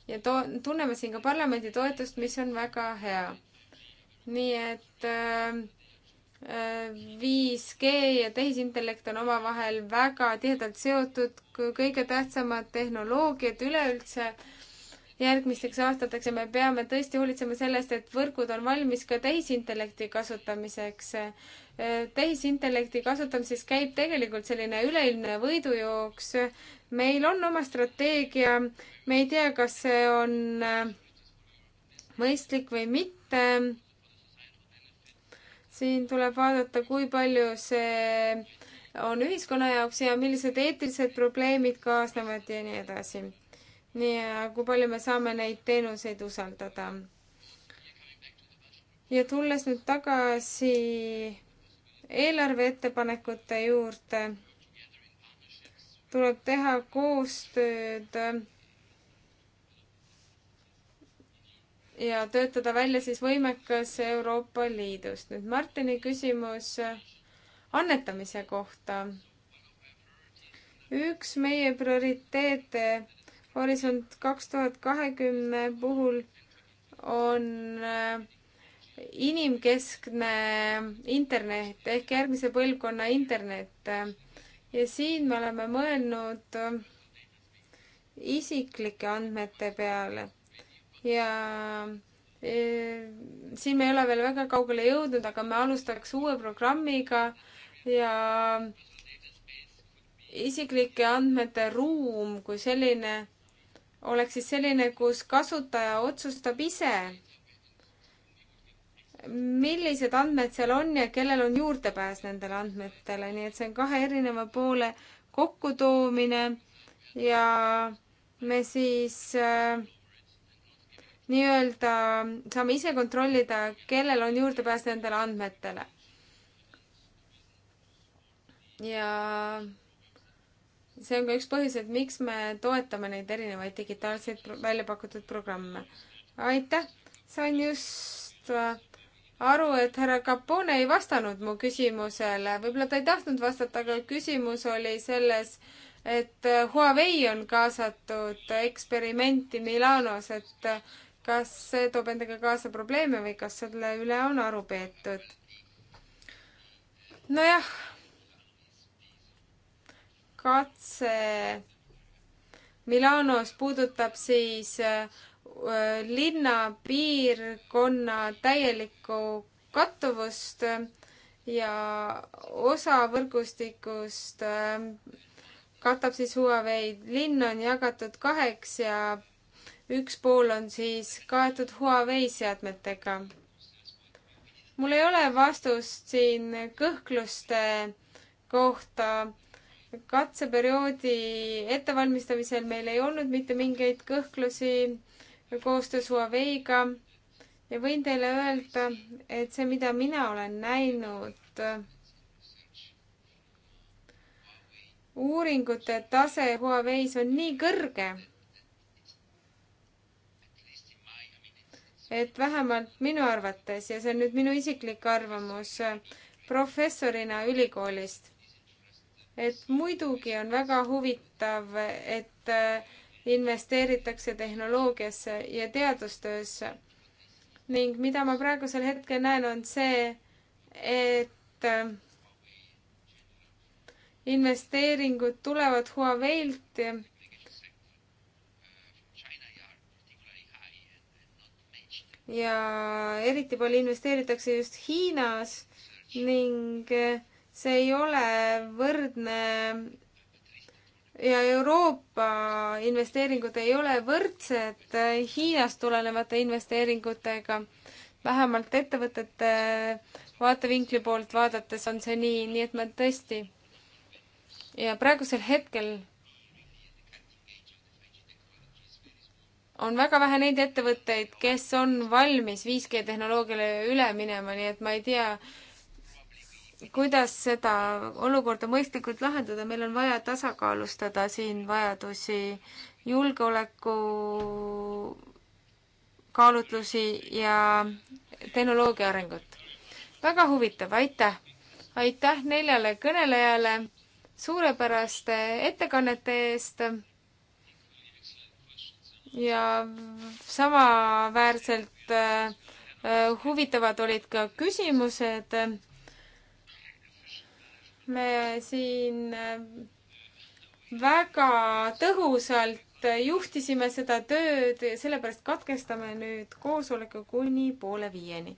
ja to-, tunneme siin ka parlamendi toetust, mis on väga hea. nii et äh, 5G äh, ja tehisintellekt on omavahel väga tihedalt seotud, kõige tähtsamad tehnoloogiad üleüldse äh, järgmisteks aastateks ja me peame tõesti hoolitsema sellest, et võrgud on valmis ka tehisintellekti kasutamiseks. tehisintellekti kasutamises käib tegelikult selline üleilmne võidujooks. meil on oma strateegia, me ei tea, kas see on mõistlik või mitte. siin tuleb vaadata, kui palju see on ühiskonna jaoks ja millised eetilised probleemid kaasnevad ja nii edasi nii, kui palju me saame neid teenuseid usaldada. ja tulles nüüd tagasi eelarveettepanekute juurde, tuleb teha koostööd ja töötada välja siis võimekas Euroopa Liidust. nüüd Martini küsimus annetamise kohta. üks meie prioriteete Horisont kaks tuhat kahekümne puhul on äh, inimkeskne äh, internet ehk järgmise põlvkonna internet. ja siin me oleme mõelnud äh, isiklike andmete peale ja siin me ei ole veel väga kaugele jõudnud, aga me alustaks uue programmiga ja isiklike andmete ruum kui selline oleks siis selline, kus kasutaja otsustab ise, millised andmed seal on ja kellel on juurdepääs nendele andmetele, nii et see on kahe erineva poole kokkutoomine ja me siis äh, nii-öelda saame ise kontrollida, kellel on juurdepääs nendele andmetele. ja see on ka üks põhjuseid, miks me toetame neid erinevaid digitaalseid välja pakutud programme. aitäh, sain just äh, aru, et härra Capone ei vastanud mu küsimusele, võib-olla ta ei tahtnud vastata, aga küsimus oli selles, et äh, Huawei on kaasatud eksperimenti Milanos, et äh, kas see toob endaga kaasa probleeme või kas selle üle on aru peetud? nojah katse Milanos puudutab siis äh, linna piirkonna täielikku kattuvust ja osa võrgustikust äh, katab siis Huawei. linn on jagatud kaheks ja üks pool on siis kaetud Huawei seadmetega. mul ei ole vastust siin kõhkluste kohta katseperioodi ettevalmistamisel meil ei olnud mitte mingeid kõhklusi koostöös Huawei'ga ja võin teile öelda, et see, mida mina olen näinud, uuringute tase Huawei's on nii kõrge, et vähemalt minu arvates ja see on nüüd minu isiklik arvamus professorina ülikoolist et muidugi on väga huvitav, et äh, investeeritakse tehnoloogiasse ja teadustöösse. ning mida ma praegusel hetkel näen, on see, et äh, investeeringud tulevad Huawei'lt ja eriti palju investeeritakse just Hiinas ning äh, see ei ole võrdne ja Euroopa investeeringud ei ole võrdsed Hiinast tulenevate investeeringutega. vähemalt ettevõtete vaatevinkli poolt vaadates on see nii, nii et ma tõesti ja praegusel hetkel on väga vähe neid ettevõtteid, kes on valmis 5G tehnoloogiale üle minema, nii et ma ei tea, kuidas seda olukorda mõistlikult lahendada, meil on vaja tasakaalustada siin vajadusi, julgeoleku kaalutlusi ja tehnoloogia arengut. väga huvitav, aitäh! aitäh neljale kõnelejale suurepäraste ettekannete eest ja samaväärselt äh, äh, huvitavad olid ka küsimused me siin äh, väga tõhusalt juhtisime seda tööd, sellepärast katkestame nüüd koosoleku kuni poole viieni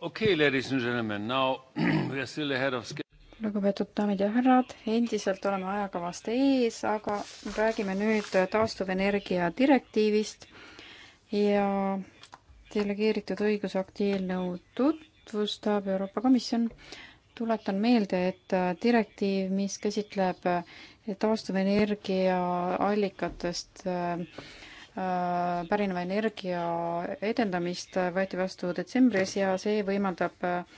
okei okay,, ladies and gentlemen, now we are still ahead of lugupeetud daamid ja härrad, endiselt oleme ajakavast ees, aga räägime nüüd taastuvenergia direktiivist ja delegeeritud õigusakti eelnõu tutvustab Euroopa Komisjon. tuletan meelde, et direktiiv, mis käsitleb taastuvenergia allikatest äh, Äh, pärineva energia edendamist võeti vastu detsembris ja see võimaldab äh,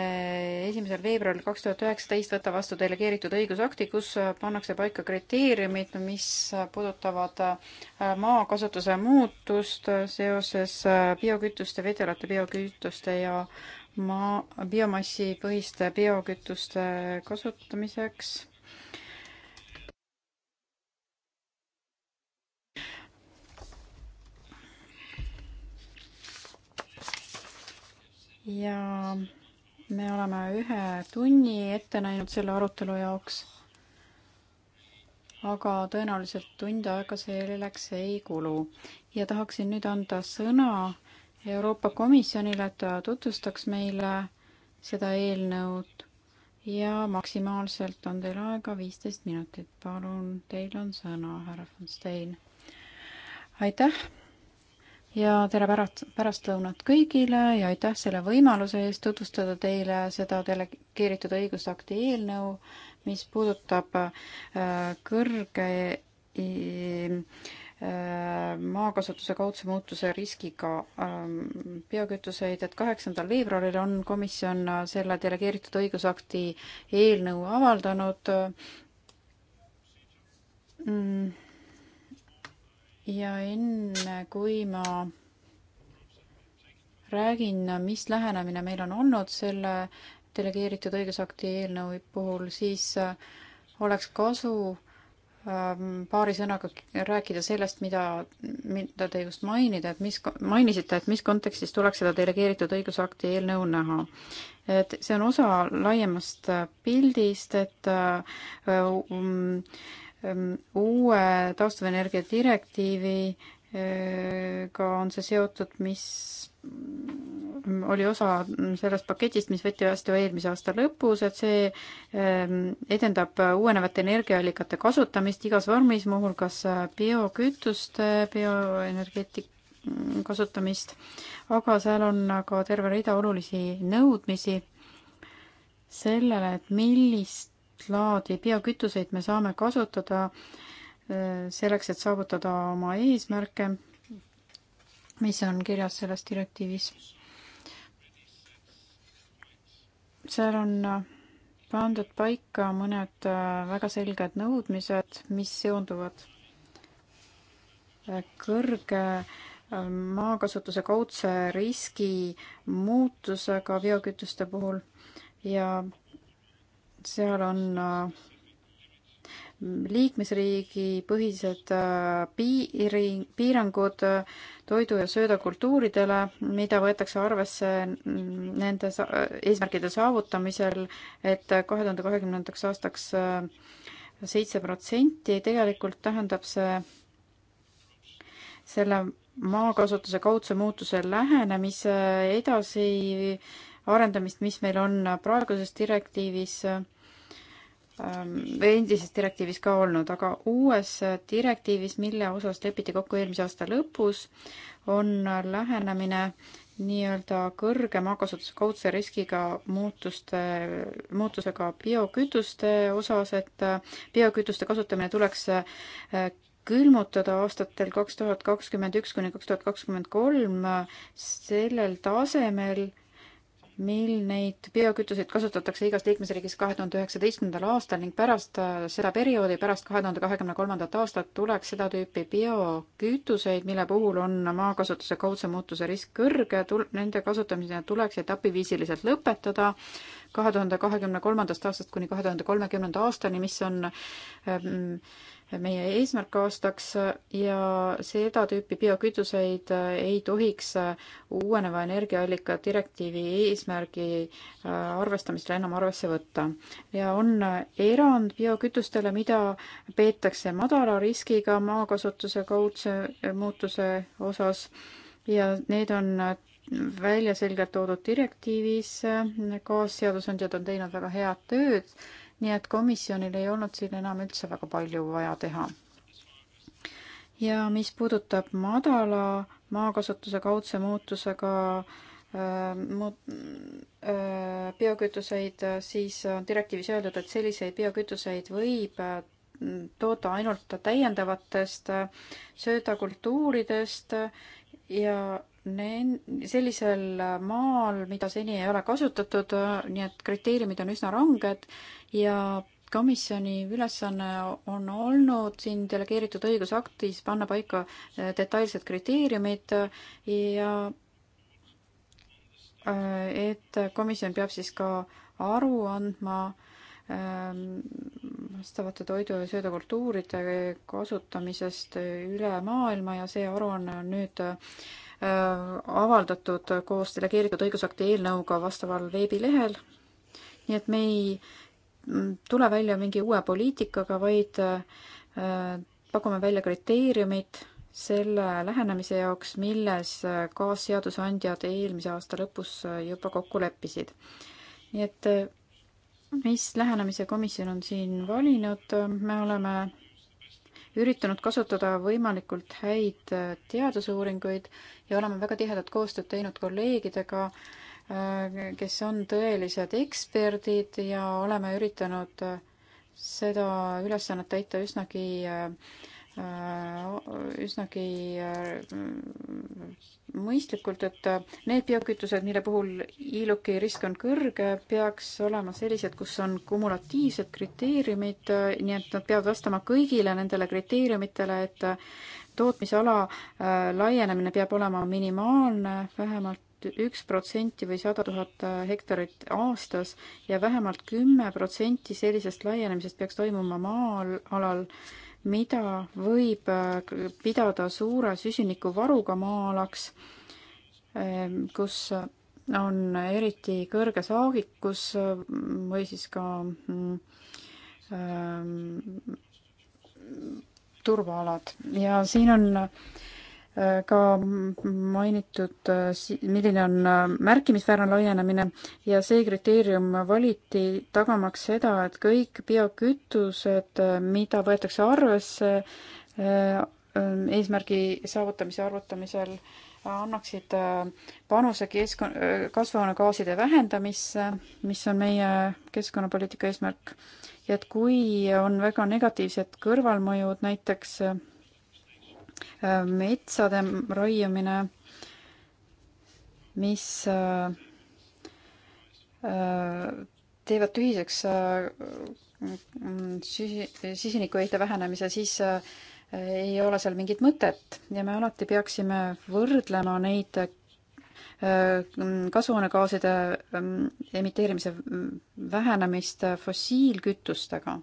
esimesel veebruaril kaks tuhat üheksateist võtta vastu delegeeritud õigusakti, kus pannakse paika kriteeriumid, mis puudutavad äh, maakasutuse muutust seoses biokütuste, vedelate biokütuste ja maa, biomassi põhiste biokütuste kasutamiseks ja me oleme ühe tunni ette näinud selle arutelu jaoks. aga tõenäoliselt tund aega selleks ei kulu ja tahaksin nüüd anda sõna Euroopa Komisjonile, et ta tutvustaks meile seda eelnõud ja maksimaalselt on teil aega viisteist minutit. palun, teil on sõna, härra von Stein. aitäh ja tere pärast, pärastlõunat kõigile ja aitäh selle võimaluse eest tutvustada teile seda delegeeritud õigusakti eelnõu, mis puudutab äh, kõrge äh, maakasutuse kaudse muutuse riskiga ähm, biokütuseid, et kaheksandal veebruaril on komisjon selle delegeeritud õigusakti eelnõu avaldanud mm ja enne, kui ma räägin, mis lähenemine meil on olnud selle delegeeritud õigusakti eelnõu puhul, siis äh, oleks kasu ähm, paari sõnaga rääkida sellest, mida, mida te just mainida, et mis, mainisite, et mis kontekstis tuleks seda delegeeritud õigusakti eelnõu näha. et see on osa laiemast äh, pildist, et äh, um, Ehm, uue taastuvenergia direktiiviga on see seotud, mis oli osa sellest paketist, mis võeti vastu eelmise aasta lõpus, et see ehm, edendab uuenevate energiaallikate kasutamist igas vormis, muuhulgas äh, biokütuste, bioenergeetik-, kasutamist, aga seal on ka terve rida olulisi nõudmisi sellele, et millist laadi biokütuseid me saame kasutada äh, selleks, et saavutada oma eesmärke, mis on kirjas selles direktiivis. seal on äh, pandud paika mõned äh, väga selged nõudmised, mis seonduvad kõrge maakasutuse kaudse riski muutusega biokütuste puhul ja seal on äh, liikmesriigi põhised äh, piiri, piirangud äh, toidu ja söödakultuuridele, mida võetakse arvesse mm, nende eesmärkide saavutamisel, et kahe tuhande kahekümnendaks aastaks seitse protsenti, tegelikult tähendab see selle maakasutuse kaudse muutuse lähenemise edasi arendamist, mis meil on praeguses direktiivis ähm, või endises direktiivis ka olnud, aga uues direktiivis, mille osas lepiti kokku eelmise aasta lõpus, on lähenemine nii-öelda kõrge maakasutuse kaudse riskiga muutuste, muutusega biokütuste osas, et äh, biokütuste kasutamine tuleks äh, külmutada aastatel kaks tuhat kakskümmend üks kuni kaks tuhat kakskümmend kolm äh, sellel tasemel, mil neid biokütuseid kasutatakse igas liikmesriigis kahe tuhande üheksateistkümnendal aastal ning pärast äh, seda perioodi, pärast kahe tuhande kahekümne kolmandat aastat tuleks seda tüüpi biokütuseid, mille puhul on maakasutuse kaudse muutuse risk kõrge, tul-, nende kasutamine tuleks etapiviisiliselt lõpetada kahe tuhande kahekümne kolmandast aastast kuni kahe tuhande kolmekümnenda aastani, mis on ähm, meie eesmärk aastaks ja seda tüüpi biokütuseid ei tohiks uueneva energiaallika direktiivi eesmärgi äh, arvestamisel enam arvesse võtta. ja on erand biokütustele, mida peetakse madala riskiga maakasutuse kaudse muutuse osas ja need on välja selgelt toodud direktiivis, kaasseadusandjad on teinud väga head tööd nii et komisjonil ei olnud siin enam üldse väga palju vaja teha. ja mis puudutab madala maakasutuse kaudse muutusega äh, äh, biokütuseid, siis on direktiivis öeldud, et selliseid biokütuseid võib äh, toota ainult täiendavatest söödakultuuridest ja nen-, sellisel maal, mida seni ei ole kasutatud, nii et kriteeriumid on üsna ranged ja komisjoni ülesanne on olnud siin delegeeritud õigusaktis panna paika äh, detailsed kriteeriumid ja äh, et komisjon peab siis ka aru andma äh, Ähm, vastavate toidu ja söödakultuuride kasutamisest üle maailma ja see aruanne on nüüd äh, avaldatud koos delegeeritud õigusakti eelnõuga vastaval veebilehel. nii et me ei mm, tule välja mingi uue poliitikaga, vaid äh, pakume välja kriteeriumid selle lähenemise jaoks, milles äh, kaasseadusandjad eelmise aasta lõpus juba kokku leppisid. nii et mis lähenemise komisjon on siin valinud, me oleme üritanud kasutada võimalikult häid teadusuuringuid ja oleme väga tihedat koostööd teinud kolleegidega, kes on tõelised eksperdid ja oleme üritanud seda ülesannet täita üsnagi äh, Äh, üsnagi äh, mõistlikult, et äh, need biokütused, mille puhul iluki risk on kõrge, peaks olema sellised, kus on kumulatiivsed kriteeriumid, nii et nad peavad vastama kõigile nendele kriteeriumitele, et tootmisala laienemine peab olema minimaalne, vähemalt üks protsenti või sada tuhat hektarit aastas ja vähemalt kümme protsenti sellisest laienemisest peaks toimuma maa-alal, mida võib äh, pidada suure süsinikuvaruga maa-alaks, ähm, kus on eriti kõrge saagikus äh, või siis ka mm, ähm, turvaalad ja siin on äh, ka mainitud, milline on märkimisväärne laienemine ja see kriteerium valiti tagamaks seda, et kõik biokütused, mida võetakse arvesse äh, eesmärgi saavutamise arvutamisel, annaksid äh, panuse keskkon-, äh, kasvuhoonegaaside vähendamisse, mis on meie keskkonnapoliitika eesmärk. ja et kui on väga negatiivsed kõrvalmõjud, näiteks Äh, metsade raiumine, mis äh, äh, teevad tühiseks süsinikuheite vähenemise, siis ei ole seal mingit mõtet ja me alati peaksime võrdlema neid kasvuhoonegaaside emiteerimise vähenemist fossiilkütustega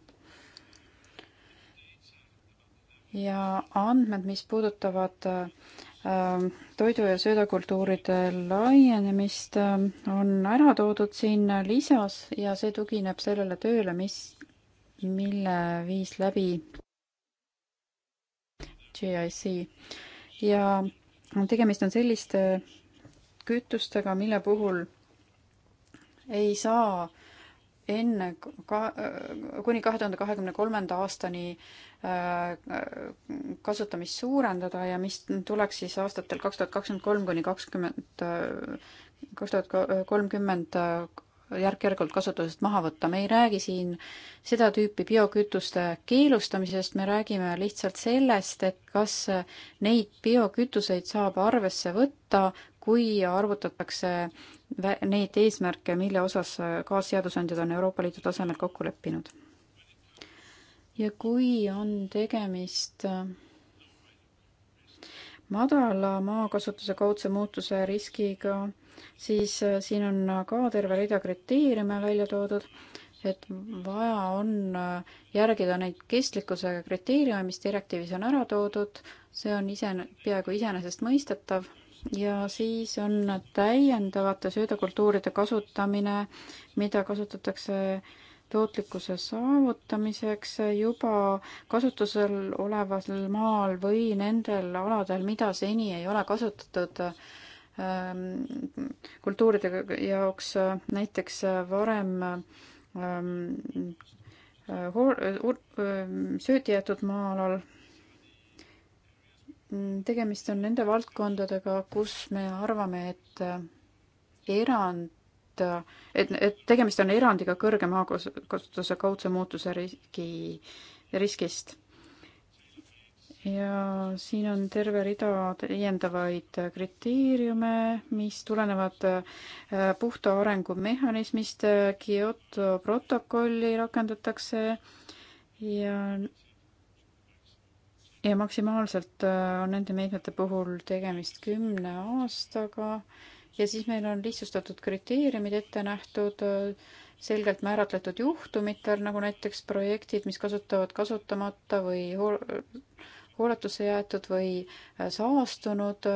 ja andmed, mis puudutavad äh, toidu- ja söödakultuuride laienemist, äh, on ära toodud siin lisas ja see tugineb sellele tööle, mis, mille viis läbi GIC. ja tegemist on selliste kütustega, mille puhul ei saa äh, enne ka, kuni kahe tuhande kahekümne kolmanda aastani äh, kasutamist suurendada ja mis tuleks siis aastatel kaks tuhat kakskümmend kolm kuni kakskümmend, äh, kaks tuhat kolmkümmend äh, järk-järgult kasutusest maha võtta. me ei räägi siin seda tüüpi biokütuste keelustamisest, me räägime lihtsalt sellest, et kas neid biokütuseid saab arvesse võtta kui arvutatakse neid eesmärke, mille osas kaasseadusandjad on Euroopa Liidu tasemel kokku leppinud. ja kui on tegemist äh, madala maakasutuse kaudse muutuse riskiga, siis äh, siin on ka terve rida kriteeriume välja toodud, et vaja on äh, järgida neid kestlikkuse kriteeriume, mis direktiivis on ära toodud, see on ise, peaaegu iseenesestmõistetav ja siis on täiendavate söödakultuuride kasutamine, mida kasutatakse tootlikkuse saavutamiseks juba kasutusel oleval maal või nendel aladel, mida seni ei ole kasutatud ähm, kultuuride jaoks, näiteks varem ähm, äh, äh, äh, söödi jäetud maa-alal Mm, tegemist on nende valdkondadega, kus me arvame, et äh, erand, et, et tegemist on erandiga kõrge maakasutuse kaudse muutuse riski, riskist. ja siin on terve rida täiendavaid kriteeriume, mis tulenevad äh, puhta arengu mehhanismist, äh, Kyoto protokolli rakendatakse ja ja maksimaalselt äh, on nende meetmete puhul tegemist kümne aastaga ja siis meil on lihtsustatud kriteeriumid ette nähtud, äh, selgelt määratletud juhtumitel, nagu näiteks projektid, mis kasutavad kasutamata või hooletusse jäetud või äh, saastunud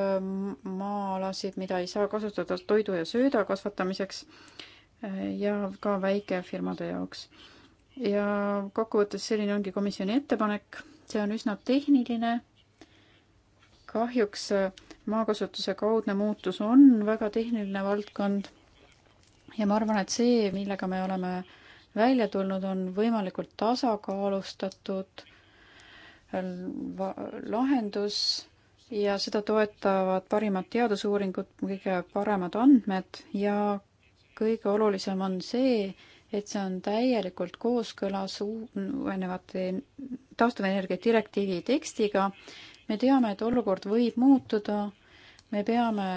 maa-alasid, mida ei saa kasutada toidu ja sööda kasvatamiseks ja ka väikefirmade jaoks. ja kokkuvõttes selline ongi komisjoni ettepanek see on üsna tehniline. kahjuks äh, maakasutuse kaudne muutus on väga tehniline valdkond. ja ma arvan, et see, millega me oleme välja tulnud, on võimalikult tasakaalustatud äh, lahendus ja seda toetavad parimad teadusuuringud, kõige paremad andmed ja kõige olulisem on see, et see on täielikult kooskõlas uuenevate taastuvenergia direktiivi tekstiga. me teame, et olukord võib muutuda. me peame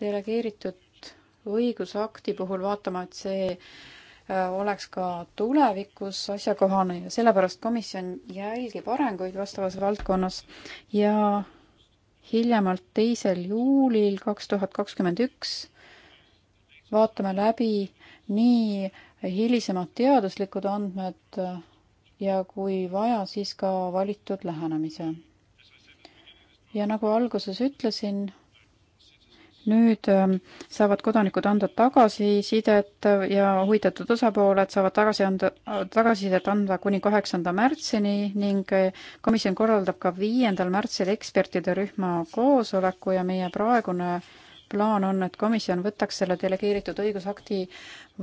delegeeritud õigusakti puhul vaatama, et see äh, oleks ka tulevikus asjakohane ja sellepärast komisjon jälgib arenguid vastavas valdkonnas ja hiljemalt teisel juulil kaks tuhat kakskümmend üks vaatame läbi nii äh, hilisemad teaduslikud andmed äh, ja kui vaja, siis ka valitud lähenemise. ja nagu alguses ütlesin, nüüd ähm, saavad kodanikud anda tagasisidet ja huvitatud osapooled saavad tagasi anda, tagasisidet anda kuni kaheksanda märtsini ning äh, komisjon korraldab ka viiendal märtsil ekspertide rühma koosoleku ja meie praegune plaan on, et komisjon võtaks selle delegeeritud õigusakti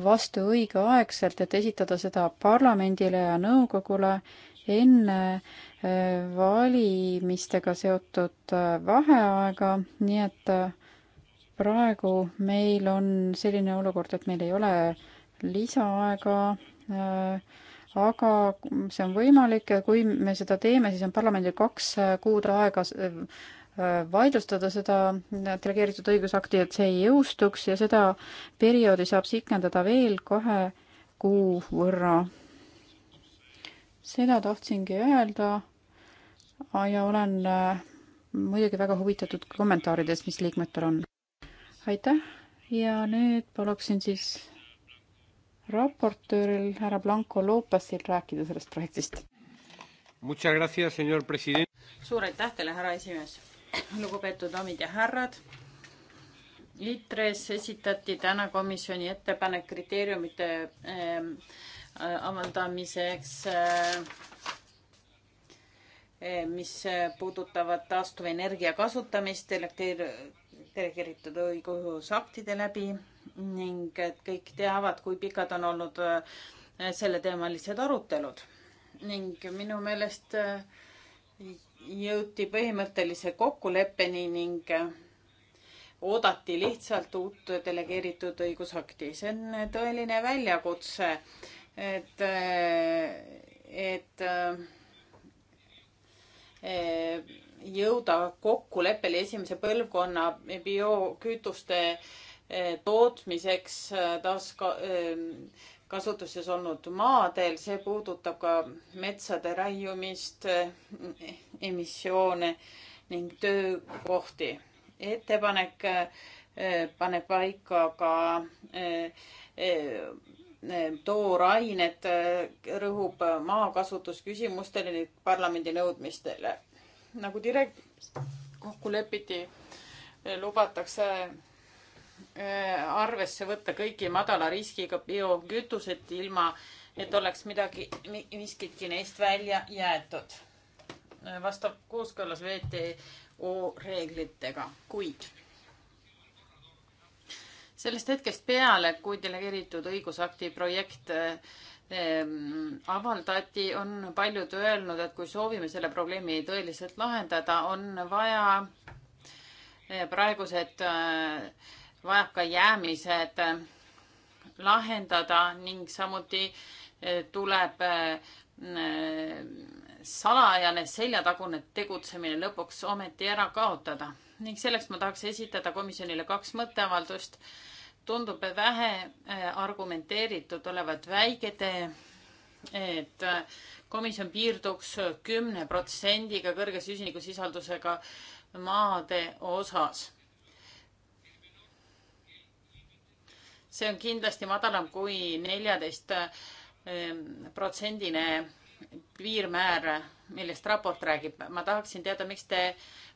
vastu õigeaegselt, et esitada seda parlamendile ja nõukogule enne äh, valimistega seotud äh, vaheaega, nii et äh, praegu meil on selline olukord, et meil ei ole lisaaega, aga see on võimalik ja kui me seda teeme, siis on parlamendil kaks kuud aega Äh, vaidlustada seda delegeeritud õigusakti, et see ei jõustuks ja seda perioodi saab pikendada veel kahe kuu võrra. seda tahtsingi öelda ja olen äh, muidugi väga huvitatud kommentaaridest, mis liikmetel on. aitäh ja nüüd paluksin siis raportööril härra Blanco Lopesil rääkida sellest projektist. suur aitäh teile, härra esimees lugupeetud daamid ja härrad. ITRE-s esitati täna komisjoni ettepanek kriteeriumite ähm, äh, avaldamiseks äh,, mis puudutavad taastuvenergia kasutamist delegeeritud õigusaktide läbi ning et kõik teavad, kui pikad on olnud äh, selleteemalised arutelud ning minu meelest äh, jõuti põhimõttelise kokkuleppeni ning oodati lihtsalt uut delegeeritud õigusakti. see on tõeline väljakutse, et, et, et jõuda kokkuleppele esimese põlvkonna biokütuste tootmiseks taaska- kasutuses olnud maadel, see puudutab ka metsade raiumist, emissioone ning töökohti. ettepanek eh, paneb paika ka eh, eh, toorainet, rõhub maakasutusküsimustele ning parlamendi nõudmistele. nagu direkt- kokku lepiti, lubatakse Äh, arvesse võtta kõiki madala riskiga biokütuseid, ilma et oleks midagi, miskitki neist välja jäetud. Äh, vastab kooskõlas WTO reeglitega, kuid sellest hetkest peale, kui delegeeritud õigusakti projekt ähm, avaldati, on paljud öelnud, et kui soovime selle probleemi tõeliselt lahendada, on vaja äh, praegused äh, vajakajäämised lahendada ning samuti eh, tuleb eh, salajane seljatagune tegutsemine lõpuks ometi ära kaotada ning selleks ma tahaks esitada komisjonile kaks mõtteavaldust. tundub vähe eh, argumenteeritud olevat väikede, et komisjon piirduks kümne protsendiga kõrge süsinikusisaldusega maade osas see on kindlasti madalam kui neljateist ehm, protsendine piirmäär, millest raport räägib. ma tahaksin teada, miks te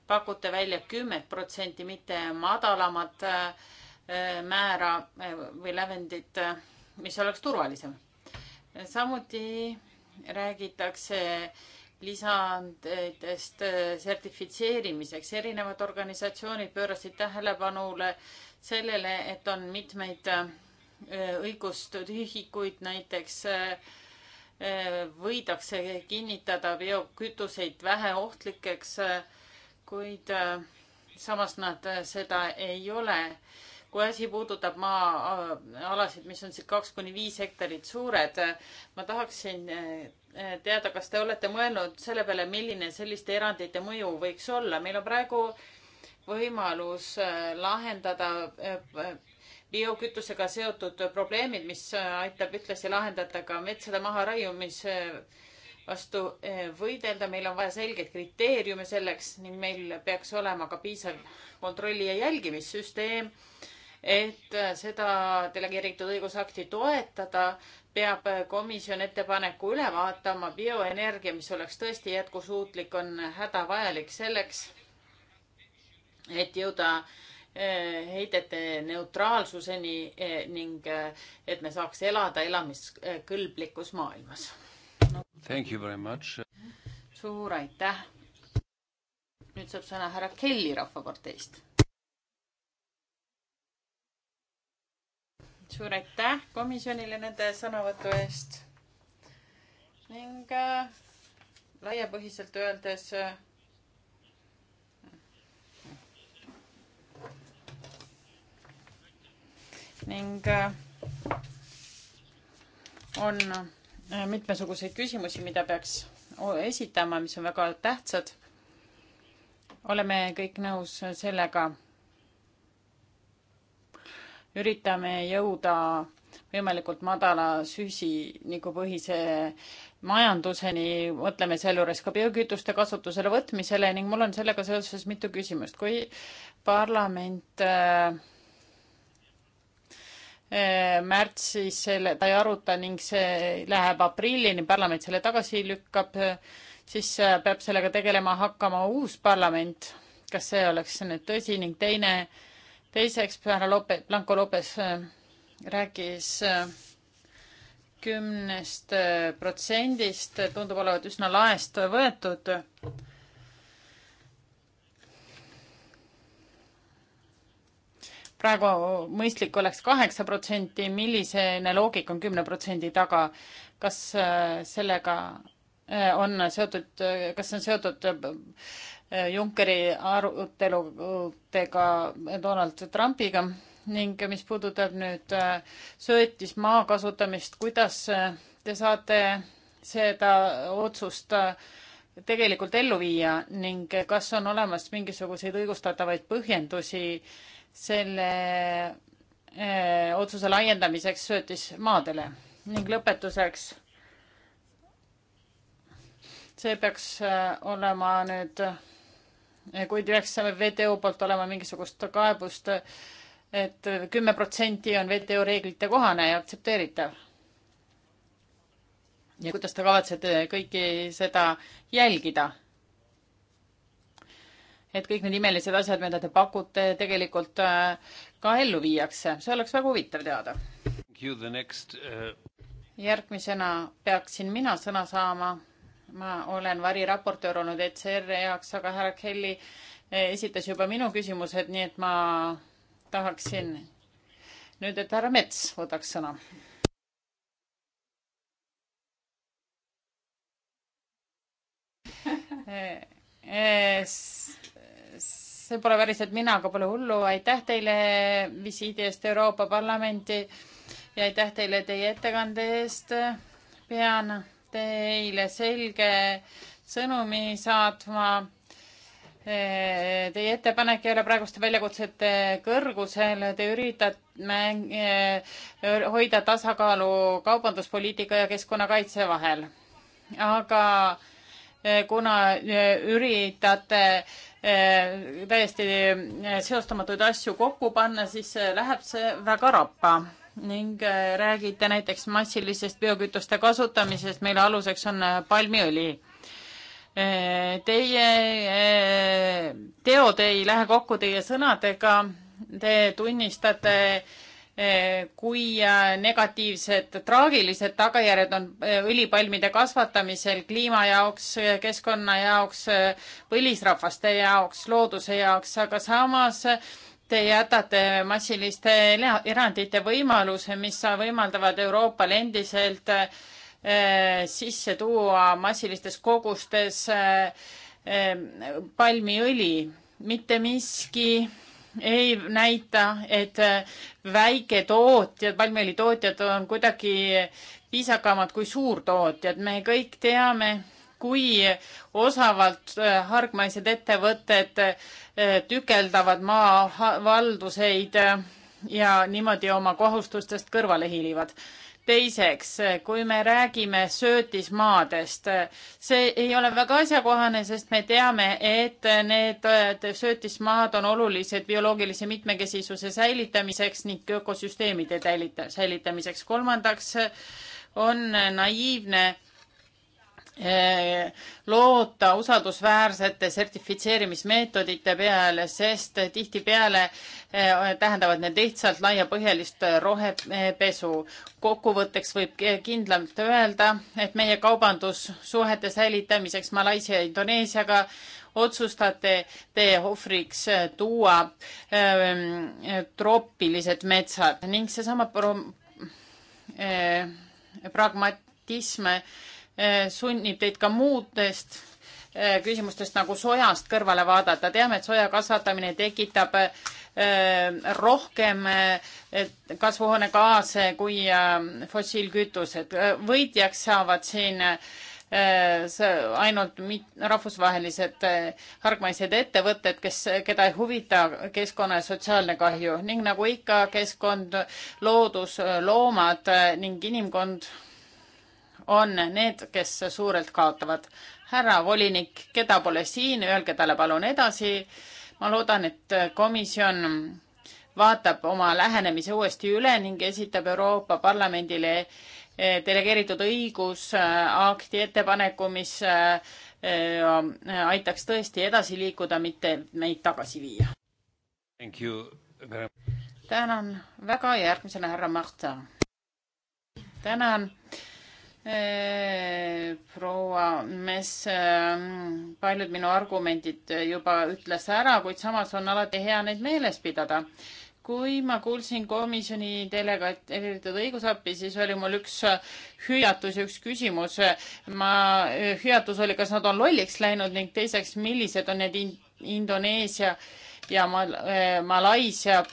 pakute välja kümmet protsenti, mitte madalamat ehm, määra ehm, või lävendit, mis oleks turvalisem. samuti räägitakse lisandidest sertifitseerimiseks. erinevad organisatsioonid pöörasid tähelepanule äh, sellele, et on mitmeid äh, õigustühikuid, näiteks äh, võidakse kinnitada biokütuseid väheohtlikeks, äh, kuid samas nad seda ei ole. kui asi puudutab maa-alasid, mis on siin kaks kuni viis hektarit suured, ma tahaksin teada, kas te olete mõelnud selle peale, milline selliste erandite mõju võiks olla. meil on praegu äh, võimalus äh, lahendada äh, biokütusega seotud probleemid, mis äh, aitab ühtlasi lahendada ka metsade maharaiumise vastu võidelda. meil on vaja selgeid kriteeriume selleks ning meil peaks olema ka piisav kontrolli- ja jälgimissüsteem, et seda delegeeritud õigusakti toetada, peab komisjon ettepaneku üle vaatama. bioenergia, mis oleks tõesti jätkusuutlik, on hädavajalik selleks, et jõuda eh, heidete neutraalsuseni eh, ning eh, et me saaks elada elamiskõlblikus maailmas no.. Thank you very much. suur aitäh. nüüd saab sõna härra Kelly Rahvaparteist. suur aitäh komisjonile nende sõnavõtu eest ning äh, laiapõhiselt öeldes äh, ning äh, on äh, mitmesuguseid küsimusi, mida peaks esitama, mis on väga tähtsad. oleme kõik nõus sellega. üritame jõuda võimalikult madala süsinikupõhise majanduseni, mõtleme sealjuures ka biokütuste kasutusele võtmisele ning mul on sellega seoses mitu küsimust. kui parlament äh, Eh, märtsis selle, ta ei aruta ning see läheb aprillini, parlament selle tagasi lükkab, siis eh, peab sellega tegelema hakkama uus parlament. kas see oleks nüüd tõsi ning teine, teiseks härra Lope, Blanco Lopes eh, rääkis kümnest protsendist, tundub olevat üsna laest võetud praegu mõistlik oleks kaheksa protsenti, milline loogika on kümne protsendi taga, kas äh, sellega äh, on seotud, äh, kas see on seotud Junckeri aruteludega Donald Trumpiga ning mis puudutab nüüd söötismaa kasutamist, kuidas te saate seda otsust tegelikult ellu viia ning kas on olemas mingisuguseid õigustatavaid põhjendusi äh, selle öö, eh, otsuse laiendamiseks söötismaadele ning lõpetuseks see peaks eh, olema nüüd, eh, kui peaks WTO poolt olema mingisugust kaebust et, et kümme protsenti on WTO reeglite kohane ja aktsepteeritav. ja kuidas te kavatsete kõiki seda jälgida? et kõik need imelised asjad, mida te pakute, tegelikult äh, ka ellu viiakse, see oleks väga huvitav teada. Äh, järgmisena peaksin mina sõna saama. ma olen variraportöör olnud ECR-i jaoks, aga härra Kelly äh, esitas juba minu küsimused, nii et ma tahaksin nüüd, et härra Mets võtaks sõna see pole päriselt mina, aga pole hullu, aitäh teile visiidi eest Euroopa Parlamenti ja aitäh teile teie ettekande eest. pean teile selge sõnumi saatma. Eh, teie ettepanek ei ole praeguste väljakutsete kõrgusel, te üritate eh, hoida tasakaalu kaubanduspoliitika ja keskkonnakaitse vahel. aga eh, kuna üritate äh, Eh, täiesti eh, seostamatuid asju kokku panna, siis eh, läheb see väga rappa ning räägite näiteks massilisest biokütuste kasutamisest, mille aluseks on palmiõli. Teie teod ei lähe kokku teie sõnadega, te tunnistate Eh, kui äh, negatiivsed traagilised tagajärjed on äh, õlipalmide kasvatamisel kliima jaoks, äh, keskkonna jaoks, põlisrahvaste jaoks, looduse jaoks, aga samas te jätate massiliste erandite võimaluse, mis võimaldavad Euroopal endiselt sisse tuua massilistes kogustes palmiõli. mitte miski ei näita, et äh, väiketootjad, palmiõlitootjad on kuidagi viisakamad kui suurtootjad. me kõik teame, kui osavalt äh, hargmaised ettevõtted äh, tükeldavad maavalduseid ja niimoodi oma kohustustest kõrvale hiilivad teiseks, kui me räägime söötismaadest, see ei ole väga asjakohane, sest me teame, et need söötismaad on olulised bioloogilise mitmekesisuse säilitamiseks ning ökosüsteemide säilitamiseks. kolmandaks on naiivne Eh, loota usaldusväärsete sertifitseerimismeetodite peale, sest tihtipeale eh, tähendavad need lihtsalt laiapõhjalist rohepesu. kokkuvõtteks võib kindlalt öelda, et meie kaubandussuhete säilitamiseks Malaisia ja Indoneesiaga otsustate te ohvriks tuua ehm, troopilised metsad ning seesama eh, pragmatism Eh, sunnib teid ka muudest eh, küsimustest nagu sojast kõrvale vaadata. teame, et soja kasvatamine tekitab eh, rohkem kasvuhoonegaase kui fossiilkütused. võitjaks saavad siin ainult rahvusvahelised hargmaised ettevõtted, kes, keda ei huvita keskkonna ja sotsiaalne kahju ning nagu ikka, keskkond, loodus, loomad ning inimkond on need, kes suurelt kaotavad. härra volinik, keda pole siin, öelge talle palun edasi. ma loodan, et komisjon vaatab oma lähenemise uuesti üle ning esitab Euroopa Parlamendile eh, delegeeritud õigusakti ettepaneku, mis eh, eh, aitaks tõesti edasi liikuda, mitte meid tagasi viia. tänan väga, järgmisena härra Marta. tänan proua Mess, ähm, paljud minu argumendid juba ütles ära, kuid samas on alati hea neid meeles pidada. kui ma kuulsin komisjoni delegateeritud õigusabi, siis oli mul üks äh, hüüatus ja üks küsimus. ma, äh, hüüatus oli, kas nad on lolliks läinud ning teiseks, millised on need in, Indoneesia ja Mal, äh, Malaisia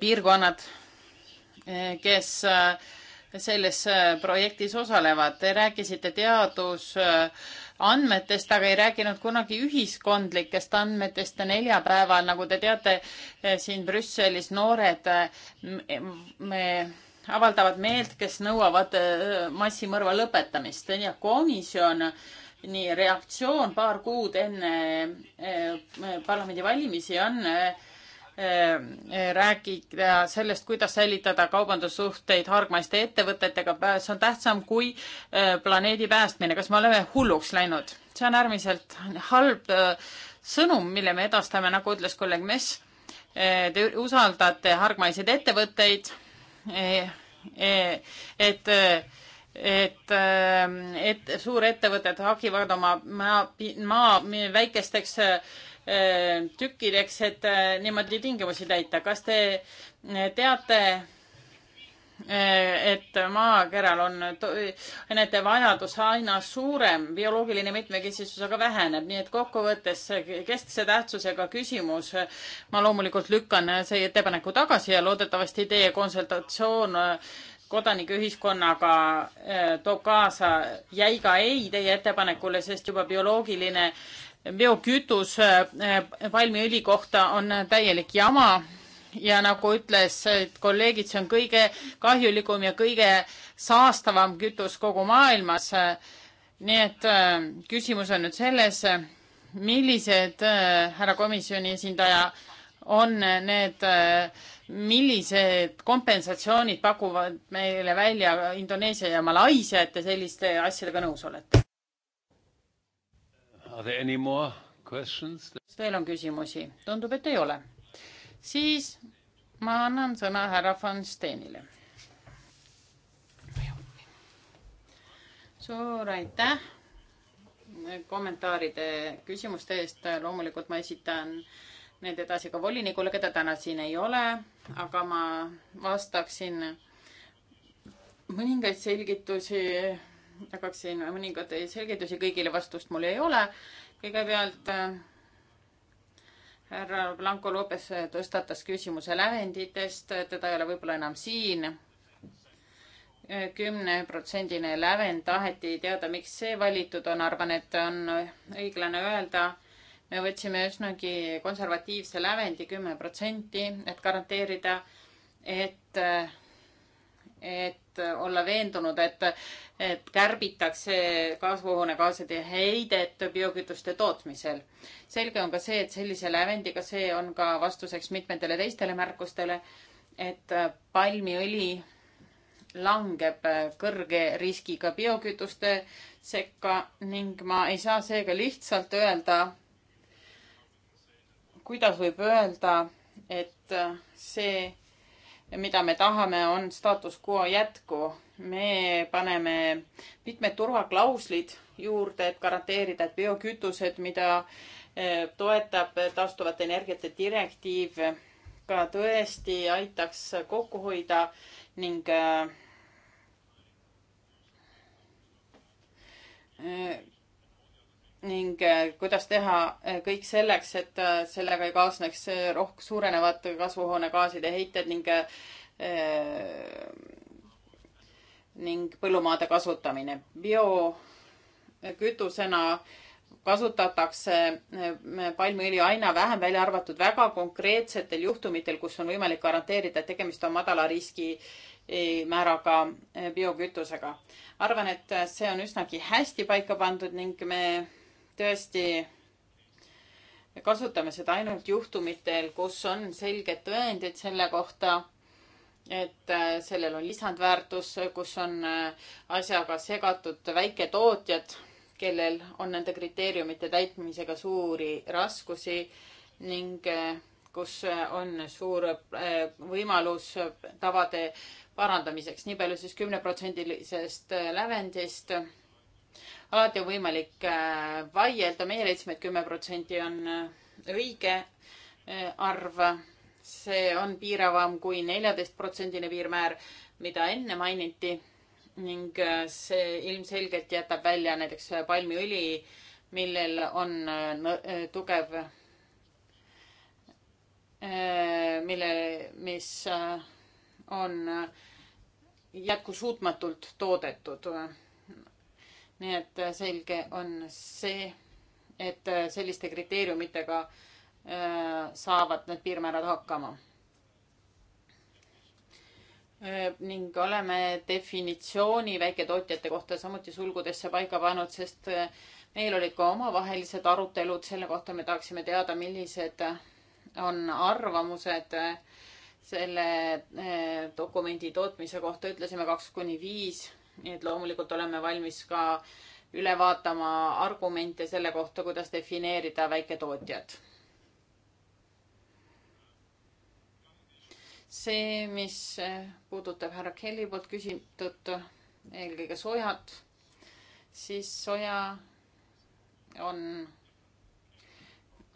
piirkonnad, kes äh, selles äh, projektis osalevad. Te rääkisite teadusandmetest, aga ei rääkinud kunagi ühiskondlikest andmetest. neljapäeval, nagu te teate, äh, siin Brüsselis noored äh, me avaldavad meelt, kes nõuavad massimõrva lõpetamist ja komisjon nii reaktsioon paar kuud enne parlamendivalimisi on äh, Äh, äh, rääkida äh, sellest, kuidas säilitada kaubandussuhteid hargmaiste ettevõtetega, see on tähtsam kui planeedi päästmine. kas me oleme hulluks läinud? see on äärmiselt halb sõnum, mille me edastame, nagu ütles kolleeg Mess. Te usaldate hargmaiseid ettevõtteid, et, et et, et suurettevõtted hagivad oma maa, maa väikesteks äh, Äh, tükkideks, et äh, niimoodi tingimusi täita. kas te äh, teate, et maakeral on ainete vajadus aina suurem, bioloogiline mitmekesisus aga väheneb, nii et kokkuvõttes keskse tähtsusega küsimus. ma loomulikult lükkan see ettepaneku tagasi ja loodetavasti teie konsultatsioon kodanikuühiskonnaga toob kaasa jäiga ei teie ettepanekule, sest juba bioloogiline äh, biokütus eh, palmiõli kohta on täielik jama ja nagu ütles kolleegid, see on kõige kahjulikum ja kõige saastavam kütus kogu maailmas. nii et eh, küsimus on nüüd selles, millised, eh, härra komisjoni esindaja, on need, millised kompensatsioonid pakuvad meile välja Indoneesia ja Malaisia, et te selliste asjadega nõus olete? kas veel on küsimusi? tundub, et ei ole. siis ma annan sõna härra von Stenile. suur aitäh kommentaaride, küsimuste eest. loomulikult ma esitan need edasi ka volinikule, keda täna siin ei ole, aga ma vastaksin mõningaid selgitusi jagaksin mõningaid selgitusi, kõigile vastust mul ei ole. kõigepealt äh, härra Blanco Lopez tõstatas küsimuse lävenditest, teda ei ole võib-olla enam siin. kümneprotsendine lävend taheti teada, miks see valitud on, arvan, et on õiglane öelda me võtsime üsnagi konservatiivse lävendi kümme protsenti, et garanteerida, et äh, et olla veendunud, et, et kärbitakse kasvuhoonegaaside heidet biokütuste tootmisel. selge on ka see, et sellise lävendiga, see on ka vastuseks mitmetele teistele märkustele, et palmiõli langeb kõrge riskiga biokütuste sekka ning ma ei saa seega lihtsalt öelda, kuidas võib öelda, et see mida me tahame, on staatus quo jätku. me paneme mitmed turvaklauslid juurde, et garanteerida, et biokütused, mida eh, toetab taastuvate energiate direktiiv, ka tõesti aitaks kokku hoida ning eh, eh, ning äh, kuidas teha äh, kõik selleks, et äh, sellega ei kaasneks rohk-, suurenevad kasvuhoonegaaside heited ning ning põllumaade kasutamine. biokütusena kasutatakse palmiõli aina vähem, välja arvatud väga konkreetsetel juhtumitel, kus on võimalik garanteerida, et tegemist on madala riski e, määraga biokütusega. arvan, et see on üsnagi hästi paika pandud ning me tõesti kasutame seda ainult juhtumitel, kus on selged tõendid selle kohta, et äh, sellel on lisandväärtus, kus on äh, asjaga segatud väiketootjad, kellel on nende kriteeriumite täitmisega suuri raskusi ning äh, kus on suur võimalus tavade parandamiseks. nii palju siis kümneprotsendilisest lävendist alati on võimalik äh, vaielda, meie leidsime, et kümme protsenti on äh, õige äh, arv. see on piiravam kui neljateistprotsendine piirmäär, mida enne mainiti ning see ilmselgelt jätab välja näiteks palmiõli, millel on tugev, mille, mis on jätkusuutmatult toodetud nii et äh, selge on see, et äh, selliste kriteeriumitega äh, saavad need piirmäärad hakkama. ning oleme definitsiooni väiketootjate kohta samuti sulgudesse paika pannud, sest meil olid ka omavahelised arutelud selle kohta, me tahaksime teada, millised on arvamused selle dokumendi tootmise kohta, ütlesime kaks kuni viis nii et loomulikult oleme valmis ka üle vaatama argumente selle kohta, kuidas defineerida väiketootjat. see, mis puudutab härra Kelly poolt küsitud eelkõige sojad, siis soja on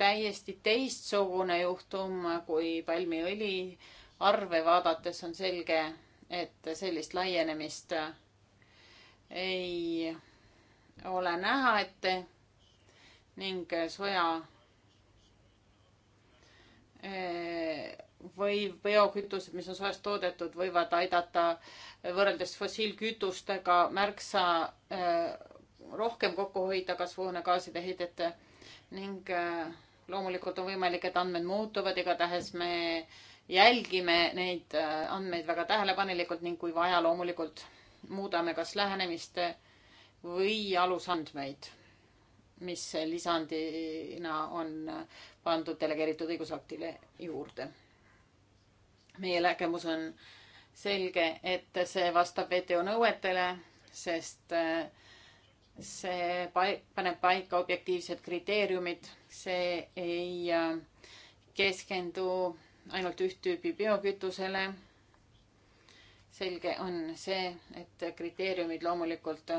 täiesti teistsugune juhtum kui palmiõli. arve vaadates on selge, et sellist laienemist ei ole näha ette ning soja eh, või biokütused, mis on soest toodetud, võivad aidata võrreldes fossiilkütustega märksa eh, rohkem kokku hoida kasvuhoonegaaside heidet ning eh, loomulikult on võimalik, et andmed muutuvad, igatahes me jälgime neid andmeid väga tähelepanelikult ning kui vaja, loomulikult muudame kas lähenemist või alusandmeid, mis lisandina on pandud delegeeritud õigusaktile juurde. meie nägemus on selge, et see vastab WTO nõuetele, sest äh, see paneb paika objektiivsed kriteeriumid, see ei äh, keskendu ainult üht tüüpi biokütusele selge on see, et kriteeriumid loomulikult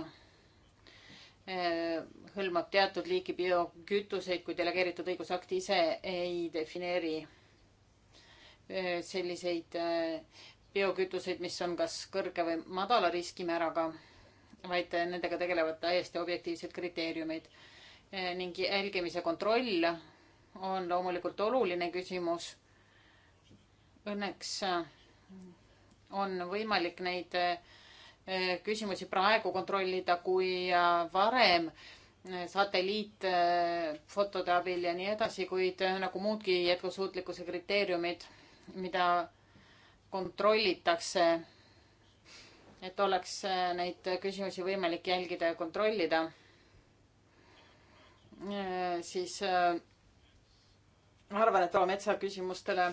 eh, hõlmab teatud liiki biokütuseid, kui delegeeritud õigusakt ise ei defineeri eh, selliseid eh, biokütuseid, mis on kas kõrge või madala riskimääraga, vaid nendega tegelevad täiesti objektiivsed kriteeriumid. ning jälgimise kontroll on loomulikult oluline küsimus. Õnneks on võimalik neid eh, küsimusi praegu kontrollida kui varem eh, satelliitfotode eh, abil ja nii edasi, kuid nagu muudki jätkusuutlikkuse kriteeriumid, mida kontrollitakse, et oleks neid küsimusi võimalik jälgida ja kontrollida, siis ma arvan, et proua Metsa küsimustele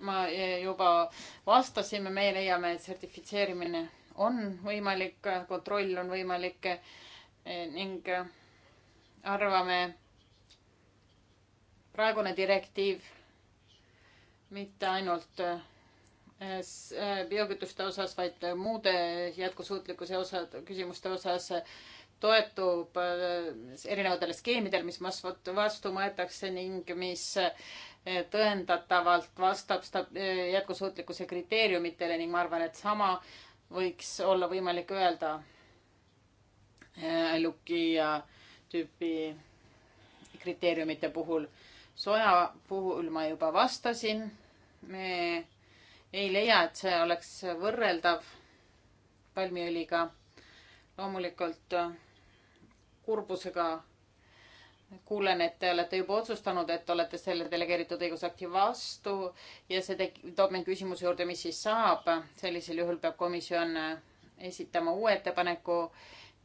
ma eh, juba vastasime, meie leiame, et sertifitseerimine on võimalik, kontroll on võimalik eh, ning eh, arvame, praegune direktiiv mitte ainult biokütuste osas, vaid muude jätkusuutlikkuse osa, küsimuste osas toetub erinevatele skeemidele, mis vastu võetakse ning mis tõendatavalt vastab jätkusuutlikkuse kriteeriumitele ning ma arvan, et sama võiks olla võimalik öelda äh, Luki tüüpi kriteeriumite puhul. soja puhul ma juba vastasin. me ei leia, et see oleks võrreldav palmiõliga. loomulikult äh, kurbusega kuulen, et te olete juba otsustanud, et olete selle delegeeritud õigusakti vastu ja see tek-, toob mind küsimuse juurde, mis siis saab. sellisel juhul peab komisjon äh, esitama uue ettepaneku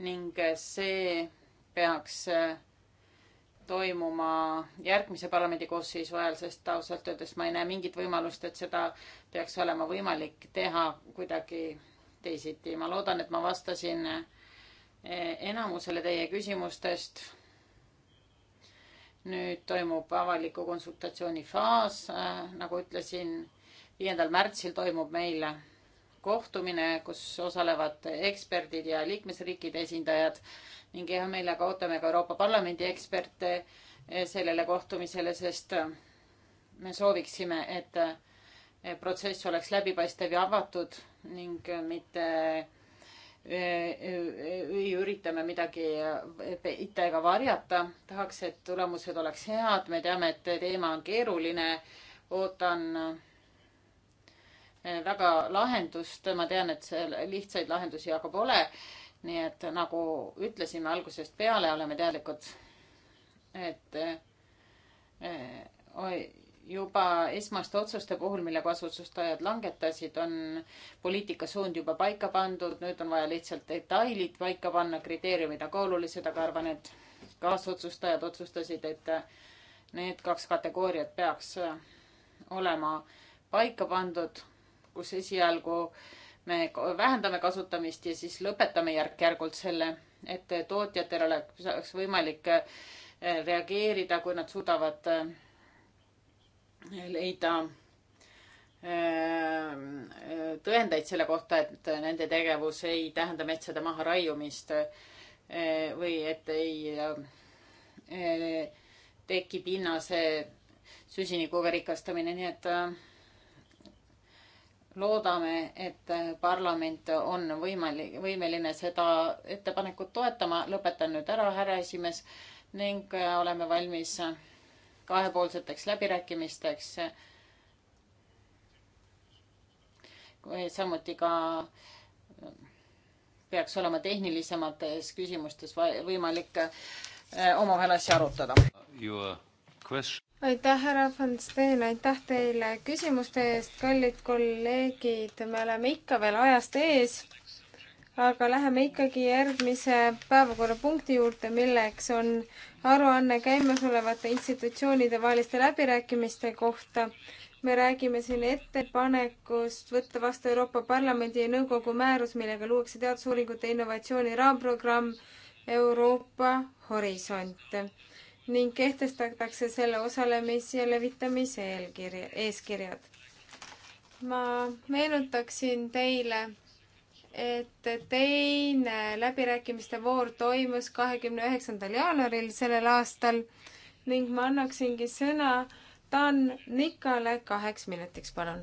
ning äh, see peaks äh, toimuma järgmise parlamendikoosseisu ajal, sest ausalt öeldes ma ei näe mingit võimalust, et seda peaks olema võimalik teha kuidagi teisiti. ma loodan, et ma vastasin enamusele teie küsimustest nüüd toimub avaliku konsultatsiooni faas, äh, nagu ütlesin, viiendal märtsil toimub meil kohtumine, kus osalevad eksperdid ja liikmesriikide esindajad ning hea meelega ootame ka Euroopa Parlamendi eksperte äh, sellele kohtumisele, sest äh, me sooviksime, et protsess oleks läbipaistev ja avatud ning mitte ei ürita me midagi peita ega varjata, tahaks, et tulemused oleks head, me teame, et teema on keeruline, ootan äh, väga lahendust, ma tean, et seal lihtsaid lahendusi aga pole. nii et nagu ütlesime algusest peale, oleme teadlikud, et äh, oi, juba esmaste otsuste puhul, mille kohas otsustajad langetasid, on poliitikasuund juba paika pandud, nüüd on vaja lihtsalt detailid paika panna, kriteeriumid on ka olulised, aga arvan, et kaasotsustajad otsustasid, et need kaks kategooriat peaks olema paika pandud, kus esialgu me vähendame kasutamist ja siis lõpetame järk-järgult selle, et tootjatel oleks võimalik reageerida, kui nad suudavad leida ähm, tõendeid selle kohta, et nende tegevus ei tähenda metsade maharaiumist äh, või et ei äh, teki pinnase süsinikuga rikastamine, nii et äh, loodame, et parlament on võimalik, võimeline seda ettepanekut toetama. lõpetan nüüd ära, härra esimees, ning oleme valmis kahepoolseteks läbirääkimisteks. samuti ka peaks olema tehnilisemates küsimustes võimalik äh, omavahel asja arutada. aitäh, härra von Steen, aitäh teile küsimuste eest, kallid kolleegid, me oleme ikka veel ajast ees aga läheme ikkagi järgmise päevakorrapunkti juurde, milleks on aruanne käimasolevate institutsioonide vaheliste läbirääkimiste kohta. me räägime siin ettepanekust võtta vastu Euroopa Parlamendi ja Nõukogu määrus, millega luuakse teadusuuringute innovatsiooni raamprogramm Euroopa Horisont ning kehtestatakse selle osalemis- ja levitamise eelkirja, eeskirjad. ma meenutaksin teile, et teine läbirääkimiste voor toimus kahekümne üheksandal jaanuaril sellel aastal ning ma annaksingi sõna Dan Nikale kaheks minutiks, palun.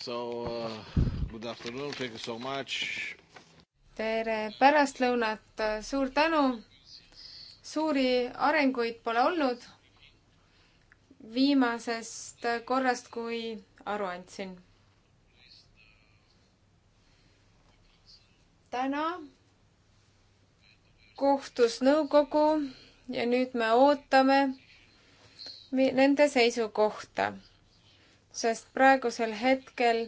So uh, good afternoon, thank you so much. tere pärastlõunat, suur tänu. suuri arenguid pole olnud viimasest korrast, kui aru andsin täna kohtus nõukogu ja nüüd me ootame nende seisukohta, sest praegusel hetkel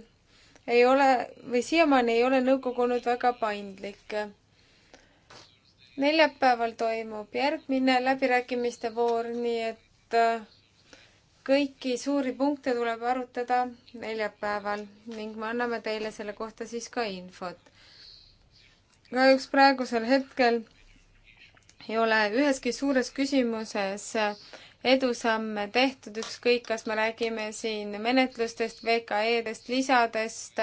ei ole või siiamaani ei ole nõukogu olnud väga paindlik. neljapäeval toimub järgmine läbirääkimiste voor, nii et äh, kõiki suuri punkte tuleb arutada neljapäeval ning me anname teile selle kohta siis ka infot kahjuks praegusel hetkel ei ole üheski suures küsimuses edusamme tehtud, ükskõik, kas me räägime siin menetlustest, VKE-dest, lisadest,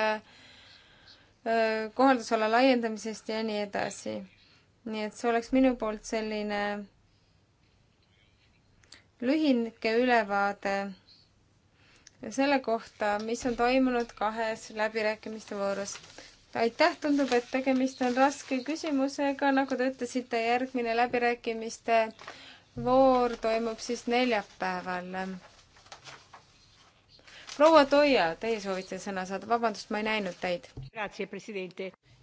kohaldusala laiendamisest ja nii edasi. nii et see oleks minu poolt selline lühike ülevaade selle kohta, mis on toimunud kahes läbirääkimiste voorus aitäh, tundub, et tegemist on raske küsimusega, nagu te ütlesite, järgmine läbirääkimiste voor toimub siis neljapäeval. proua Toia, teie soovite sõna saada, vabandust, ma ei näinud teid.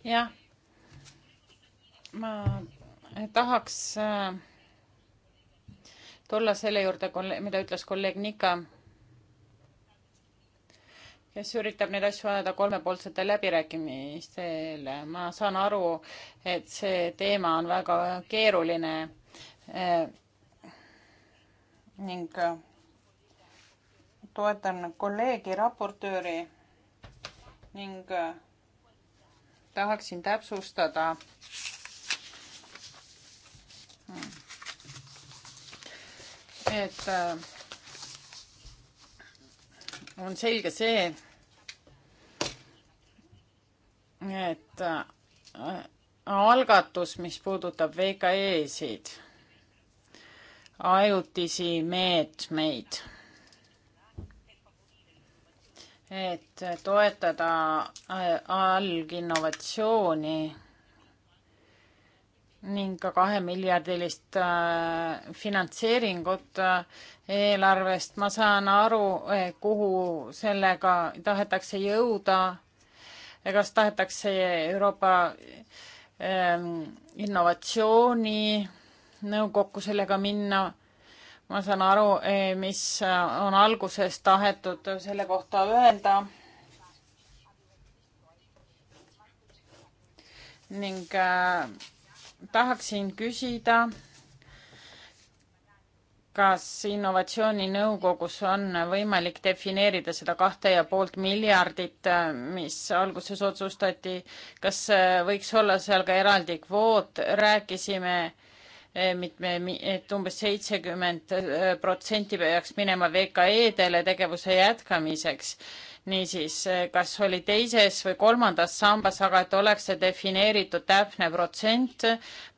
jah, ma tahaks äh, tulla selle juurde, mida ütles kolleeg Nika kes üritab neid asju ajada kolmepoolsetel läbirääkimistel. ma saan aru, et see teema on väga keeruline eh, ning eh, toetan kolleegi raportööri ning eh, tahaksin täpsustada hmm, et on selge see, et äh, algatus, mis puudutab VKE-sid, ajutisi meetmeid, et toetada äh, alginnovatsiooni ning ka kahemiljardilist äh, finantseeringut äh, eelarvest. ma saan aru, äh, kuhu sellega tahetakse jõuda. kas tahetakse Euroopa ähm, innovatsiooninõukokku sellega minna? ma saan aru, mis on alguses tahetud selle kohta öelda ning äh, tahaksin küsida, kas innovatsiooninõukogus on võimalik defineerida seda kahte ja poolt miljardit, mis alguses otsustati, kas võiks olla seal ka eraldi kvoot, rääkisime mitme, et umbes seitsekümmend protsenti peaks minema VKE-dele tegevuse jätkamiseks niisiis, kas oli teises või kolmandas sambas, aga et oleks see defineeritud täpne protsent,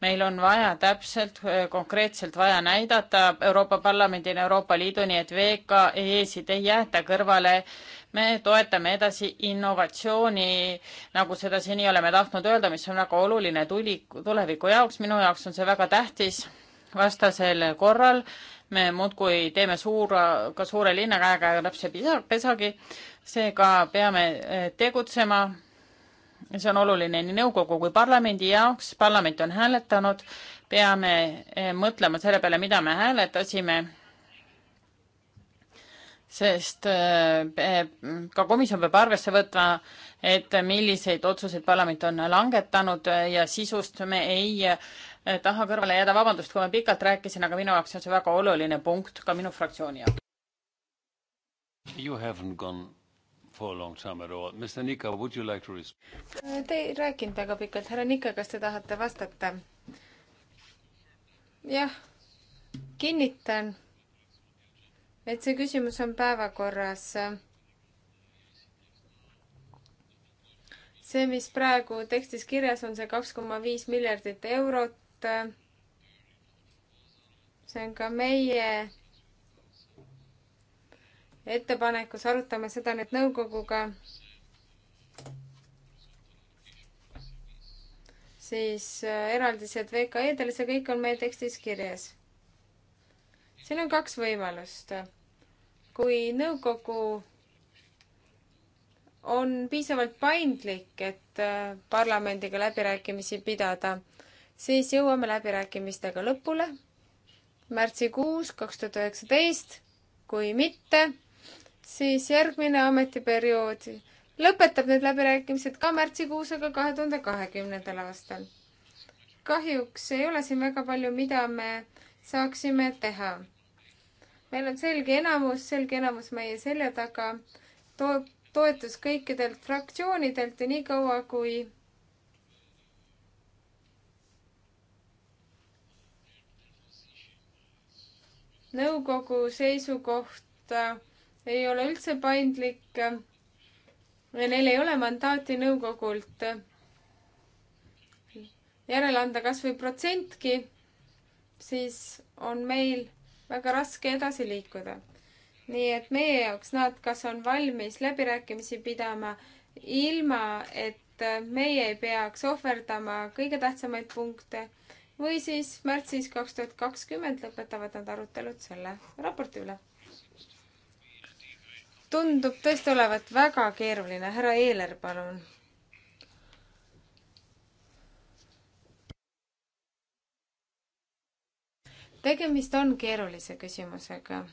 meil on vaja täpselt, konkreetselt vaja näidata Euroopa Parlamendina, Euroopa Liiduni, et VKE-sid ei jäeta kõrvale. me toetame edasi innovatsiooni, nagu seda seni oleme tahtnud öelda, mis on väga oluline tuli, tuleviku jaoks, minu jaoks on see väga tähtis, vastasel korral me muudkui teeme suure, ka suure linna käega täpse pesagi, seega peame eh, tegutsema. see on oluline nii nõukogu kui parlamendi jaoks, parlament on hääletanud, peame eh, mõtlema selle peale, mida me hääletasime sest eh, ka komisjon peab arvesse võtma, et milliseid otsuseid parlament on langetanud ja sisust me ei taha kõrvale jääda, vabandust, kui ma pikalt rääkisin, aga minu jaoks on see väga oluline punkt ka minu fraktsiooni jaoks. You haven't gone for a long time at all. Mr Nika, would you like to respond? Te ei rääkinud väga pikalt, härra Nika, kas te tahate vastata? jah, kinnitan, et see küsimus on päevakorras see, mis praegu tekstis kirjas on, see kaks koma viis miljardit eurot, Äh, see on ka meie ettepanekus, arutame seda nüüd nõukoguga, siis äh, eraldised VKE-dele, see kõik on meie tekstis kirjas. siin on kaks võimalust. kui nõukogu on piisavalt paindlik, et äh, parlamendiga läbirääkimisi pidada, siis jõuame läbirääkimistega lõpule märtsikuus kaks tuhat üheksateist. kui mitte, siis järgmine ametiperiood lõpetab need läbirääkimised ka märtsikuus, aga kahe tuhande kahekümnendal aastal. kahjuks ei ole siin väga palju, mida me saaksime teha. meil on selge enamus, selge enamus meie selja taga to, toetus kõikidelt fraktsioonidelt ja niikaua, kui nõukogu seisukoht äh, ei ole üldse paindlik. Neil ei ole mandaati nõukogult järele anda kas või protsentki, siis on meil väga raske edasi liikuda. nii et meie jaoks nad kas on valmis läbirääkimisi pidama ilma, et meie ei peaks ohverdama kõige tähtsamaid punkte või siis märtsis kaks tuhat kakskümmend lõpetavad nad arutelud selle raporti üle. tundub tõesti olevat väga keeruline. härra Eeler, palun. tegemist on keerulise küsimusega.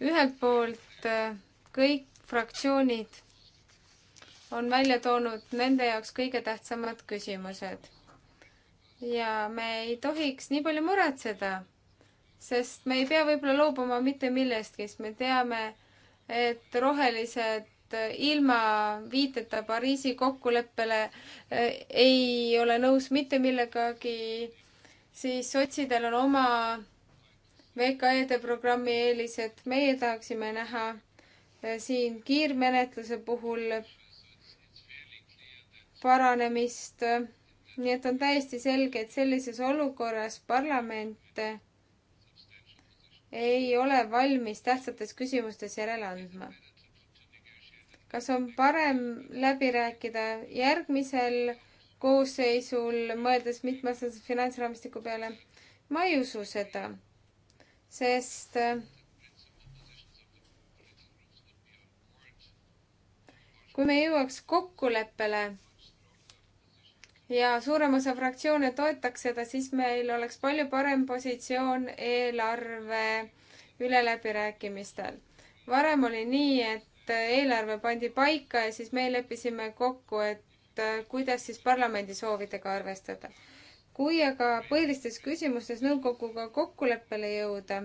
ühelt poolt äh, kõik fraktsioonid on välja toonud nende jaoks kõige tähtsamad küsimused. ja me ei tohiks nii palju muretseda, sest me ei pea võib-olla loobuma mitte millestki, sest me teame, et rohelised ilma viiteta Pariisi kokkuleppele e, ei ole nõus mitte millegagi, siis sotsidel on oma VKE-de programmi eelised. meie tahaksime näha e, siin kiirmenetluse puhul paranemist. nii et on täiesti selge, et sellises olukorras parlament ei ole valmis tähtsates küsimustes järele andma. kas on parem läbi rääkida järgmisel koosseisul, mõeldes mitmeaastase finantsraamistiku peale? ma ei usu seda, sest kui me jõuaks kokkuleppele ja suurem osa fraktsioone toetaks seda, siis meil oleks palju parem positsioon eelarve üle läbirääkimistel. varem oli nii, et eelarve pandi paika ja siis me leppisime kokku, et äh, kuidas siis parlamendi soovidega arvestada. kui aga põhilistes küsimustes nõukoguga kokkuleppele jõuda,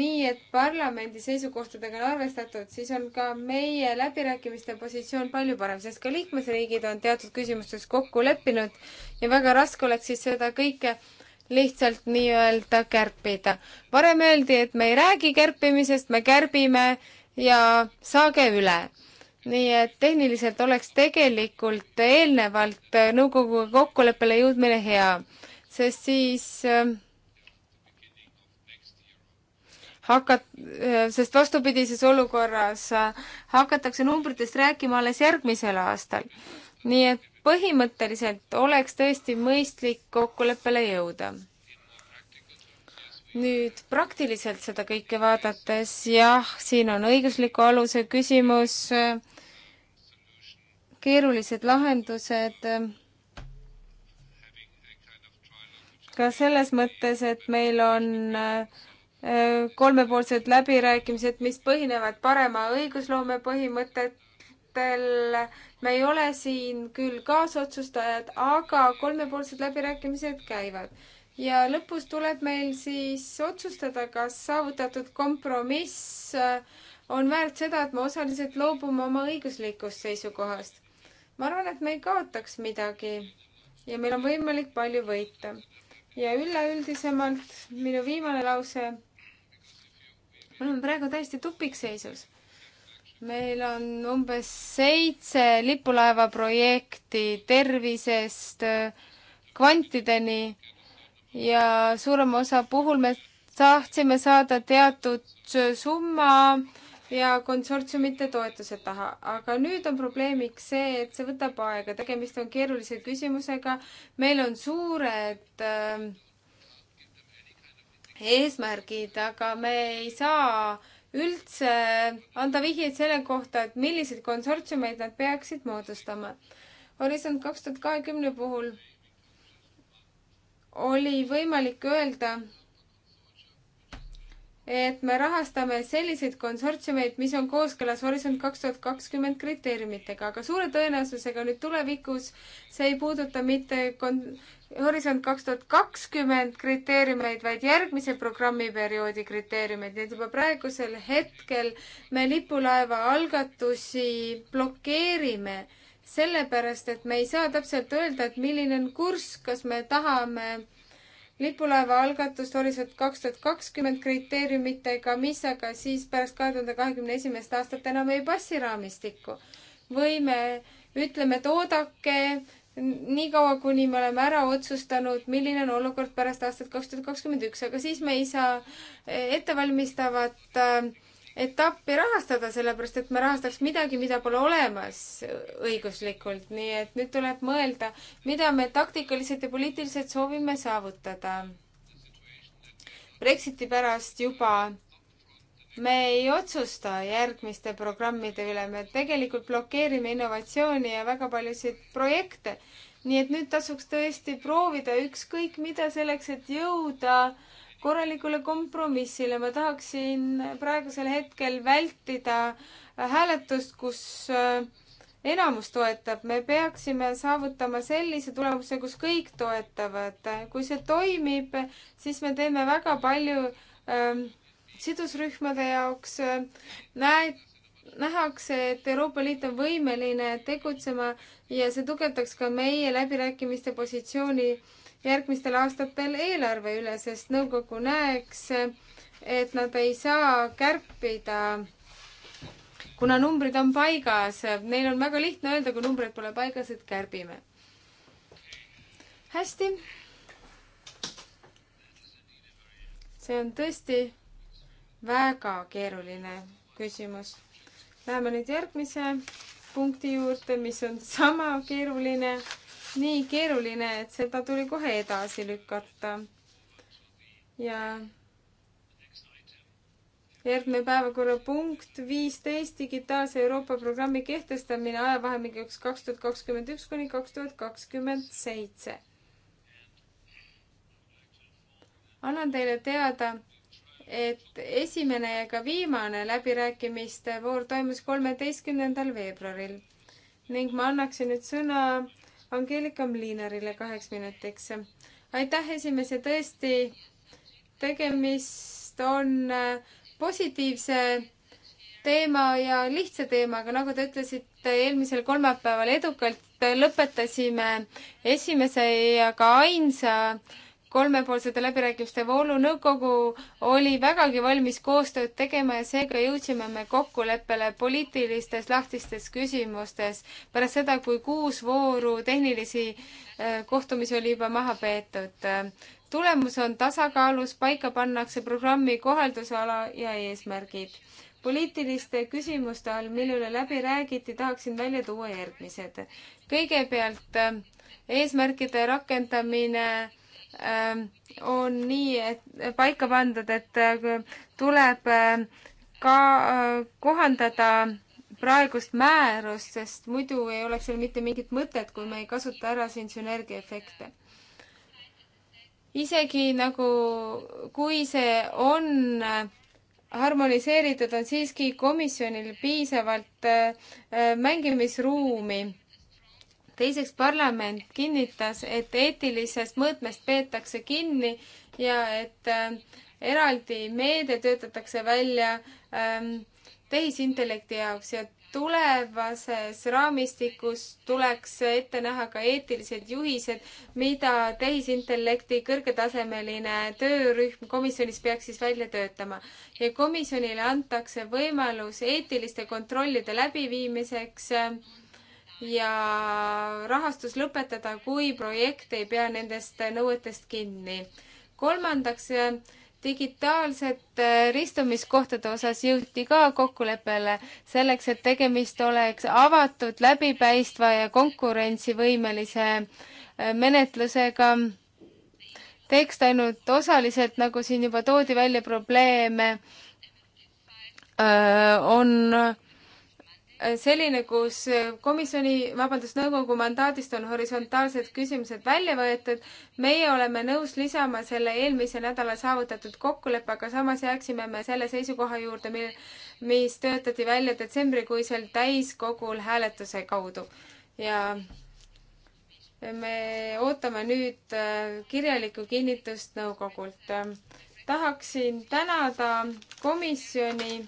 nii et parlamendi seisukohtadega on arvestatud, siis on ka meie läbirääkimiste positsioon palju parem, sest ka liikmesriigid on teatud küsimustes kokku leppinud ja väga raske oleks siis seda kõike lihtsalt nii-öelda kärpida. varem öeldi, et me ei räägi kärpimisest, me kärbime ja saage üle. nii et tehniliselt oleks tegelikult eelnevalt nõukoguga kokkuleppele jõudmine hea, sest siis äh, hakat-, sest vastupidises olukorras äh, hakatakse numbritest rääkima alles järgmisel aastal. nii et põhimõtteliselt oleks tõesti mõistlik kokkuleppele jõuda. nüüd praktiliselt seda kõike vaadates, jah, siin on õigusliku aluse küsimus, keerulised lahendused ka selles mõttes, et meil on äh, kolmepoolsed läbirääkimised, mis põhinevad parema õigusloome põhimõtetel. me ei ole siin küll kaasotsustajad, aga kolmepoolsed läbirääkimised käivad. ja lõpus tuleb meil siis otsustada, kas saavutatud kompromiss äh, on väärt seda, et me osaliselt loobume oma õiguslikust seisukohast. ma arvan, et me ei kaotaks midagi ja meil on võimalik palju võita. ja üleüldisemalt minu viimane lause oleme praegu täiesti tupikseisus. meil on umbes seitse lipulaeva projekti tervisest kvantideni ja suurema osa puhul me tahtsime saada teatud summa ja konsortsiumite toetuse taha, aga nüüd on probleemiks see, et see võtab aega, tegemist on keerulise küsimusega. meil on suured äh, eesmärgid, aga me ei saa üldse anda vihjeid selle kohta, et milliseid konsortsiumeid nad peaksid moodustama. Horisont kaks tuhat kahekümne puhul oli võimalik öelda, et me rahastame selliseid konsortsiumeid, mis on kooskõlas Horisont kaks tuhat kakskümmend kriteeriumitega, aga suure tõenäosusega nüüd tulevikus see ei puuduta mitte kon-, Horisont kaks tuhat kakskümmend kriteeriumeid, vaid järgmise programmiperioodi kriteeriumeid, nii et juba praegusel hetkel me lipulaeva algatusi blokeerime, sellepärast et me ei saa täpselt öelda, et milline on kurss, kas me tahame lipulaeva algatust Horisont kaks tuhat kakskümmend kriteeriumitega, mis aga siis pärast kahe tuhande kahekümne esimest aastat enam ei passi raamistikku. või me ütleme, et oodake, niikaua, kuni me oleme ära otsustanud, milline on olukord pärast aastat kaks tuhat kakskümmend üks, aga siis me ei saa e, ettevalmistavat e, etappi rahastada, sellepärast et me rahastaks midagi, mida pole olemas õiguslikult, nii et nüüd tuleb mõelda, mida me taktikaliselt ja poliitiliselt soovime saavutada. Brexiti pärast juba me ei otsusta järgmiste programmide üle, me tegelikult blokeerime innovatsiooni ja väga paljusid projekte. nii et nüüd tasuks tõesti proovida ükskõik mida selleks, et jõuda korralikule kompromissile. ma tahaksin praegusel hetkel vältida hääletust, kus äh, enamus toetab, me peaksime saavutama sellise tulemuse, kus kõik toetavad. kui see toimib, siis me teeme väga palju ähm, sidusrühmade jaoks äh, näed, nähakse, et Euroopa Liit on võimeline tegutsema ja see tugevdaks ka meie läbirääkimiste positsiooni järgmistel aastatel eelarve üle, sest nõukogu näeks, et nad ei saa kärpida, kuna numbrid on paigas. Neil on väga lihtne öelda, kui numbrid pole paigas, et kärbime. hästi. see on tõesti väga keeruline küsimus. Läheme nüüd järgmise punkti juurde, mis on sama keeruline, nii keeruline, et seda tuli kohe edasi lükata. ja järgmine päevakorrapunkt viisteist digitaalse Euroopa programmi kehtestamine ajavahemikuks kaks tuhat kakskümmend üks kuni kaks tuhat kakskümmend seitse. annan teile teada, et esimene ja ka viimane läbirääkimiste voor toimus kolmeteistkümnendal veebruaril ning ma annaksin nüüd sõna Angeelika Mlinarile kaheks minutiks. aitäh, esimees ja tõesti, tegemist on äh, positiivse teema ja lihtsa teemaga, nagu te ütlesite, eelmisel kolmapäeval edukalt lõpetasime esimese ja ka ainsa kolmepoolsete läbirääkimiste voolu nõukogu oli vägagi valmis koostööd tegema ja seega jõudsime me kokkuleppele poliitilistes lahtistes küsimustes pärast seda, kui kuus vooru tehnilisi äh, kohtumisi oli juba maha peetud. tulemus on tasakaalus, paika pannakse programmi kohaldusala ja eesmärgid. poliitiliste küsimuste all, mille üle läbi räägiti, tahaksin välja tuua järgmised. kõigepealt äh, eesmärkide rakendamine Ähm, on nii et, paika pandud, et äh, tuleb äh, ka äh, kohandada praegust määrust, sest muidu ei oleks seal mitte mingit mõtet, kui me ei kasuta ära siin sünergiaefekte. isegi nagu, kui see on harmoniseeritud, on siiski komisjonil piisavalt mängimisruumi teiseks, parlament kinnitas, et eetilisest mõõtmest peetakse kinni ja et äh, eraldi meede töötatakse välja ähm, tehisintellekti jaoks ja tulevases raamistikus tuleks ette näha ka eetilised juhised, mida tehisintellekti kõrgetasemeline töörühm komisjonis peaks siis välja töötama. ja komisjonile antakse võimalus eetiliste kontrollide läbiviimiseks äh, ja rahastus lõpetada, kui projekt ei pea nendest nõuetest kinni. kolmandaks, digitaalsete ristumiskohtade osas jõuti ka kokkuleppele selleks, et tegemist oleks avatud, läbipaistva ja konkurentsivõimelise äh, menetlusega. tekst ainult osaliselt, nagu siin juba toodi välja probleeme, äh, on selline, kus komisjoni, vabandust, nõukogu mandaadist on horisontaalsed küsimused välja võetud. meie oleme nõus lisama selle eelmise nädala saavutatud kokkuleppe, aga samas jääksime me selle seisukoha juurde, mil, mis töötati välja detsembrikuisel täiskogul hääletuse kaudu. ja me ootame nüüd äh, kirjalikku kinnitust nõukogult. tahaksin tänada komisjoni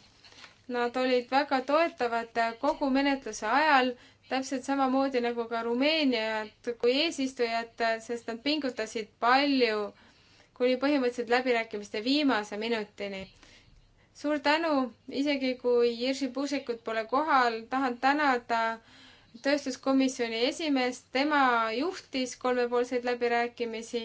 Nad olid väga toetavad kogu menetluse ajal, täpselt samamoodi nagu ka Rumeeniat kui eesistujat, sest nad pingutasid palju kuni põhimõtteliselt läbirääkimiste viimase minutini. suur tänu, isegi kui Jirši Pušikut pole kohal, tahan tänada tööstuskomisjoni esimeest, tema juhtis kolmepoolseid läbirääkimisi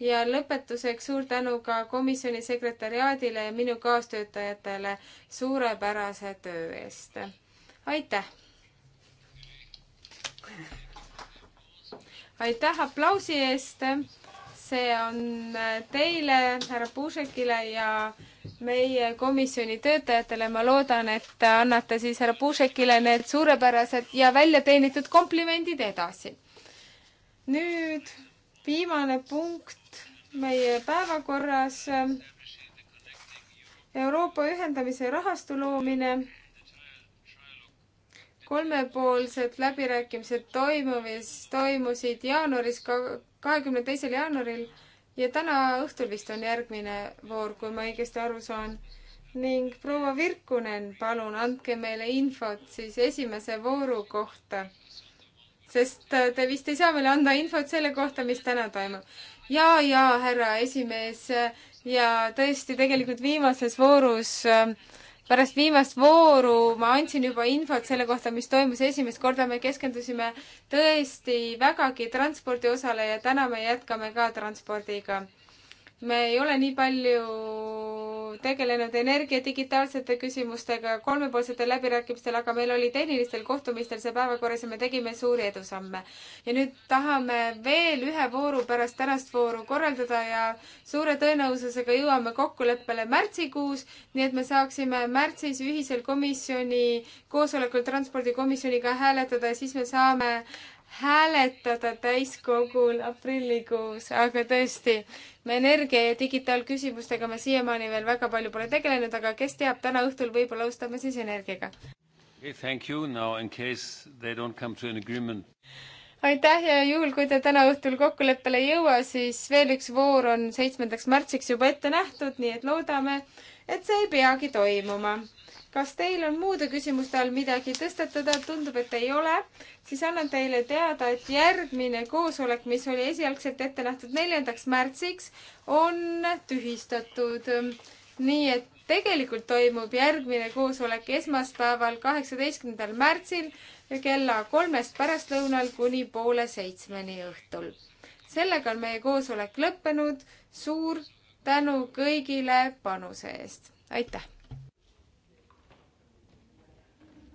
ja lõpetuseks suur tänu ka komisjoni sekretäriaadile ja minu kaastöötajatele suurepärase töö eest. aitäh! aitäh aplausi eest! see on teile, härra Puusekile ja meie komisjoni töötajatele. ma loodan, et annate siis härra Puusekile need suurepärased ja välja teenitud komplimendid edasi. nüüd viimane punkt meie päevakorras Euroopa ühendamise rahastu loomine, kolmepoolsed läbirääkimised toimuvis, toimusid jaanuaris, kahekümne teisel jaanuaril ja täna õhtul vist on järgmine voor, kui ma õigesti aru saan. ning proua Virkunen, palun andke meile infot siis esimese vooru kohta. sest te vist ei saa meile anda infot selle kohta, mis täna toimub ja, ja härra esimees ja tõesti tegelikult viimases voorus pärast viimast vooru ma andsin juba infot selle kohta, mis toimus esimest korda, me keskendusime tõesti vägagi transpordi osale ja täna me jätkame ka transpordiga me ei ole nii palju tegelenud energia digitaalsete küsimustega kolmepoolsetel läbirääkimistel, aga meil oli tehnilistel kohtumistel see päevakorras ja me tegime suuri edusamme. ja nüüd tahame veel ühe vooru pärast tänast vooru korraldada ja suure tõenäosusega jõuame kokkuleppele märtsikuus, nii et me saaksime märtsis ühisel komisjoni koosolekul transpordikomisjoniga hääletada ja siis me saame hääletada täiskogul aprillikuus, aga tõesti, me energia ja digitaalküsimustega me siiamaani veel väga palju pole tegelenud, aga kes teab, täna õhtul võib-olla alustame siis energiaga okay,. Thank you, now in case they don't come to an agreement. aitäh ja juhul, kui te täna õhtul kokkuleppele ei jõua, siis veel üks voor on seitsmendaks märtsiks juba ette nähtud, nii et loodame, et see ei peagi toimuma kas teil on muude küsimuste all midagi tõstatada, tundub, et ei ole, siis annan teile teada, et järgmine koosolek, mis oli esialgselt ette nähtud neljandaks märtsiks, on tühistatud. nii et tegelikult toimub järgmine koosolek esmaspäeval, kaheksateistkümnendal märtsil kella kolmest pärastlõunal kuni poole seitsmeni õhtul. sellega on meie koosolek lõppenud. suur tänu kõigile panuse eest. aitäh!